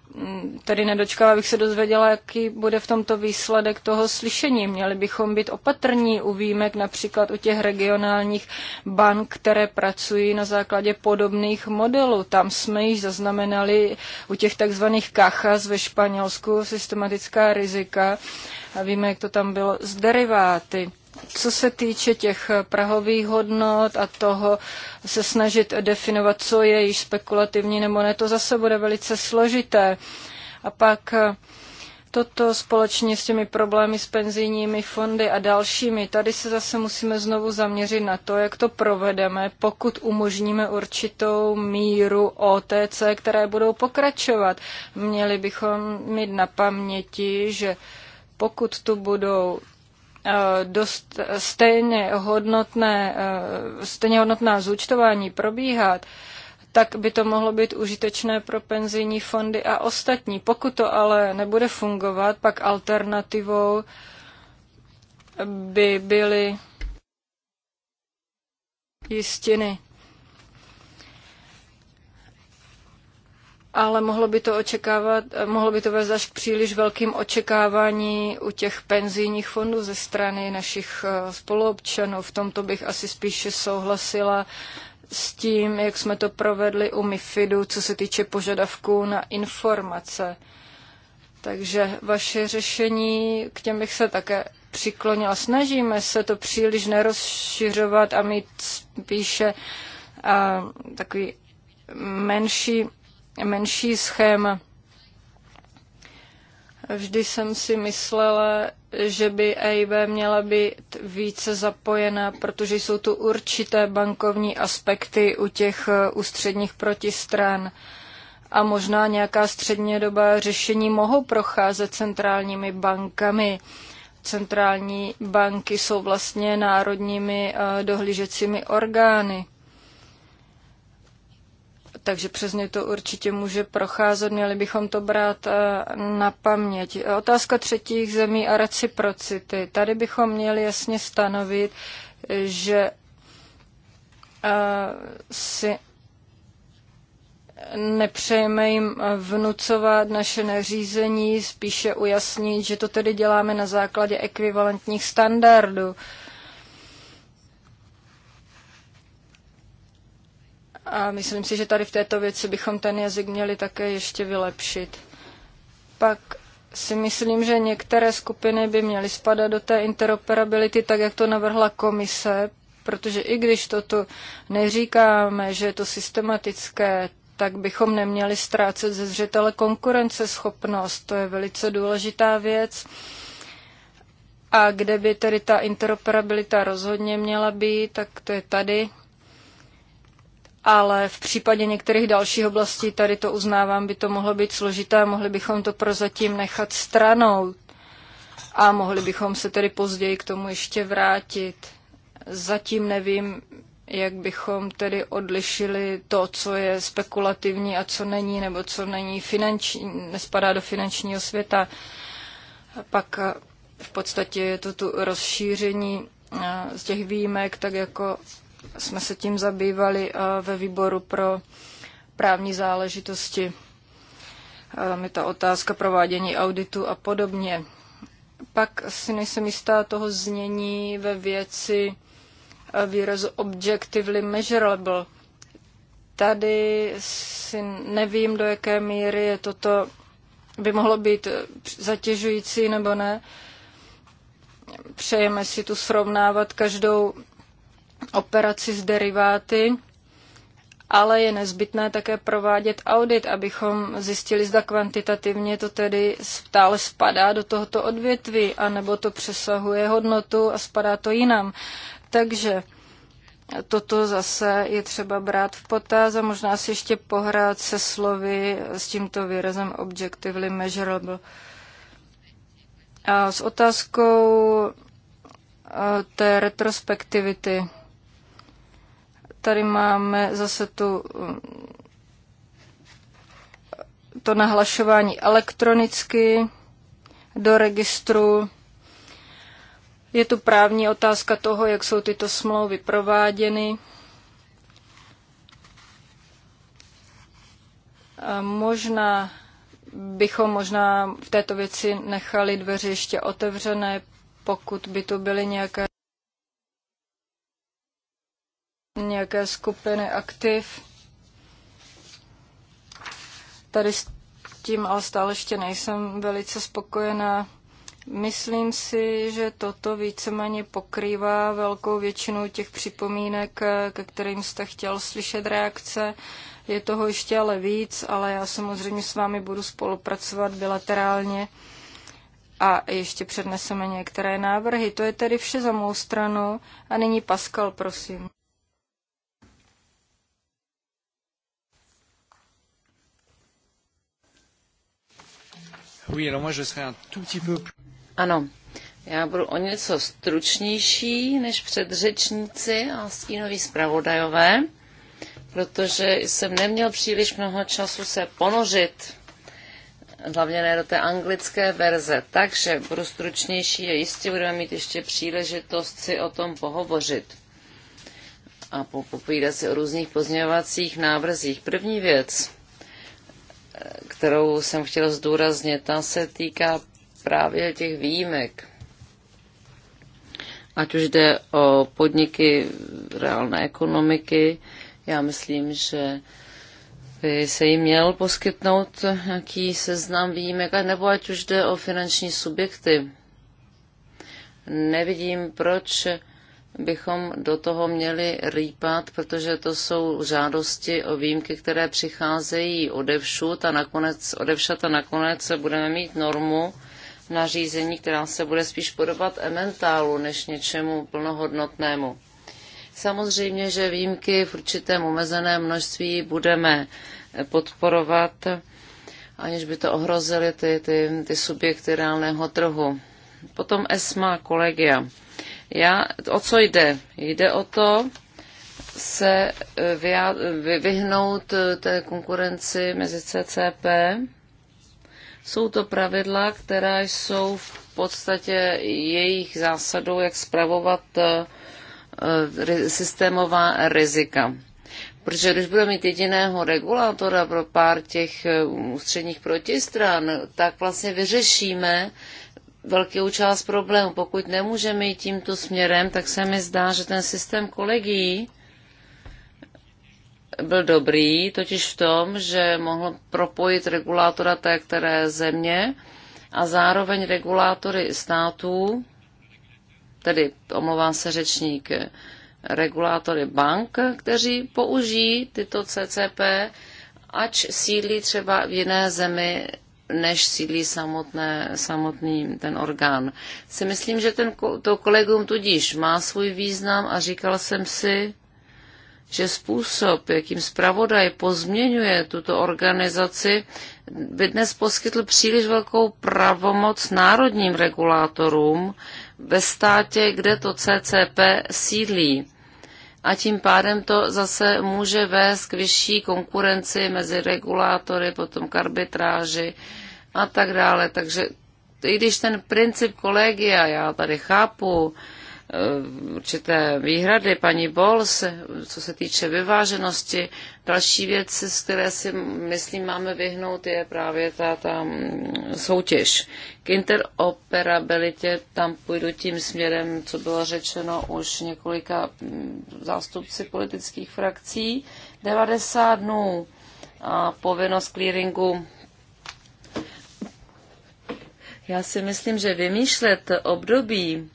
tady nedočkala, abych se dozvěděla, jaký bude v tomto výsledek toho slyšení. Měli bychom být opatrní u výjimek například u těch regionálních bank, které pracují na základě podobných modelů. Tam jsme již zaznamenali u těch takzvaných kachas ve Španělsku systematická rizika a víme, jak to tam bylo s deriváty co se týče těch prahových hodnot a toho se snažit definovat, co je již spekulativní nebo ne, to zase bude velice složité. A pak eh, toto společně s těmi problémy s penzijními fondy a dalšími. Tady se zase musíme znovu zaměřit na to, jak to provedeme, pokud umožníme určitou míru OTC, které budou pokračovat. Měli bychom mít na paměti, že pokud tu budou Eh, dost stejně hodnotné, eh, stejně hodnotná zúčtování probíhat, tak by to mohlo být užitečné pro penzijní fondy a ostatní. Pokud to ale nebude fungovat, pak alternativou by byly jistiny. ale mohlo by to očekávat, mohlo by to vést až k příliš velkým očekávání u těch penzijních fondů ze strany našich eh, spoluobčanů. V tomto bych asi spíše souhlasila s tím, jak jsme to provedli u MIFIDu, co se týče požadavků na informace. Takže vaše řešení, k těm bych se také přiklonila. Snažíme se to příliš nerozšiřovat a mít spíše a, eh, takový menší menší schéma. Vždy jsem si myslela, že by EIB měla být více zapojena, protože jsou tu určité bankovní aspekty u těch eh, ústředních protistran. A možná nějaká střednědobá řešení mohou procházet centrálními bankami. Centrální banky jsou vlastně národními eh, dohlížecími orgány takže přes ně to určitě může procházet, měli bychom to brát eh, na paměť. Otázka třetích zemí a reciprocity. Tady bychom měli jasně stanovit, že eh, si nepřejeme jim eh, vnucovat naše nařízení, spíše ujasnit, že to tedy děláme na základě ekvivalentních standardů. A myslím si, že tady v této věci bychom ten jazyk měli také ještě vylepšit. Pak si myslím, že některé skupiny by měly spadat do té interoperability, tak jak to navrhla komise, protože i když to tu neříkáme, že je to systematické, tak bychom neměli ztrácet ze zřetele konkurenceschopnost. To je velice důležitá věc. A kde by tedy ta interoperabilita rozhodně měla být, tak to je tady ale v případě některých dalších oblastí, tady to uznávám, by to mohlo být složité, mohli bychom to prozatím nechat stranou a mohli bychom se tedy později k tomu ještě vrátit. Zatím nevím, jak bychom tedy odlišili to, co je spekulativní a co není, nebo co není finanční, nespadá do finančního světa. A pak eh, v podstatě je to tu rozšíření eh, z těch výjimek, tak jako jsme se tím zabývali eh, ve výboru pro právní záležitosti. Je ta otázka provádění auditu a podobně. Pak si nejsem jistá toho znění ve věci eh, výrazu objectively measurable. Tady si nevím, do jaké míry je toto by mohlo být eh, zatěžující nebo ne. Přejeme si tu srovnávat každou operaci s deriváty, ale je nezbytné také provádět audit, abychom zjistili, zda kvantitativně to tedy stále spadá do tohoto odvětví, anebo to přesahuje hodnotu a spadá to jinam. Takže toto zase je třeba brát v potaz a možná si ještě pohrát se slovy s tímto výrazem objectively measurable. A s otázkou eh, té retrospektivity tady máme zase tu mm, to nahlašování elektronicky do registru. Je tu právní otázka toho, jak jsou tyto smlouvy prováděny. A možná bychom možná v této věci nechali dveře ještě otevřené, pokud by tu byly nějaké nějaké skupiny aktiv. Tady s tím ale stále ještě nejsem velice spokojená. Myslím si, že toto víceméně pokrývá velkou většinu těch připomínek, ke kterým jste chtěl slyšet reakce. Je toho ještě ale víc, ale já samozřejmě s vámi budu spolupracovat bilaterálně a ještě předneseme některé návrhy. To je tedy vše za mou stranu a nyní Pascal, prosím. Ano, já budu o něco stručnější než předřečníci a stínoví zpravodajové, protože jsem neměl příliš mnoho času se ponořit, hlavně ne do té anglické verze. Takže budu stručnější a jistě budeme mít ještě příležitost si o tom pohovořit a popovídat si o různých pozměňovacích návrzích. První věc, kterou jsem chtěla zdůraznit, ta se týká právě těch výjimek. Ať už jde o podniky reálné ekonomiky, já myslím, že by se jim měl poskytnout nějaký seznam výjimek, nebo ať už jde o finanční subjekty. Nevidím, proč bychom do toho měli rýpat, protože to jsou žádosti o výjimky, které přicházejí odevšud a nakonec, odevšat a nakonec budeme mít normu nařízení, která se bude spíš podobat ementálu než něčemu plnohodnotnému. Samozřejmě, že výjimky v určitém omezeném množství budeme podporovat, aniž by to ohrozily ty, ty, ty subjekty reálného trhu. Potom ESMA kolegia. Já, o co jde? Jde o to, se eh, vyhnout eh, té konkurenci mezi CCP. Jsou to pravidla, která jsou v podstatě jejich zásadou, jak spravovat eh, systémová rizika. Protože když budeme mít jediného regulátora pro pár těch ústředních protistran, tak vlastně vyřešíme velkou část problému. Pokud nemůžeme jít tímto směrem, tak se mi zdá, že ten systém kolegií byl dobrý, totiž v tom, že mohl propojit regulátora té které země a zároveň regulátory států, tedy omlouvám se řečník, regulátory bank, kteří použijí tyto CCP, ač sídlí třeba v jiné zemi než sídlí samotné, samotný ten orgán. Si myslím, že ten, to kolegium tudíž má svůj význam a říkal jsem si, že způsob, jakým zpravodaj pozměňuje tuto organizaci, by dnes poskytl příliš velkou pravomoc národním regulátorům ve státě, kde to CCP sídlí. A tím pádem to zase může vést k vyšší konkurenci mezi regulátory, potom k arbitráži a tak dále. Takže i když ten princip kolegia, já tady chápu eh, určité výhrady paní Bols, co se týče vyváženosti, další věc, z které si myslím máme vyhnout, je právě ta, ta mm, soutěž. K interoperabilitě tam půjdu tím směrem, co bylo řečeno už několika mm, zástupci politických frakcí. 90 dnů a povinnost clearingu já si myslím, že vymýšlet období,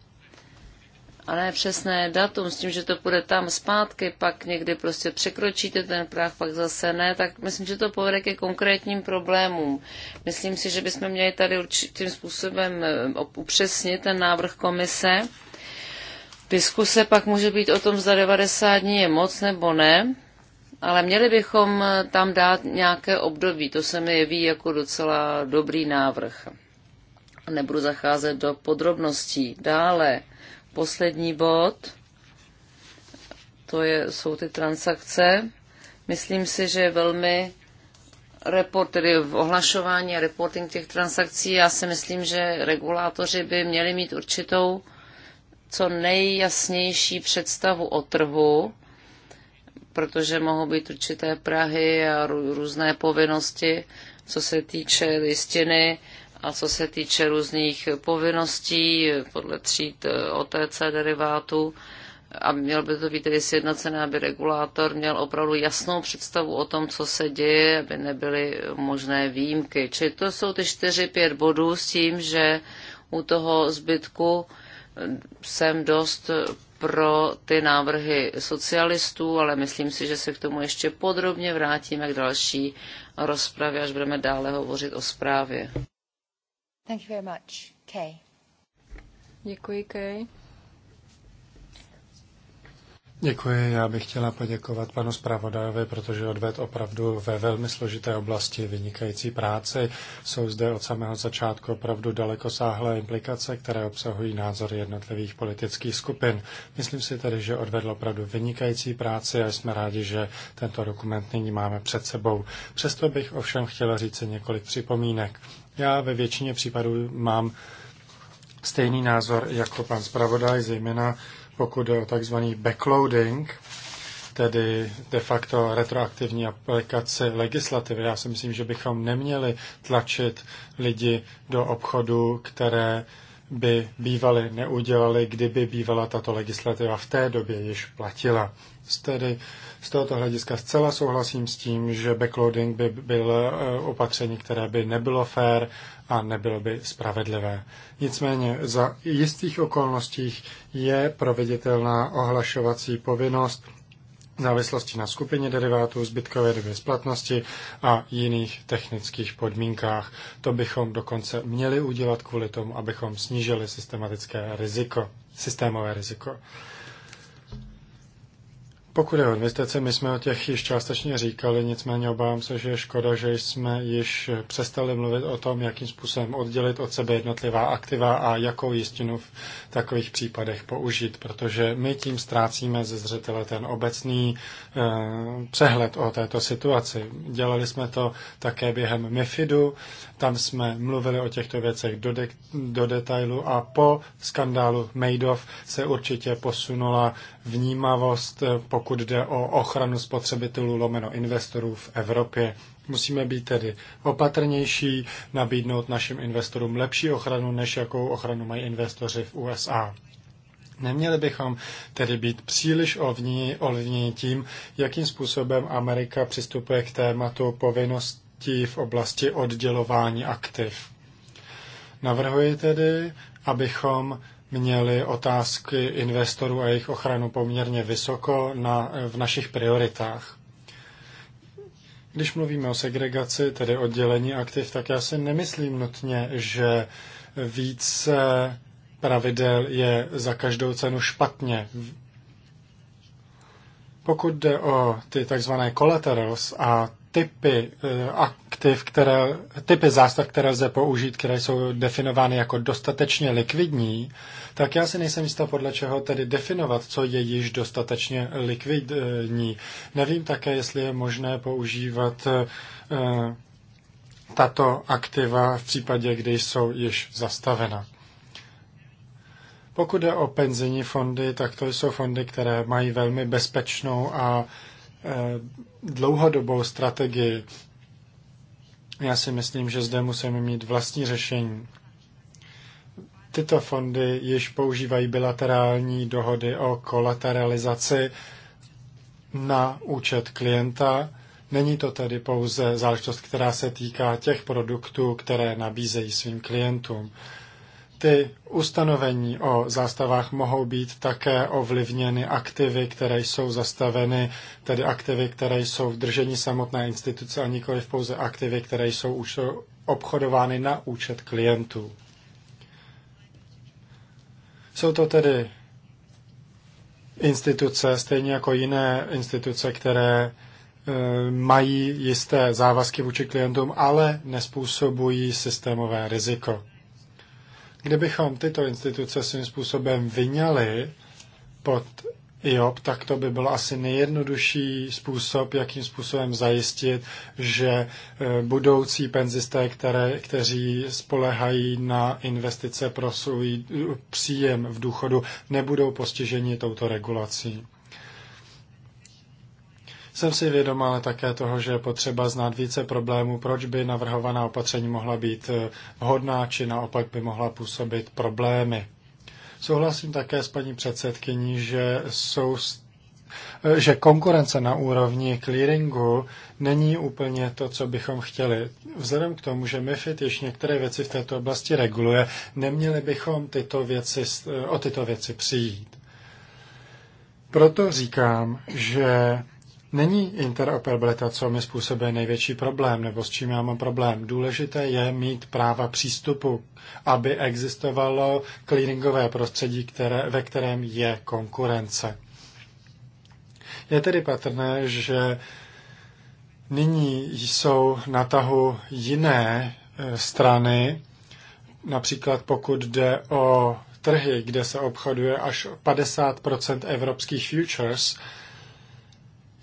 ale přesné datum, s tím, že to půjde tam zpátky, pak někdy prostě překročíte ten práh, pak zase ne, tak myslím, že to povede ke konkrétním problémům. Myslím si, že bychom měli tady určitým způsobem eh, upřesnit ten návrh komise. Diskuse pak může být o tom, zda 90 dní je moc nebo ne, ale měli bychom eh, tam dát nějaké období. To se mi jeví jako docela dobrý návrh. Nebudu zacházet do podrobností. Dále, poslední bod, to je, jsou ty transakce. Myslím si, že velmi report, tedy v ohlašování a reporting těch transakcí, já si myslím, že regulátoři by měli mít určitou co nejjasnější představu o trhu, protože mohou být určité prahy a různé povinnosti, co se týče listiny a co se týče různých povinností podle tříd eh, OTC derivátů, a měl by to být tedy sjednocené, aby regulátor měl opravdu jasnou představu o tom, co se děje, aby nebyly možné výjimky. Čili to jsou ty čtyři pět bodů s tím, že u toho zbytku eh, jsem dost pro ty návrhy socialistů, ale myslím si, že se k tomu ještě podrobně vrátíme k další rozpravě, až budeme dále hovořit o zprávě. Thank you very much, Kay. Děkuji, Kay. Děkuji. Já bych chtěla poděkovat panu zpravodajovi, protože odved opravdu ve velmi složité oblasti vynikající práci. Jsou zde od samého začátku opravdu dalekosáhlé implikace, které obsahují názory jednotlivých politických skupin. Myslím si tedy, že odvedl opravdu vynikající práci a jsme rádi, že tento dokument nyní máme před sebou. Přesto bych ovšem chtěla říct několik připomínek. Já ve většině případů mám stejný názor jako pan zpravodaj, zejména pokud je o tzv. backloading, tedy de facto retroaktivní aplikaci legislativy. Já si myslím, že bychom neměli tlačit lidi do obchodu, které by bývaly neudělali, kdyby bývala tato legislativa v té době již platila. Tedy z tohoto hlediska zcela souhlasím s tím, že backloading by byl e, opatření, které by nebylo fér a nebylo by spravedlivé. Nicméně za jistých okolnostích je proveditelná ohlašovací povinnost v závislosti na skupině derivátů, zbytkové doby splatnosti a jiných technických podmínkách. To bychom dokonce měli udělat kvůli tomu, abychom snížili systematické riziko, systémové riziko. Pokud je o investice, my jsme o těch již částečně říkali, nicméně obávám se, že je škoda, že jsme již přestali mluvit o tom, jakým způsobem oddělit od sebe jednotlivá aktiva a jakou jistinu v takových případech použít, protože my tím ztrácíme ze zřetele ten obecný e, přehled o této situaci. Dělali jsme to také během MIFIDu, tam jsme mluvili o těchto věcech do, de- do detailu a po skandálu Madoff se určitě posunula vnímavost, eh, po pokud jde o ochranu spotřebitelů lomeno investorů v Evropě. Musíme být tedy opatrnější, nabídnout našim investorům lepší ochranu, než jakou ochranu mají investoři v USA. Neměli bychom tedy být příliš ovní, ovní tím, jakým způsobem Amerika přistupuje k tématu povinností v oblasti oddělování aktiv. Navrhuji tedy, abychom měli otázky investorů a jejich ochranu poměrně vysoko na, v našich prioritách. Když mluvíme o segregaci, tedy oddělení aktiv, tak já si nemyslím nutně, že více pravidel je za každou cenu špatně. Pokud jde o ty takzvané collaterals a typy eh, aktiv, které, typy zástav, které lze použít, které jsou definovány jako dostatečně likvidní, tak já si nejsem jistá, podle čeho tedy definovat, co je již dostatečně likvidní. Nevím také, jestli je možné používat eh, tato aktiva v případě, kdy jsou již zastavena. Pokud jde o penzijní fondy, tak to jsou fondy, které mají velmi bezpečnou a Eh, dlouhodobou strategii. Já si myslím, že zde musíme mít vlastní řešení. Tyto fondy již používají bilaterální dohody o kolateralizaci na účet klienta. Není to tedy pouze záležitost, která se týká těch produktů, které nabízejí svým klientům ty ustanovení o zástavách mohou být také ovlivněny aktivy, které jsou zastaveny, tedy aktivy, které jsou v držení samotné instituce a nikoli pouze aktivy, které jsou už obchodovány na účet klientů. Jsou to tedy instituce, stejně jako jiné instituce, které eh, mají jisté závazky vůči klientům, ale nespůsobují systémové riziko. Kdybychom tyto instituce svým způsobem vyňali pod IOP, tak to by byl asi nejjednodušší způsob, jakým způsobem zajistit, že e, budoucí penzisté, které, kteří spolehají na investice pro svůj e, příjem v důchodu, nebudou postiženi touto regulací. Jsem si vědom, ale také toho, že je potřeba znát více problémů, proč by navrhovaná opatření mohla být eh, vhodná, či naopak by mohla působit problémy. Souhlasím také s paní předsedkyní, že jsou eh, že konkurence na úrovni clearingu není úplně to, co bychom chtěli. Vzhledem k tomu, že MIFID již některé věci v této oblasti reguluje, neměli bychom tyto věci, eh, o tyto věci přijít. Proto říkám, že Není interoperabilita, co mi způsobuje největší problém, nebo s čím já mám problém. Důležité je mít práva přístupu, aby existovalo clearingové prostředí, které, ve kterém je konkurence. Je tedy patrné, že nyní jsou na tahu jiné e, strany, například pokud jde o trhy, kde se obchoduje až 50 evropských futures,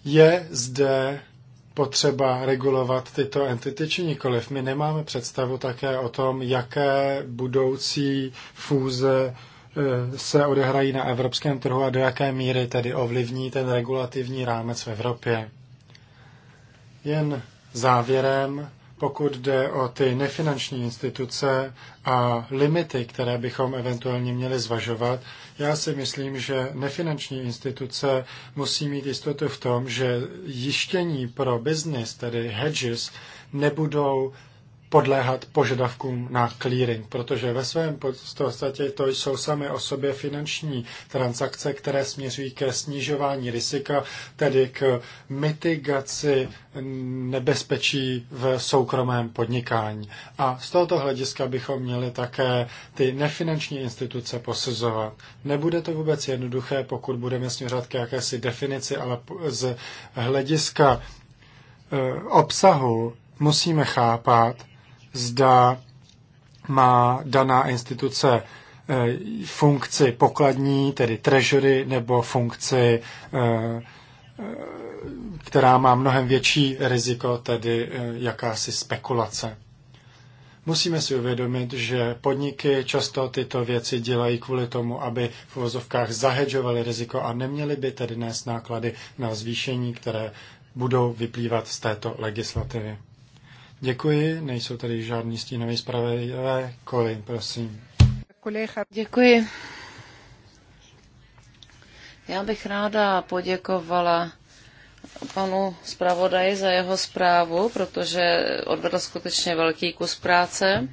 je zde potřeba regulovat tyto entity, či nikoliv. My nemáme představu také o tom, jaké budoucí fúze e, se odehrají na evropském trhu a do jaké míry tedy ovlivní ten regulativní rámec v Evropě. Jen závěrem pokud jde o ty nefinanční instituce a limity, které bychom eventuálně měli zvažovat, já si myslím, že nefinanční instituce musí mít jistotu v tom, že jištění pro biznis, tedy hedges, nebudou podléhat požadavkům na clearing, protože ve svém podstatě to jsou samé o sobě finanční transakce, které směřují ke snižování rizika, tedy k mitigaci nebezpečí v soukromém podnikání. A z tohoto hlediska bychom měli také ty nefinanční instituce posuzovat. Nebude to vůbec jednoduché, pokud budeme směřovat k jakési definici, ale z hlediska eh, obsahu musíme chápat, zda má daná instituce eh, funkci pokladní, tedy treasury, nebo funkci, eh, eh, která má mnohem větší riziko, tedy jakási spekulace. Musíme si uvědomit, že podniky často tyto věci dělají kvůli tomu, aby v uvozovkách zahedžovali riziko a neměli by tedy nést náklady na zvýšení, které budou vyplývat z této legislativy. Děkuji, nejsou tady žádní stínové zpravodajové. Koli, prosím. Děkuji. Já bych ráda poděkovala panu zpravodaji za jeho zprávu, protože odvedl skutečně velký kus práce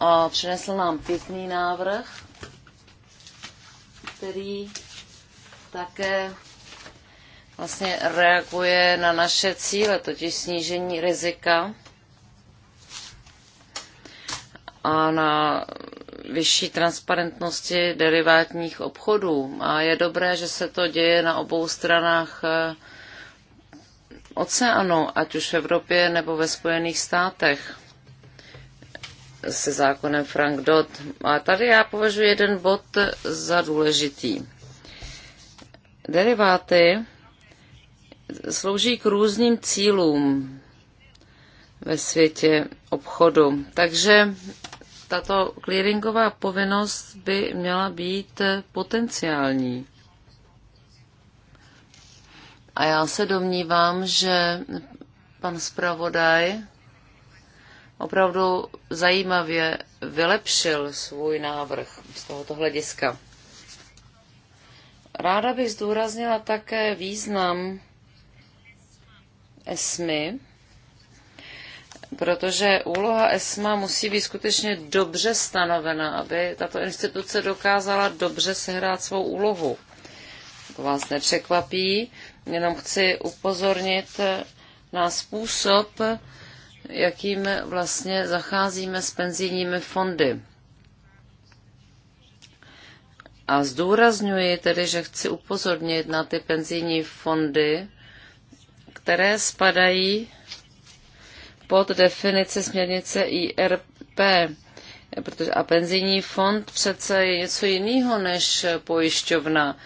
a přinesl nám pěkný návrh, který také vlastně reaguje na naše cíle, totiž snížení rizika a na vyšší transparentnosti derivátních obchodů. A je dobré, že se to děje na obou stranách eh, oceánu, ať už v Evropě nebo ve Spojených státech se zákonem Frank Dodd. A tady já považuji jeden bod za důležitý. Deriváty slouží k různým cílům ve světě obchodu. Takže tato clearingová povinnost by měla být potenciální. A já se domnívám, že pan zpravodaj opravdu zajímavě vylepšil svůj návrh z tohoto hlediska. Ráda bych zdůraznila také význam ESMY, protože úloha ESMA musí být skutečně dobře stanovena, aby tato instituce dokázala dobře sehrát svou úlohu. To vás nepřekvapí, jenom chci upozornit na způsob, jakým vlastně zacházíme s penzijními fondy. A zdůrazňuji tedy, že chci upozornit na ty penzijní fondy, které spadají pod definici směrnice IRP, protože a penzijní fond přece je něco jiného než pojišťovna,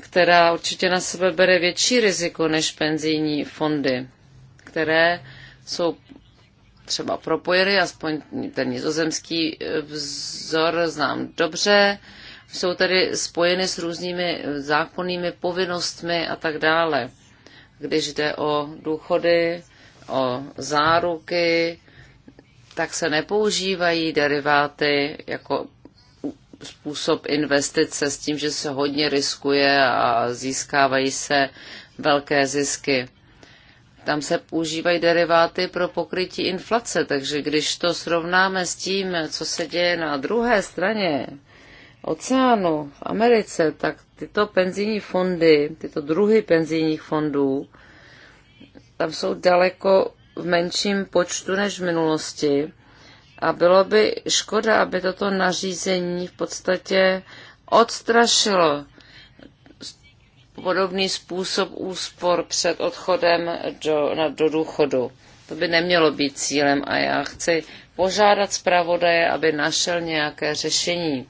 která určitě na sebe bere větší riziko než penzijní fondy, které jsou třeba propojeny, aspoň ten nizozemský eh, vzor znám dobře, jsou tedy spojeny s různými zákonnými povinnostmi a tak dále když jde o důchody, o záruky, tak se nepoužívají deriváty jako způsob investice s tím, že se hodně riskuje a získávají se velké zisky. Tam se používají deriváty pro pokrytí inflace, takže když to srovnáme s tím, co se děje na druhé straně oceánu v Americe, tak tyto penzijní fondy, tyto druhy penzijních fondů, tam jsou daleko v menším počtu než v minulosti. A bylo by škoda, aby toto nařízení v podstatě odstrašilo podobný způsob úspor před odchodem do, na, do důchodu. To by nemělo být cílem a já chci požádat zpravodaje, aby našel nějaké řešení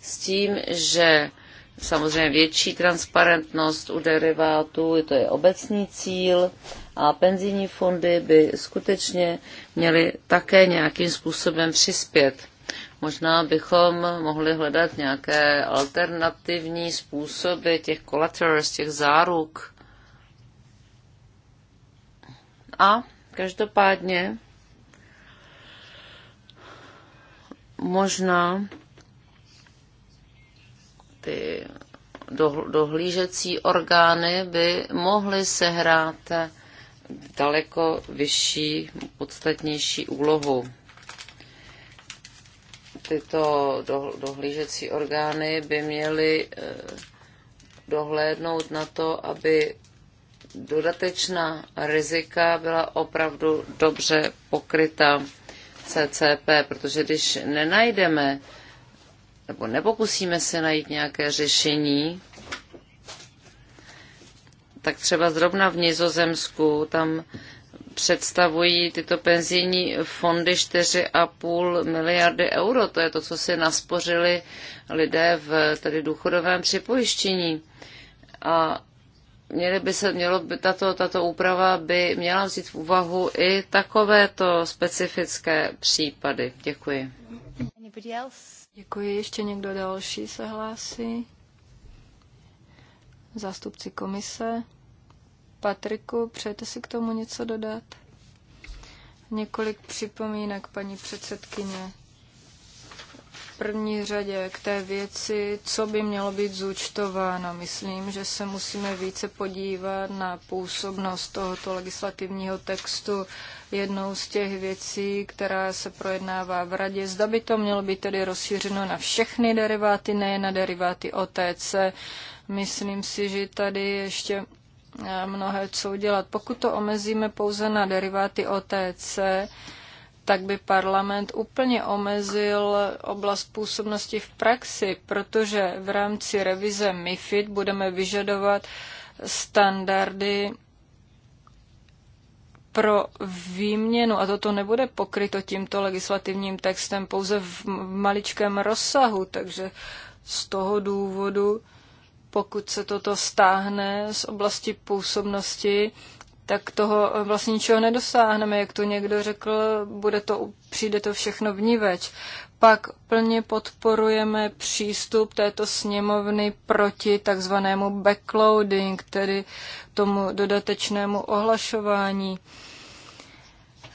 s tím, že samozřejmě větší transparentnost u derivátů, to je obecný cíl, a penzijní fondy by skutečně měly také nějakým způsobem přispět. Možná bychom mohli hledat nějaké alternativní způsoby těch collaterals, těch záruk. A každopádně možná ty dohlížecí orgány by mohly sehrát daleko vyšší, podstatnější úlohu. Tyto dohlížecí orgány by měly eh, dohlédnout na to, aby dodatečná rizika byla opravdu dobře pokryta CCP, protože když nenajdeme nebo nepokusíme se najít nějaké řešení, tak třeba zrovna v Nizozemsku tam představují tyto penzijní fondy 4,5 miliardy euro. To je to, co si naspořili lidé v tedy důchodovém připojištění. A měly by se, mělo by, tato, tato úprava by měla vzít v úvahu i takovéto specifické případy. Děkuji. Anybody else? Děkuji. Ještě někdo další se hlásí? Zástupci komise. Patriku, přejete si k tomu něco dodat? Několik připomínek, paní předsedkyně první řadě k té věci, co by mělo být zúčtováno. Myslím, že se musíme více podívat na působnost tohoto legislativního textu. Jednou z těch věcí, která se projednává v radě, zda by to mělo být tedy rozšířeno na všechny deriváty, ne na deriváty OTC. Myslím si, že tady ještě eh, mnohé co udělat. Pokud to omezíme pouze na deriváty OTC, tak by parlament úplně omezil oblast působnosti v praxi, protože v rámci revize MIFID budeme vyžadovat standardy pro výměnu, a toto nebude pokryto tímto legislativním textem pouze v maličkém rozsahu, takže z toho důvodu, pokud se toto stáhne z oblasti působnosti, tak toho eh, vlastně ničeho nedosáhneme. Jak to někdo řekl, bude to, přijde to všechno vníveč. Pak plně podporujeme přístup této sněmovny proti takzvanému backloading, tedy tomu dodatečnému ohlašování.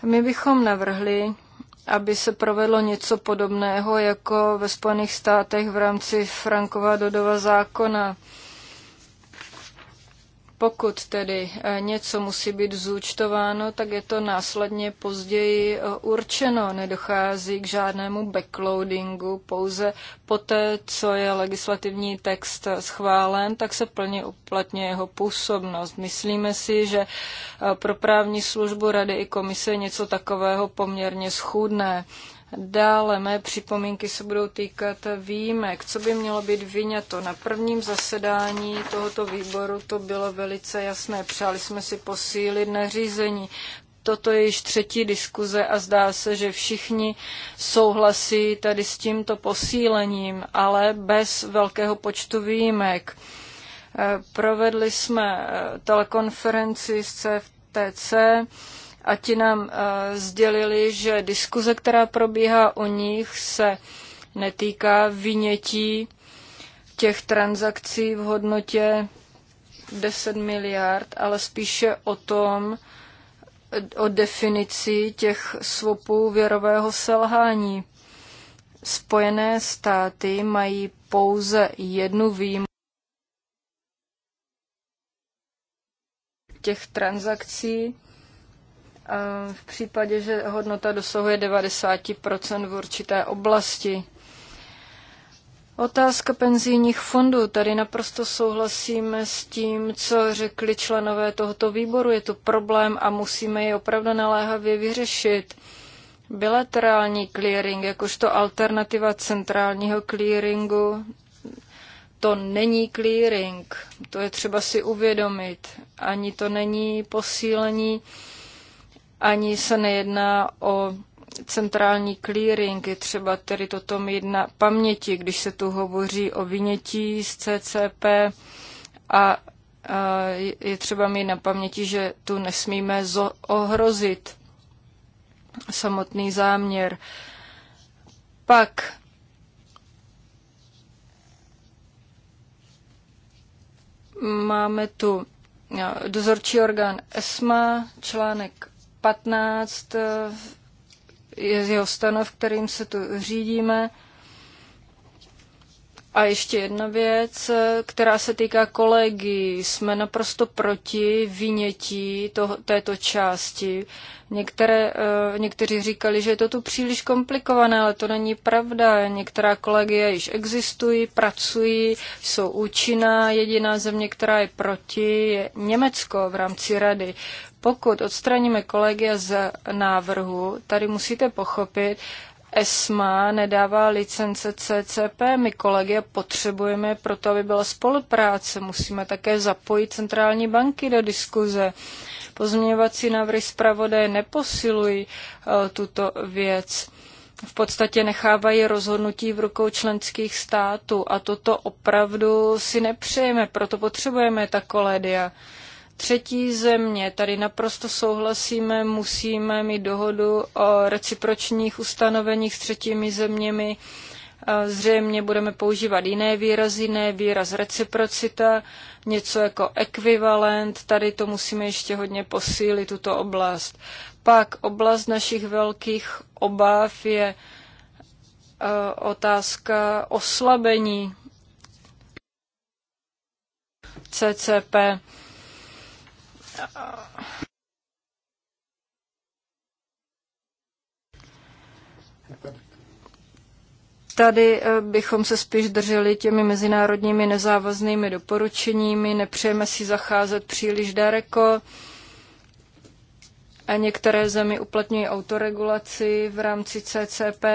My bychom navrhli, aby se provedlo něco podobného jako ve Spojených státech v rámci Frankova Dodova zákona. Pokud tedy eh, něco musí být zúčtováno, tak je to následně později eh, určeno. Nedochází k žádnému backloadingu, pouze poté, co je legislativní text eh, schválen, tak se plně uplatně jeho působnost. Myslíme si, že pro právní službu Rady i komise je něco takového poměrně schůdné. Dále mé připomínky se budou týkat výjimek. Co by mělo být vyňato? Na prvním zasedání tohoto výboru to bylo velice jasné. Přáli jsme si posílit neřízení. Toto je již třetí diskuze a zdá se, že všichni souhlasí tady s tímto posílením, ale bez velkého počtu výjimek. Eh, provedli jsme eh, telekonferenci s CFTC, a ti nám uh, sdělili, že diskuze, která probíhá o nich, se netýká vynětí těch transakcí v hodnotě 10 miliard, ale spíše o tom, eh, o definici těch svopů věrového selhání. Spojené státy mají pouze jednu výjimku těch transakcí v případě, že hodnota dosahuje 90% v určité oblasti. Otázka penzijních fondů. Tady naprosto souhlasíme s tím, co řekli členové tohoto výboru. Je to problém a musíme ji opravdu naléhavě vyřešit. Bilaterální clearing, jakožto alternativa centrálního clearingu, to není clearing. To je třeba si uvědomit. Ani to není posílení ani se nejedná o centrální clearing. Je třeba tedy toto tom na paměti, když se tu hovoří o vynětí z CCP a je třeba mít na paměti, že tu nesmíme ohrozit samotný záměr. Pak máme tu no, dozorčí orgán ESMA, článek 15 eh, je jeho stanov, kterým se tu řídíme. A ještě jedna věc, eh, která se týká kolegy. Jsme naprosto proti vynětí toho, této části. Některé, eh, někteří říkali, že je to tu příliš komplikované, ale to není pravda. Některá kolegie již existují, pracují, jsou účinná. Jediná země, která je proti, je Německo v rámci rady. Pokud odstraníme kolegia z návrhu, tady musíte pochopit, ESMA nedává licence CCP. My kolegia potřebujeme proto, aby byla spolupráce. Musíme také zapojit centrální banky do diskuze. Pozměňovací návrhy zpravodaje neposilují eh, tuto věc v podstatě nechávají rozhodnutí v rukou členských států a toto opravdu si nepřejeme, proto potřebujeme ta kolegia. Třetí země, tady naprosto souhlasíme, musíme mít dohodu o recipročních ustanoveních s třetími zeměmi. Zřejmě budeme používat jiné výrazy, jiné výraz reciprocita, něco jako ekvivalent. Tady to musíme ještě hodně posílit, tuto oblast. Pak oblast našich velkých obav je e, otázka oslabení CCP. Tady eh, bychom se spíš drželi těmi mezinárodními nezávaznými doporučeními, nepřejeme si zacházet příliš daleko. A některé zemi uplatňují autoregulaci v rámci CCP.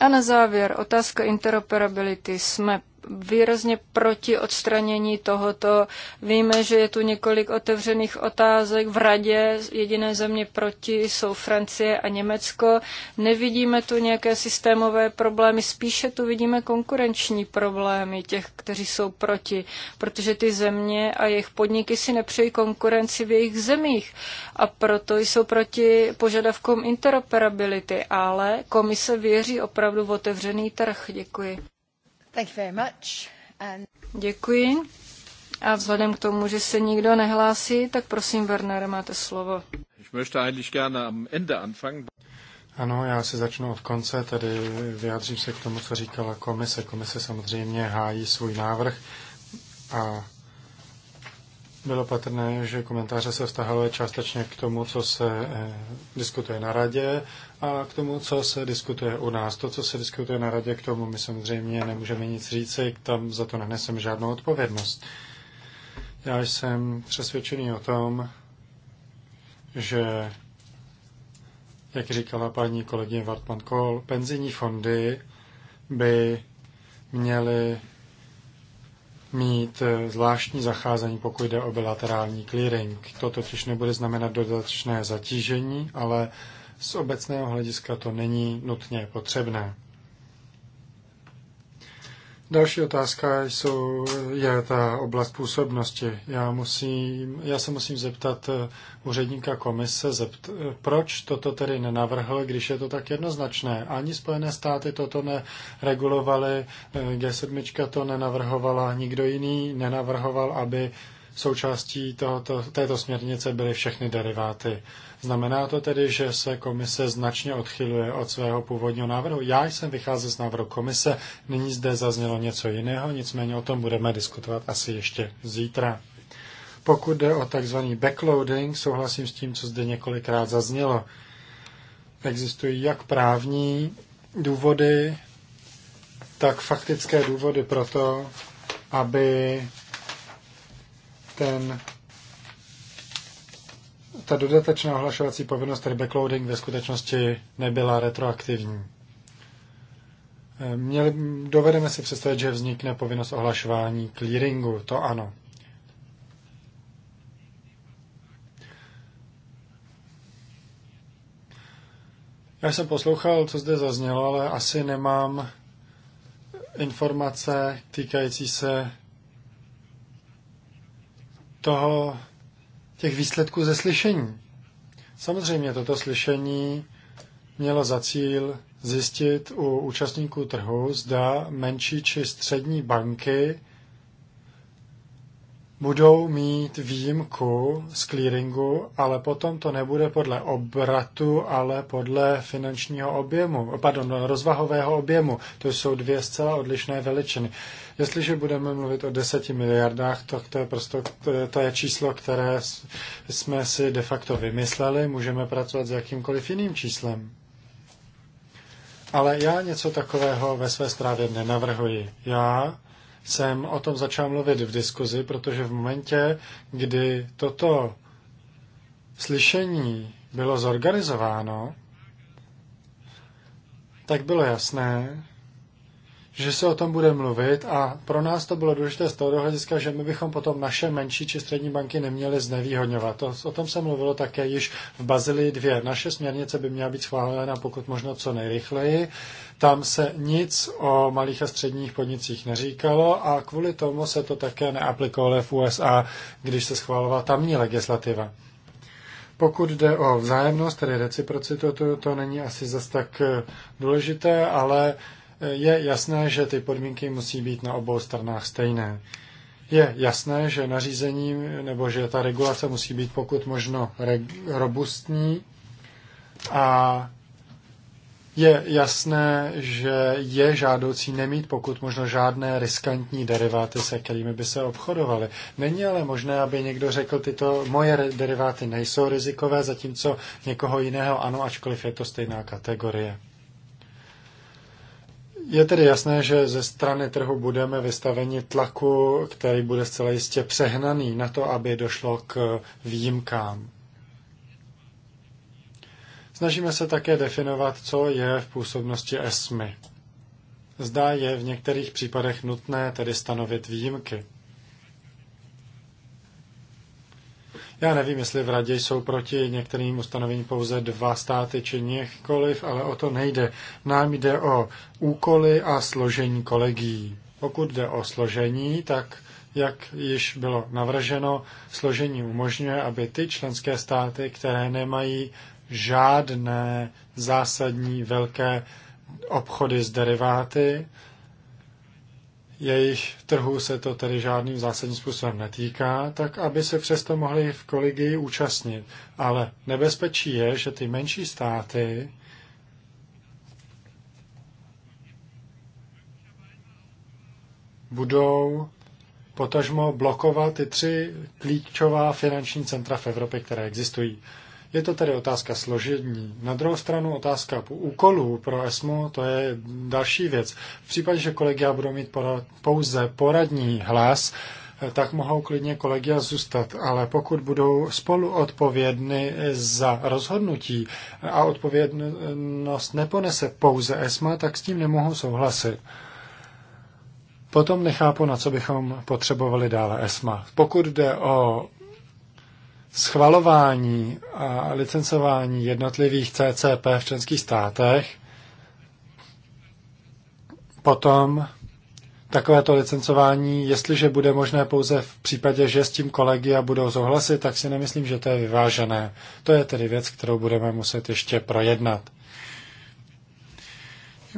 A na závěr otázka interoperability. Jsme výrazně proti odstranění tohoto. Víme, že je tu několik otevřených otázek v radě. Jediné země proti jsou Francie a Německo. Nevidíme tu nějaké systémové problémy, spíše tu vidíme konkurenční problémy těch, kteří jsou proti, protože ty země a jejich podniky si nepřejí konkurenci v jejich zemích a proto jsou proti požadavkům interoperability, ale komise věří opravdu v otevřený trh. Děkuji. Děkuji. A vzhledem k tomu, že se nikdo nehlásí, tak prosím, Werner, máte slovo. Ano, já si začnu od konce, tedy vyjádřím se k tomu, co říkala komise. Komise samozřejmě hájí svůj návrh a bylo patrné, že komentáře se vztahovaly částečně k tomu, co se eh, diskutuje na radě a k tomu, co se diskutuje u nás, to, co se diskutuje na radě, k tomu my samozřejmě nemůžeme nic říci, tam za to nenesem žádnou odpovědnost. Já jsem přesvědčený o tom, že, jak říkala paní kolegyně Vartman Kohl, penzijní fondy by měly mít zvláštní zacházení, pokud jde o bilaterální clearing. To totiž nebude znamenat dodatečné zatížení, ale z obecného hlediska to není nutně potřebné. Další otázka jsou, je ta oblast působnosti. Já, musím, já se musím zeptat eh, úředníka komise, zept, eh, proč toto tedy nenavrhl, když je to tak jednoznačné. Ani Spojené státy toto neregulovaly, eh, G7 to nenavrhovala, nikdo jiný nenavrhoval, aby Součástí tohoto, této směrnice byly všechny deriváty. Znamená to tedy, že se komise značně odchyluje od svého původního návrhu. Já jsem vycházel z návrhu komise, nyní zde zaznělo něco jiného, nicméně o tom budeme diskutovat asi ještě zítra. Pokud jde o tzv. backloading, souhlasím s tím, co zde několikrát zaznělo. Existují jak právní důvody, tak faktické důvody pro to, aby ten, ta dodatečná ohlašovací povinnost, tedy backloading, ve skutečnosti nebyla retroaktivní. Měli, dovedeme si představit, že vznikne povinnost ohlašování clearingu, to ano. Já jsem poslouchal, co zde zaznělo, ale asi nemám informace týkající se toho, těch výsledků ze slyšení. Samozřejmě toto slyšení mělo za cíl zjistit u účastníků trhu, zda menší či střední banky budou mít výjimku z clearingu, ale potom to nebude podle obratu, ale podle finančního objemu, pardon, rozvahového objemu. To jsou dvě zcela odlišné veličiny. Jestliže budeme mluvit o deseti miliardách, tak to je, prostě, to je číslo, které jsme si de facto vymysleli, můžeme pracovat s jakýmkoliv jiným číslem. Ale já něco takového ve své zprávě nenavrhuji. Já jsem o tom začal mluvit v diskuzi, protože v momentě, kdy toto slyšení bylo zorganizováno, tak bylo jasné, že se o tom bude mluvit a pro nás to bylo důležité z toho hlediska, že my bychom potom naše menší či střední banky neměli znevýhodňovat. To, o tom se mluvilo také již v Bazilii 2. Naše směrnice by měla být schválena pokud možno co nejrychleji tam se nic o malých a středních podnicích neříkalo a kvůli tomu se to také neaplikovalo v USA, když se schvalovala tamní legislativa. Pokud jde o vzájemnost, tedy reciprocitu, to, to není asi zas tak eh, důležité, ale eh, je jasné, že ty podmínky musí být na obou stranách stejné. Je jasné, že nařízením nebo že ta regulace musí být pokud možno robustní a je jasné, že je žádoucí nemít pokud možno žádné riskantní deriváty, se kterými by se obchodovaly. Není ale možné, aby někdo řekl, tyto moje deriváty nejsou rizikové, zatímco někoho jiného ano, ačkoliv je to stejná kategorie. Je tedy jasné, že ze strany trhu budeme vystaveni tlaku, který bude zcela jistě přehnaný na to, aby došlo k výjimkám. Snažíme se také definovat, co je v působnosti ESMY. Zdá je v některých případech nutné tedy stanovit výjimky. Já nevím, jestli v radě jsou proti některým ustanovením pouze dva státy či několiv, ale o to nejde. Nám jde o úkoly a složení kolegií. Pokud jde o složení, tak jak již bylo navrženo, složení umožňuje, aby ty členské státy, které nemají žádné zásadní velké obchody s deriváty. Jejich trhu se to tedy žádným zásadním způsobem netýká, tak aby se přesto mohli v kolegii účastnit. Ale nebezpečí je, že ty menší státy budou potažmo blokovat ty tři klíčová finanční centra v Evropě, které existují. Je to tedy otázka složení. Na druhou stranu otázka úkolů pro ESMO, to je další věc. V případě, že kolegia budou mít pouze poradní hlas, eh, tak mohou klidně kolegia zůstat, ale pokud budou spolu odpovědny za rozhodnutí a odpovědnost neponese pouze ESMA, tak s tím nemohou souhlasit. Potom nechápu, na co bychom potřebovali dále ESMA. Pokud jde o schvalování a licencování jednotlivých CCP v členských státech, potom takovéto licencování, jestliže bude možné pouze v případě, že s tím kolegia budou souhlasit, tak si nemyslím, že to je vyvážené. To je tedy věc, kterou budeme muset ještě projednat.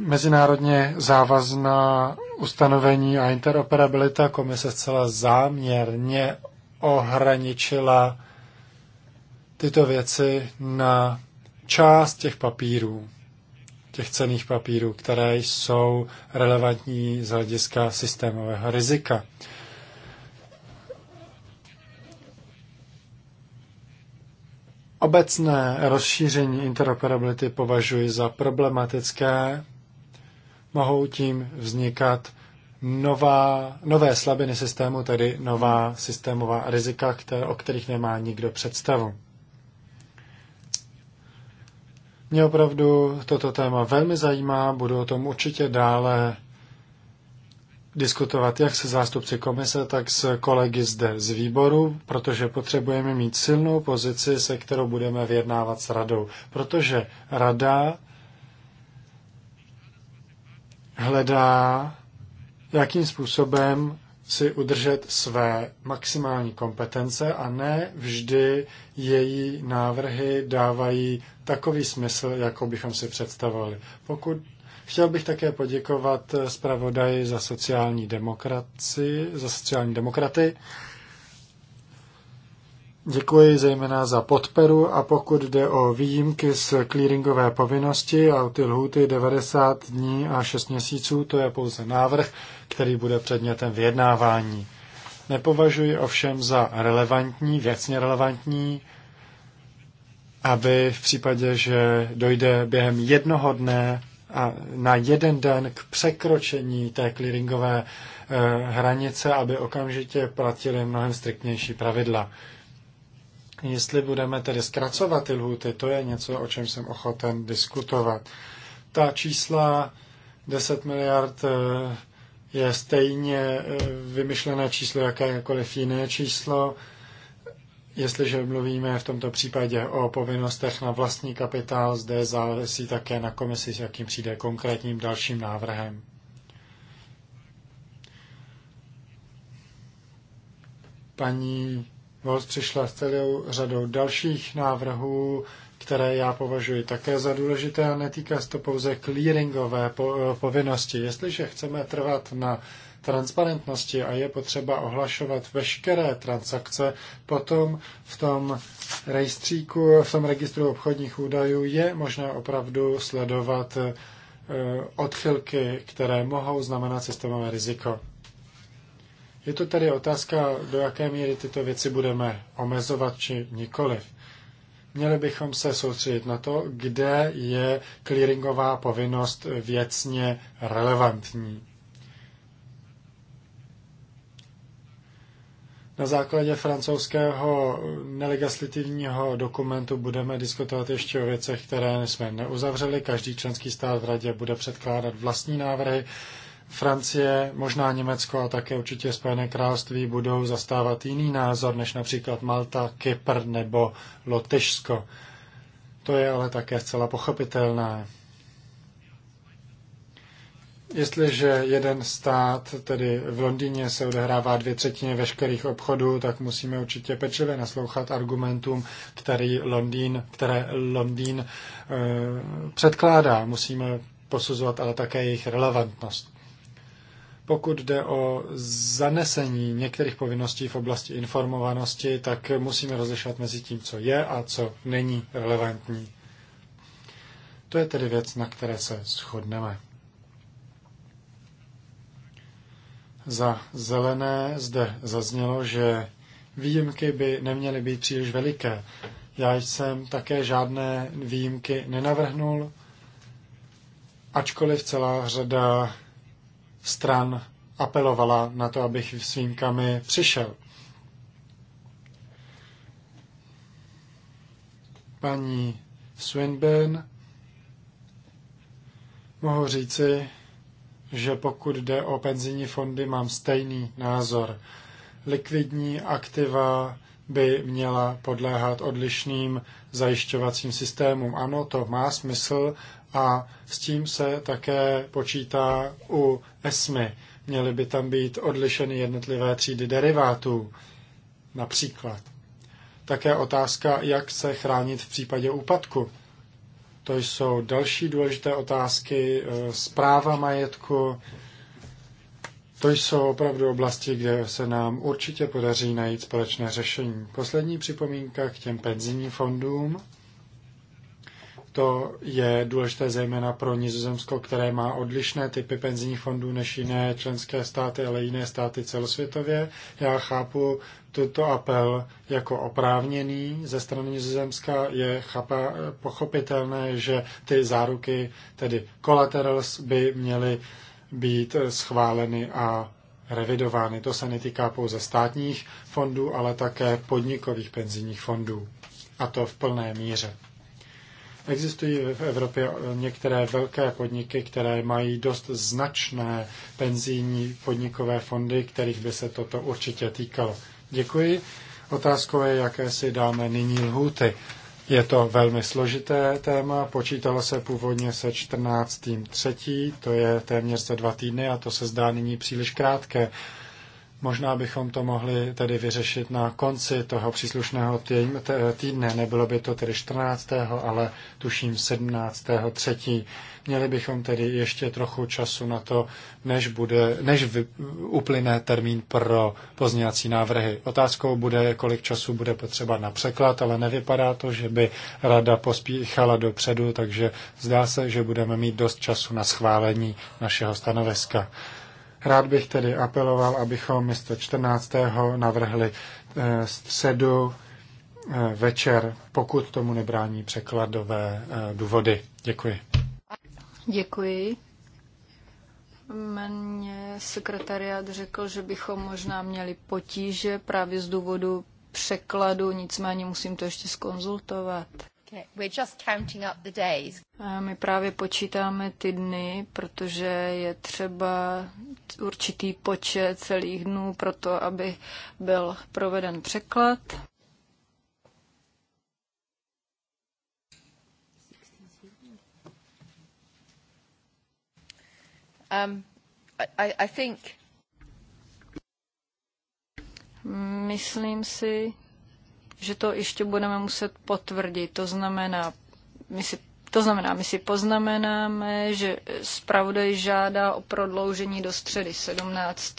Mezinárodně závazná ustanovení a interoperabilita komise zcela záměrně ohraničila tyto věci na část těch papírů, těch cených papírů, které jsou relevantní z hlediska systémového rizika. Obecné rozšíření interoperability považuji za problematické. Mohou tím vznikat nová, nové slabiny systému, tedy nová systémová rizika, které, o kterých nemá nikdo představu. Mě opravdu toto téma velmi zajímá, budu o tom určitě dále diskutovat jak se zástupci komise, tak s kolegy zde z výboru, protože potřebujeme mít silnou pozici, se kterou budeme vyjednávat s radou. Protože rada hledá, jakým způsobem si udržet své maximální kompetence a ne vždy její návrhy dávají takový smysl, jako bychom si představovali. Pokud Chtěl bych také poděkovat zpravodaji za sociální demokracii, za sociální demokraty, Děkuji zejména za podporu a pokud jde o výjimky z clearingové povinnosti a ty lhuty 90 dní a 6 měsíců, to je pouze návrh, který bude předmětem vyjednávání. Nepovažuji ovšem za relevantní, věcně relevantní, aby v případě, že dojde během jednoho dne a na jeden den k překročení té clearingové eh, hranice, aby okamžitě platili mnohem striktnější pravidla. Jestli budeme tedy zkracovat ty lhuty, to je něco, o čem jsem ochoten diskutovat. Ta čísla 10 miliard eh, je stejně eh, vymyšlené číslo, jakékoliv jiné číslo. Jestliže mluvíme v tomto případě o povinnostech na vlastní kapitál, zde závisí také na komisi, s jakým přijde konkrétním dalším návrhem. Paní Volz přišla s celou řadou dalších návrhů, které já považuji také za důležité a netýká se to pouze clearingové po, eh, povinnosti. Jestliže chceme trvat na transparentnosti a je potřeba ohlašovat veškeré transakce, potom v tom rejstříku, v tom registru obchodních údajů je možné opravdu sledovat eh, odchylky, které mohou znamenat systémové riziko. Je to tady otázka, do jaké míry tyto věci budeme omezovat či nikoliv. Měli bychom se soustředit na to, kde je clearingová povinnost věcně relevantní. Na základě francouzského nelegislativního dokumentu budeme diskutovat ještě o věcech, které jsme neuzavřeli. Každý členský stát v radě bude předkládat vlastní návrhy Francie, možná Německo a také určitě Spojené království budou zastávat jiný názor než například Malta, Kypr nebo Lotyšsko. To je ale také zcela pochopitelné. Jestliže jeden stát, tedy v Londýně, se odehrává dvě třetiny veškerých obchodů, tak musíme určitě pečlivě naslouchat argumentům, který Londýn, které Londýn e, předkládá. Musíme posuzovat ale také jejich relevantnost. Pokud jde o zanesení některých povinností v oblasti informovanosti, tak musíme rozlišovat mezi tím, co je a co není relevantní. To je tedy věc, na které se shodneme. Za zelené zde zaznělo, že výjimky by neměly být příliš veliké. Já jsem také žádné výjimky nenavrhnul, ačkoliv celá řada stran apelovala na to, abych s výjimkami přišel. Paní Swinburne mohu říci, že pokud jde o penzijní fondy, mám stejný názor. Likvidní aktiva by měla podléhat odlišným zajišťovacím systémům. Ano, to má smysl, a s tím se také počítá u ESMY. Měly by tam být odlišeny jednotlivé třídy derivátů, například. Také otázka, jak se chránit v případě úpadku. To jsou další důležité otázky, eh, zpráva majetku. To jsou opravdu oblasti, kde se nám určitě podaří najít společné řešení. Poslední připomínka k těm penzijním fondům. To je důležité zejména pro Nizozemsko, které má odlišné typy penzijních fondů než jiné členské státy, ale jiné státy celosvětově. Já chápu tuto apel jako oprávněný ze strany Nizozemska. Je chapa, pochopitelné, že ty záruky, tedy collaterals, by měly být schváleny a revidovány. To se netýká pouze státních fondů, ale také podnikových penzijních fondů. A to v plné míře. Existují v Evropě eh, některé velké podniky, které mají dost značné penzijní podnikové fondy, kterých by se toto určitě týkalo. Děkuji. Otázkou je, jaké si dáme nyní lhůty. Je to velmi složité téma, počítalo se původně se 14. třetí, to je téměř za dva týdny a to se zdá nyní příliš krátké. Možná bychom to mohli tedy vyřešit na konci toho příslušného týdne. Nebylo by to tedy 14., ale tuším 17. třetí. Měli bychom tedy ještě trochu času na to, než, bude, než vy, uplyne termín pro pozněvací návrhy. Otázkou bude, kolik času bude potřeba na překlad, ale nevypadá to, že by rada pospíchala dopředu, takže zdá se, že budeme mít dost času na schválení našeho stanoviska. Rád bych tedy apeloval, abychom místo 14. navrhli eh, středu eh, večer, pokud tomu nebrání překladové eh, důvody. Děkuji. Děkuji. Mně sekretariat řekl, že bychom možná měli potíže právě z důvodu překladu, nicméně musím to ještě skonzultovat. My právě počítáme ty dny, protože je třeba určitý počet celých dnů pro to, aby byl proveden překlad. Um, I, I think... Myslím si, že to ještě budeme muset potvrdit. To znamená, my si to znamená, my si poznamenáme, že zpravodaj žádá o prodloužení do středy 17.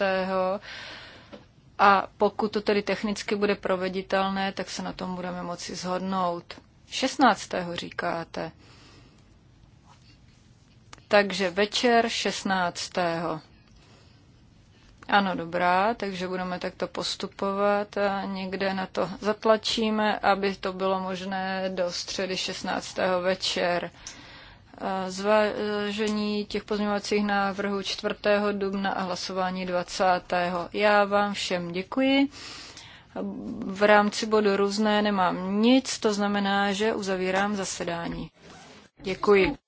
A pokud to tedy technicky bude proveditelné, tak se na tom budeme moci zhodnout. 16. říkáte. Takže večer 16. Ano, dobrá, takže budeme takto postupovat a někde na to zatlačíme, aby to bylo možné do středy 16. večer. Zvážení těch pozměňovacích návrhů 4. dubna a hlasování 20. Já vám všem děkuji. V rámci bodu různé nemám nic, to znamená, že uzavírám zasedání. Děkuji.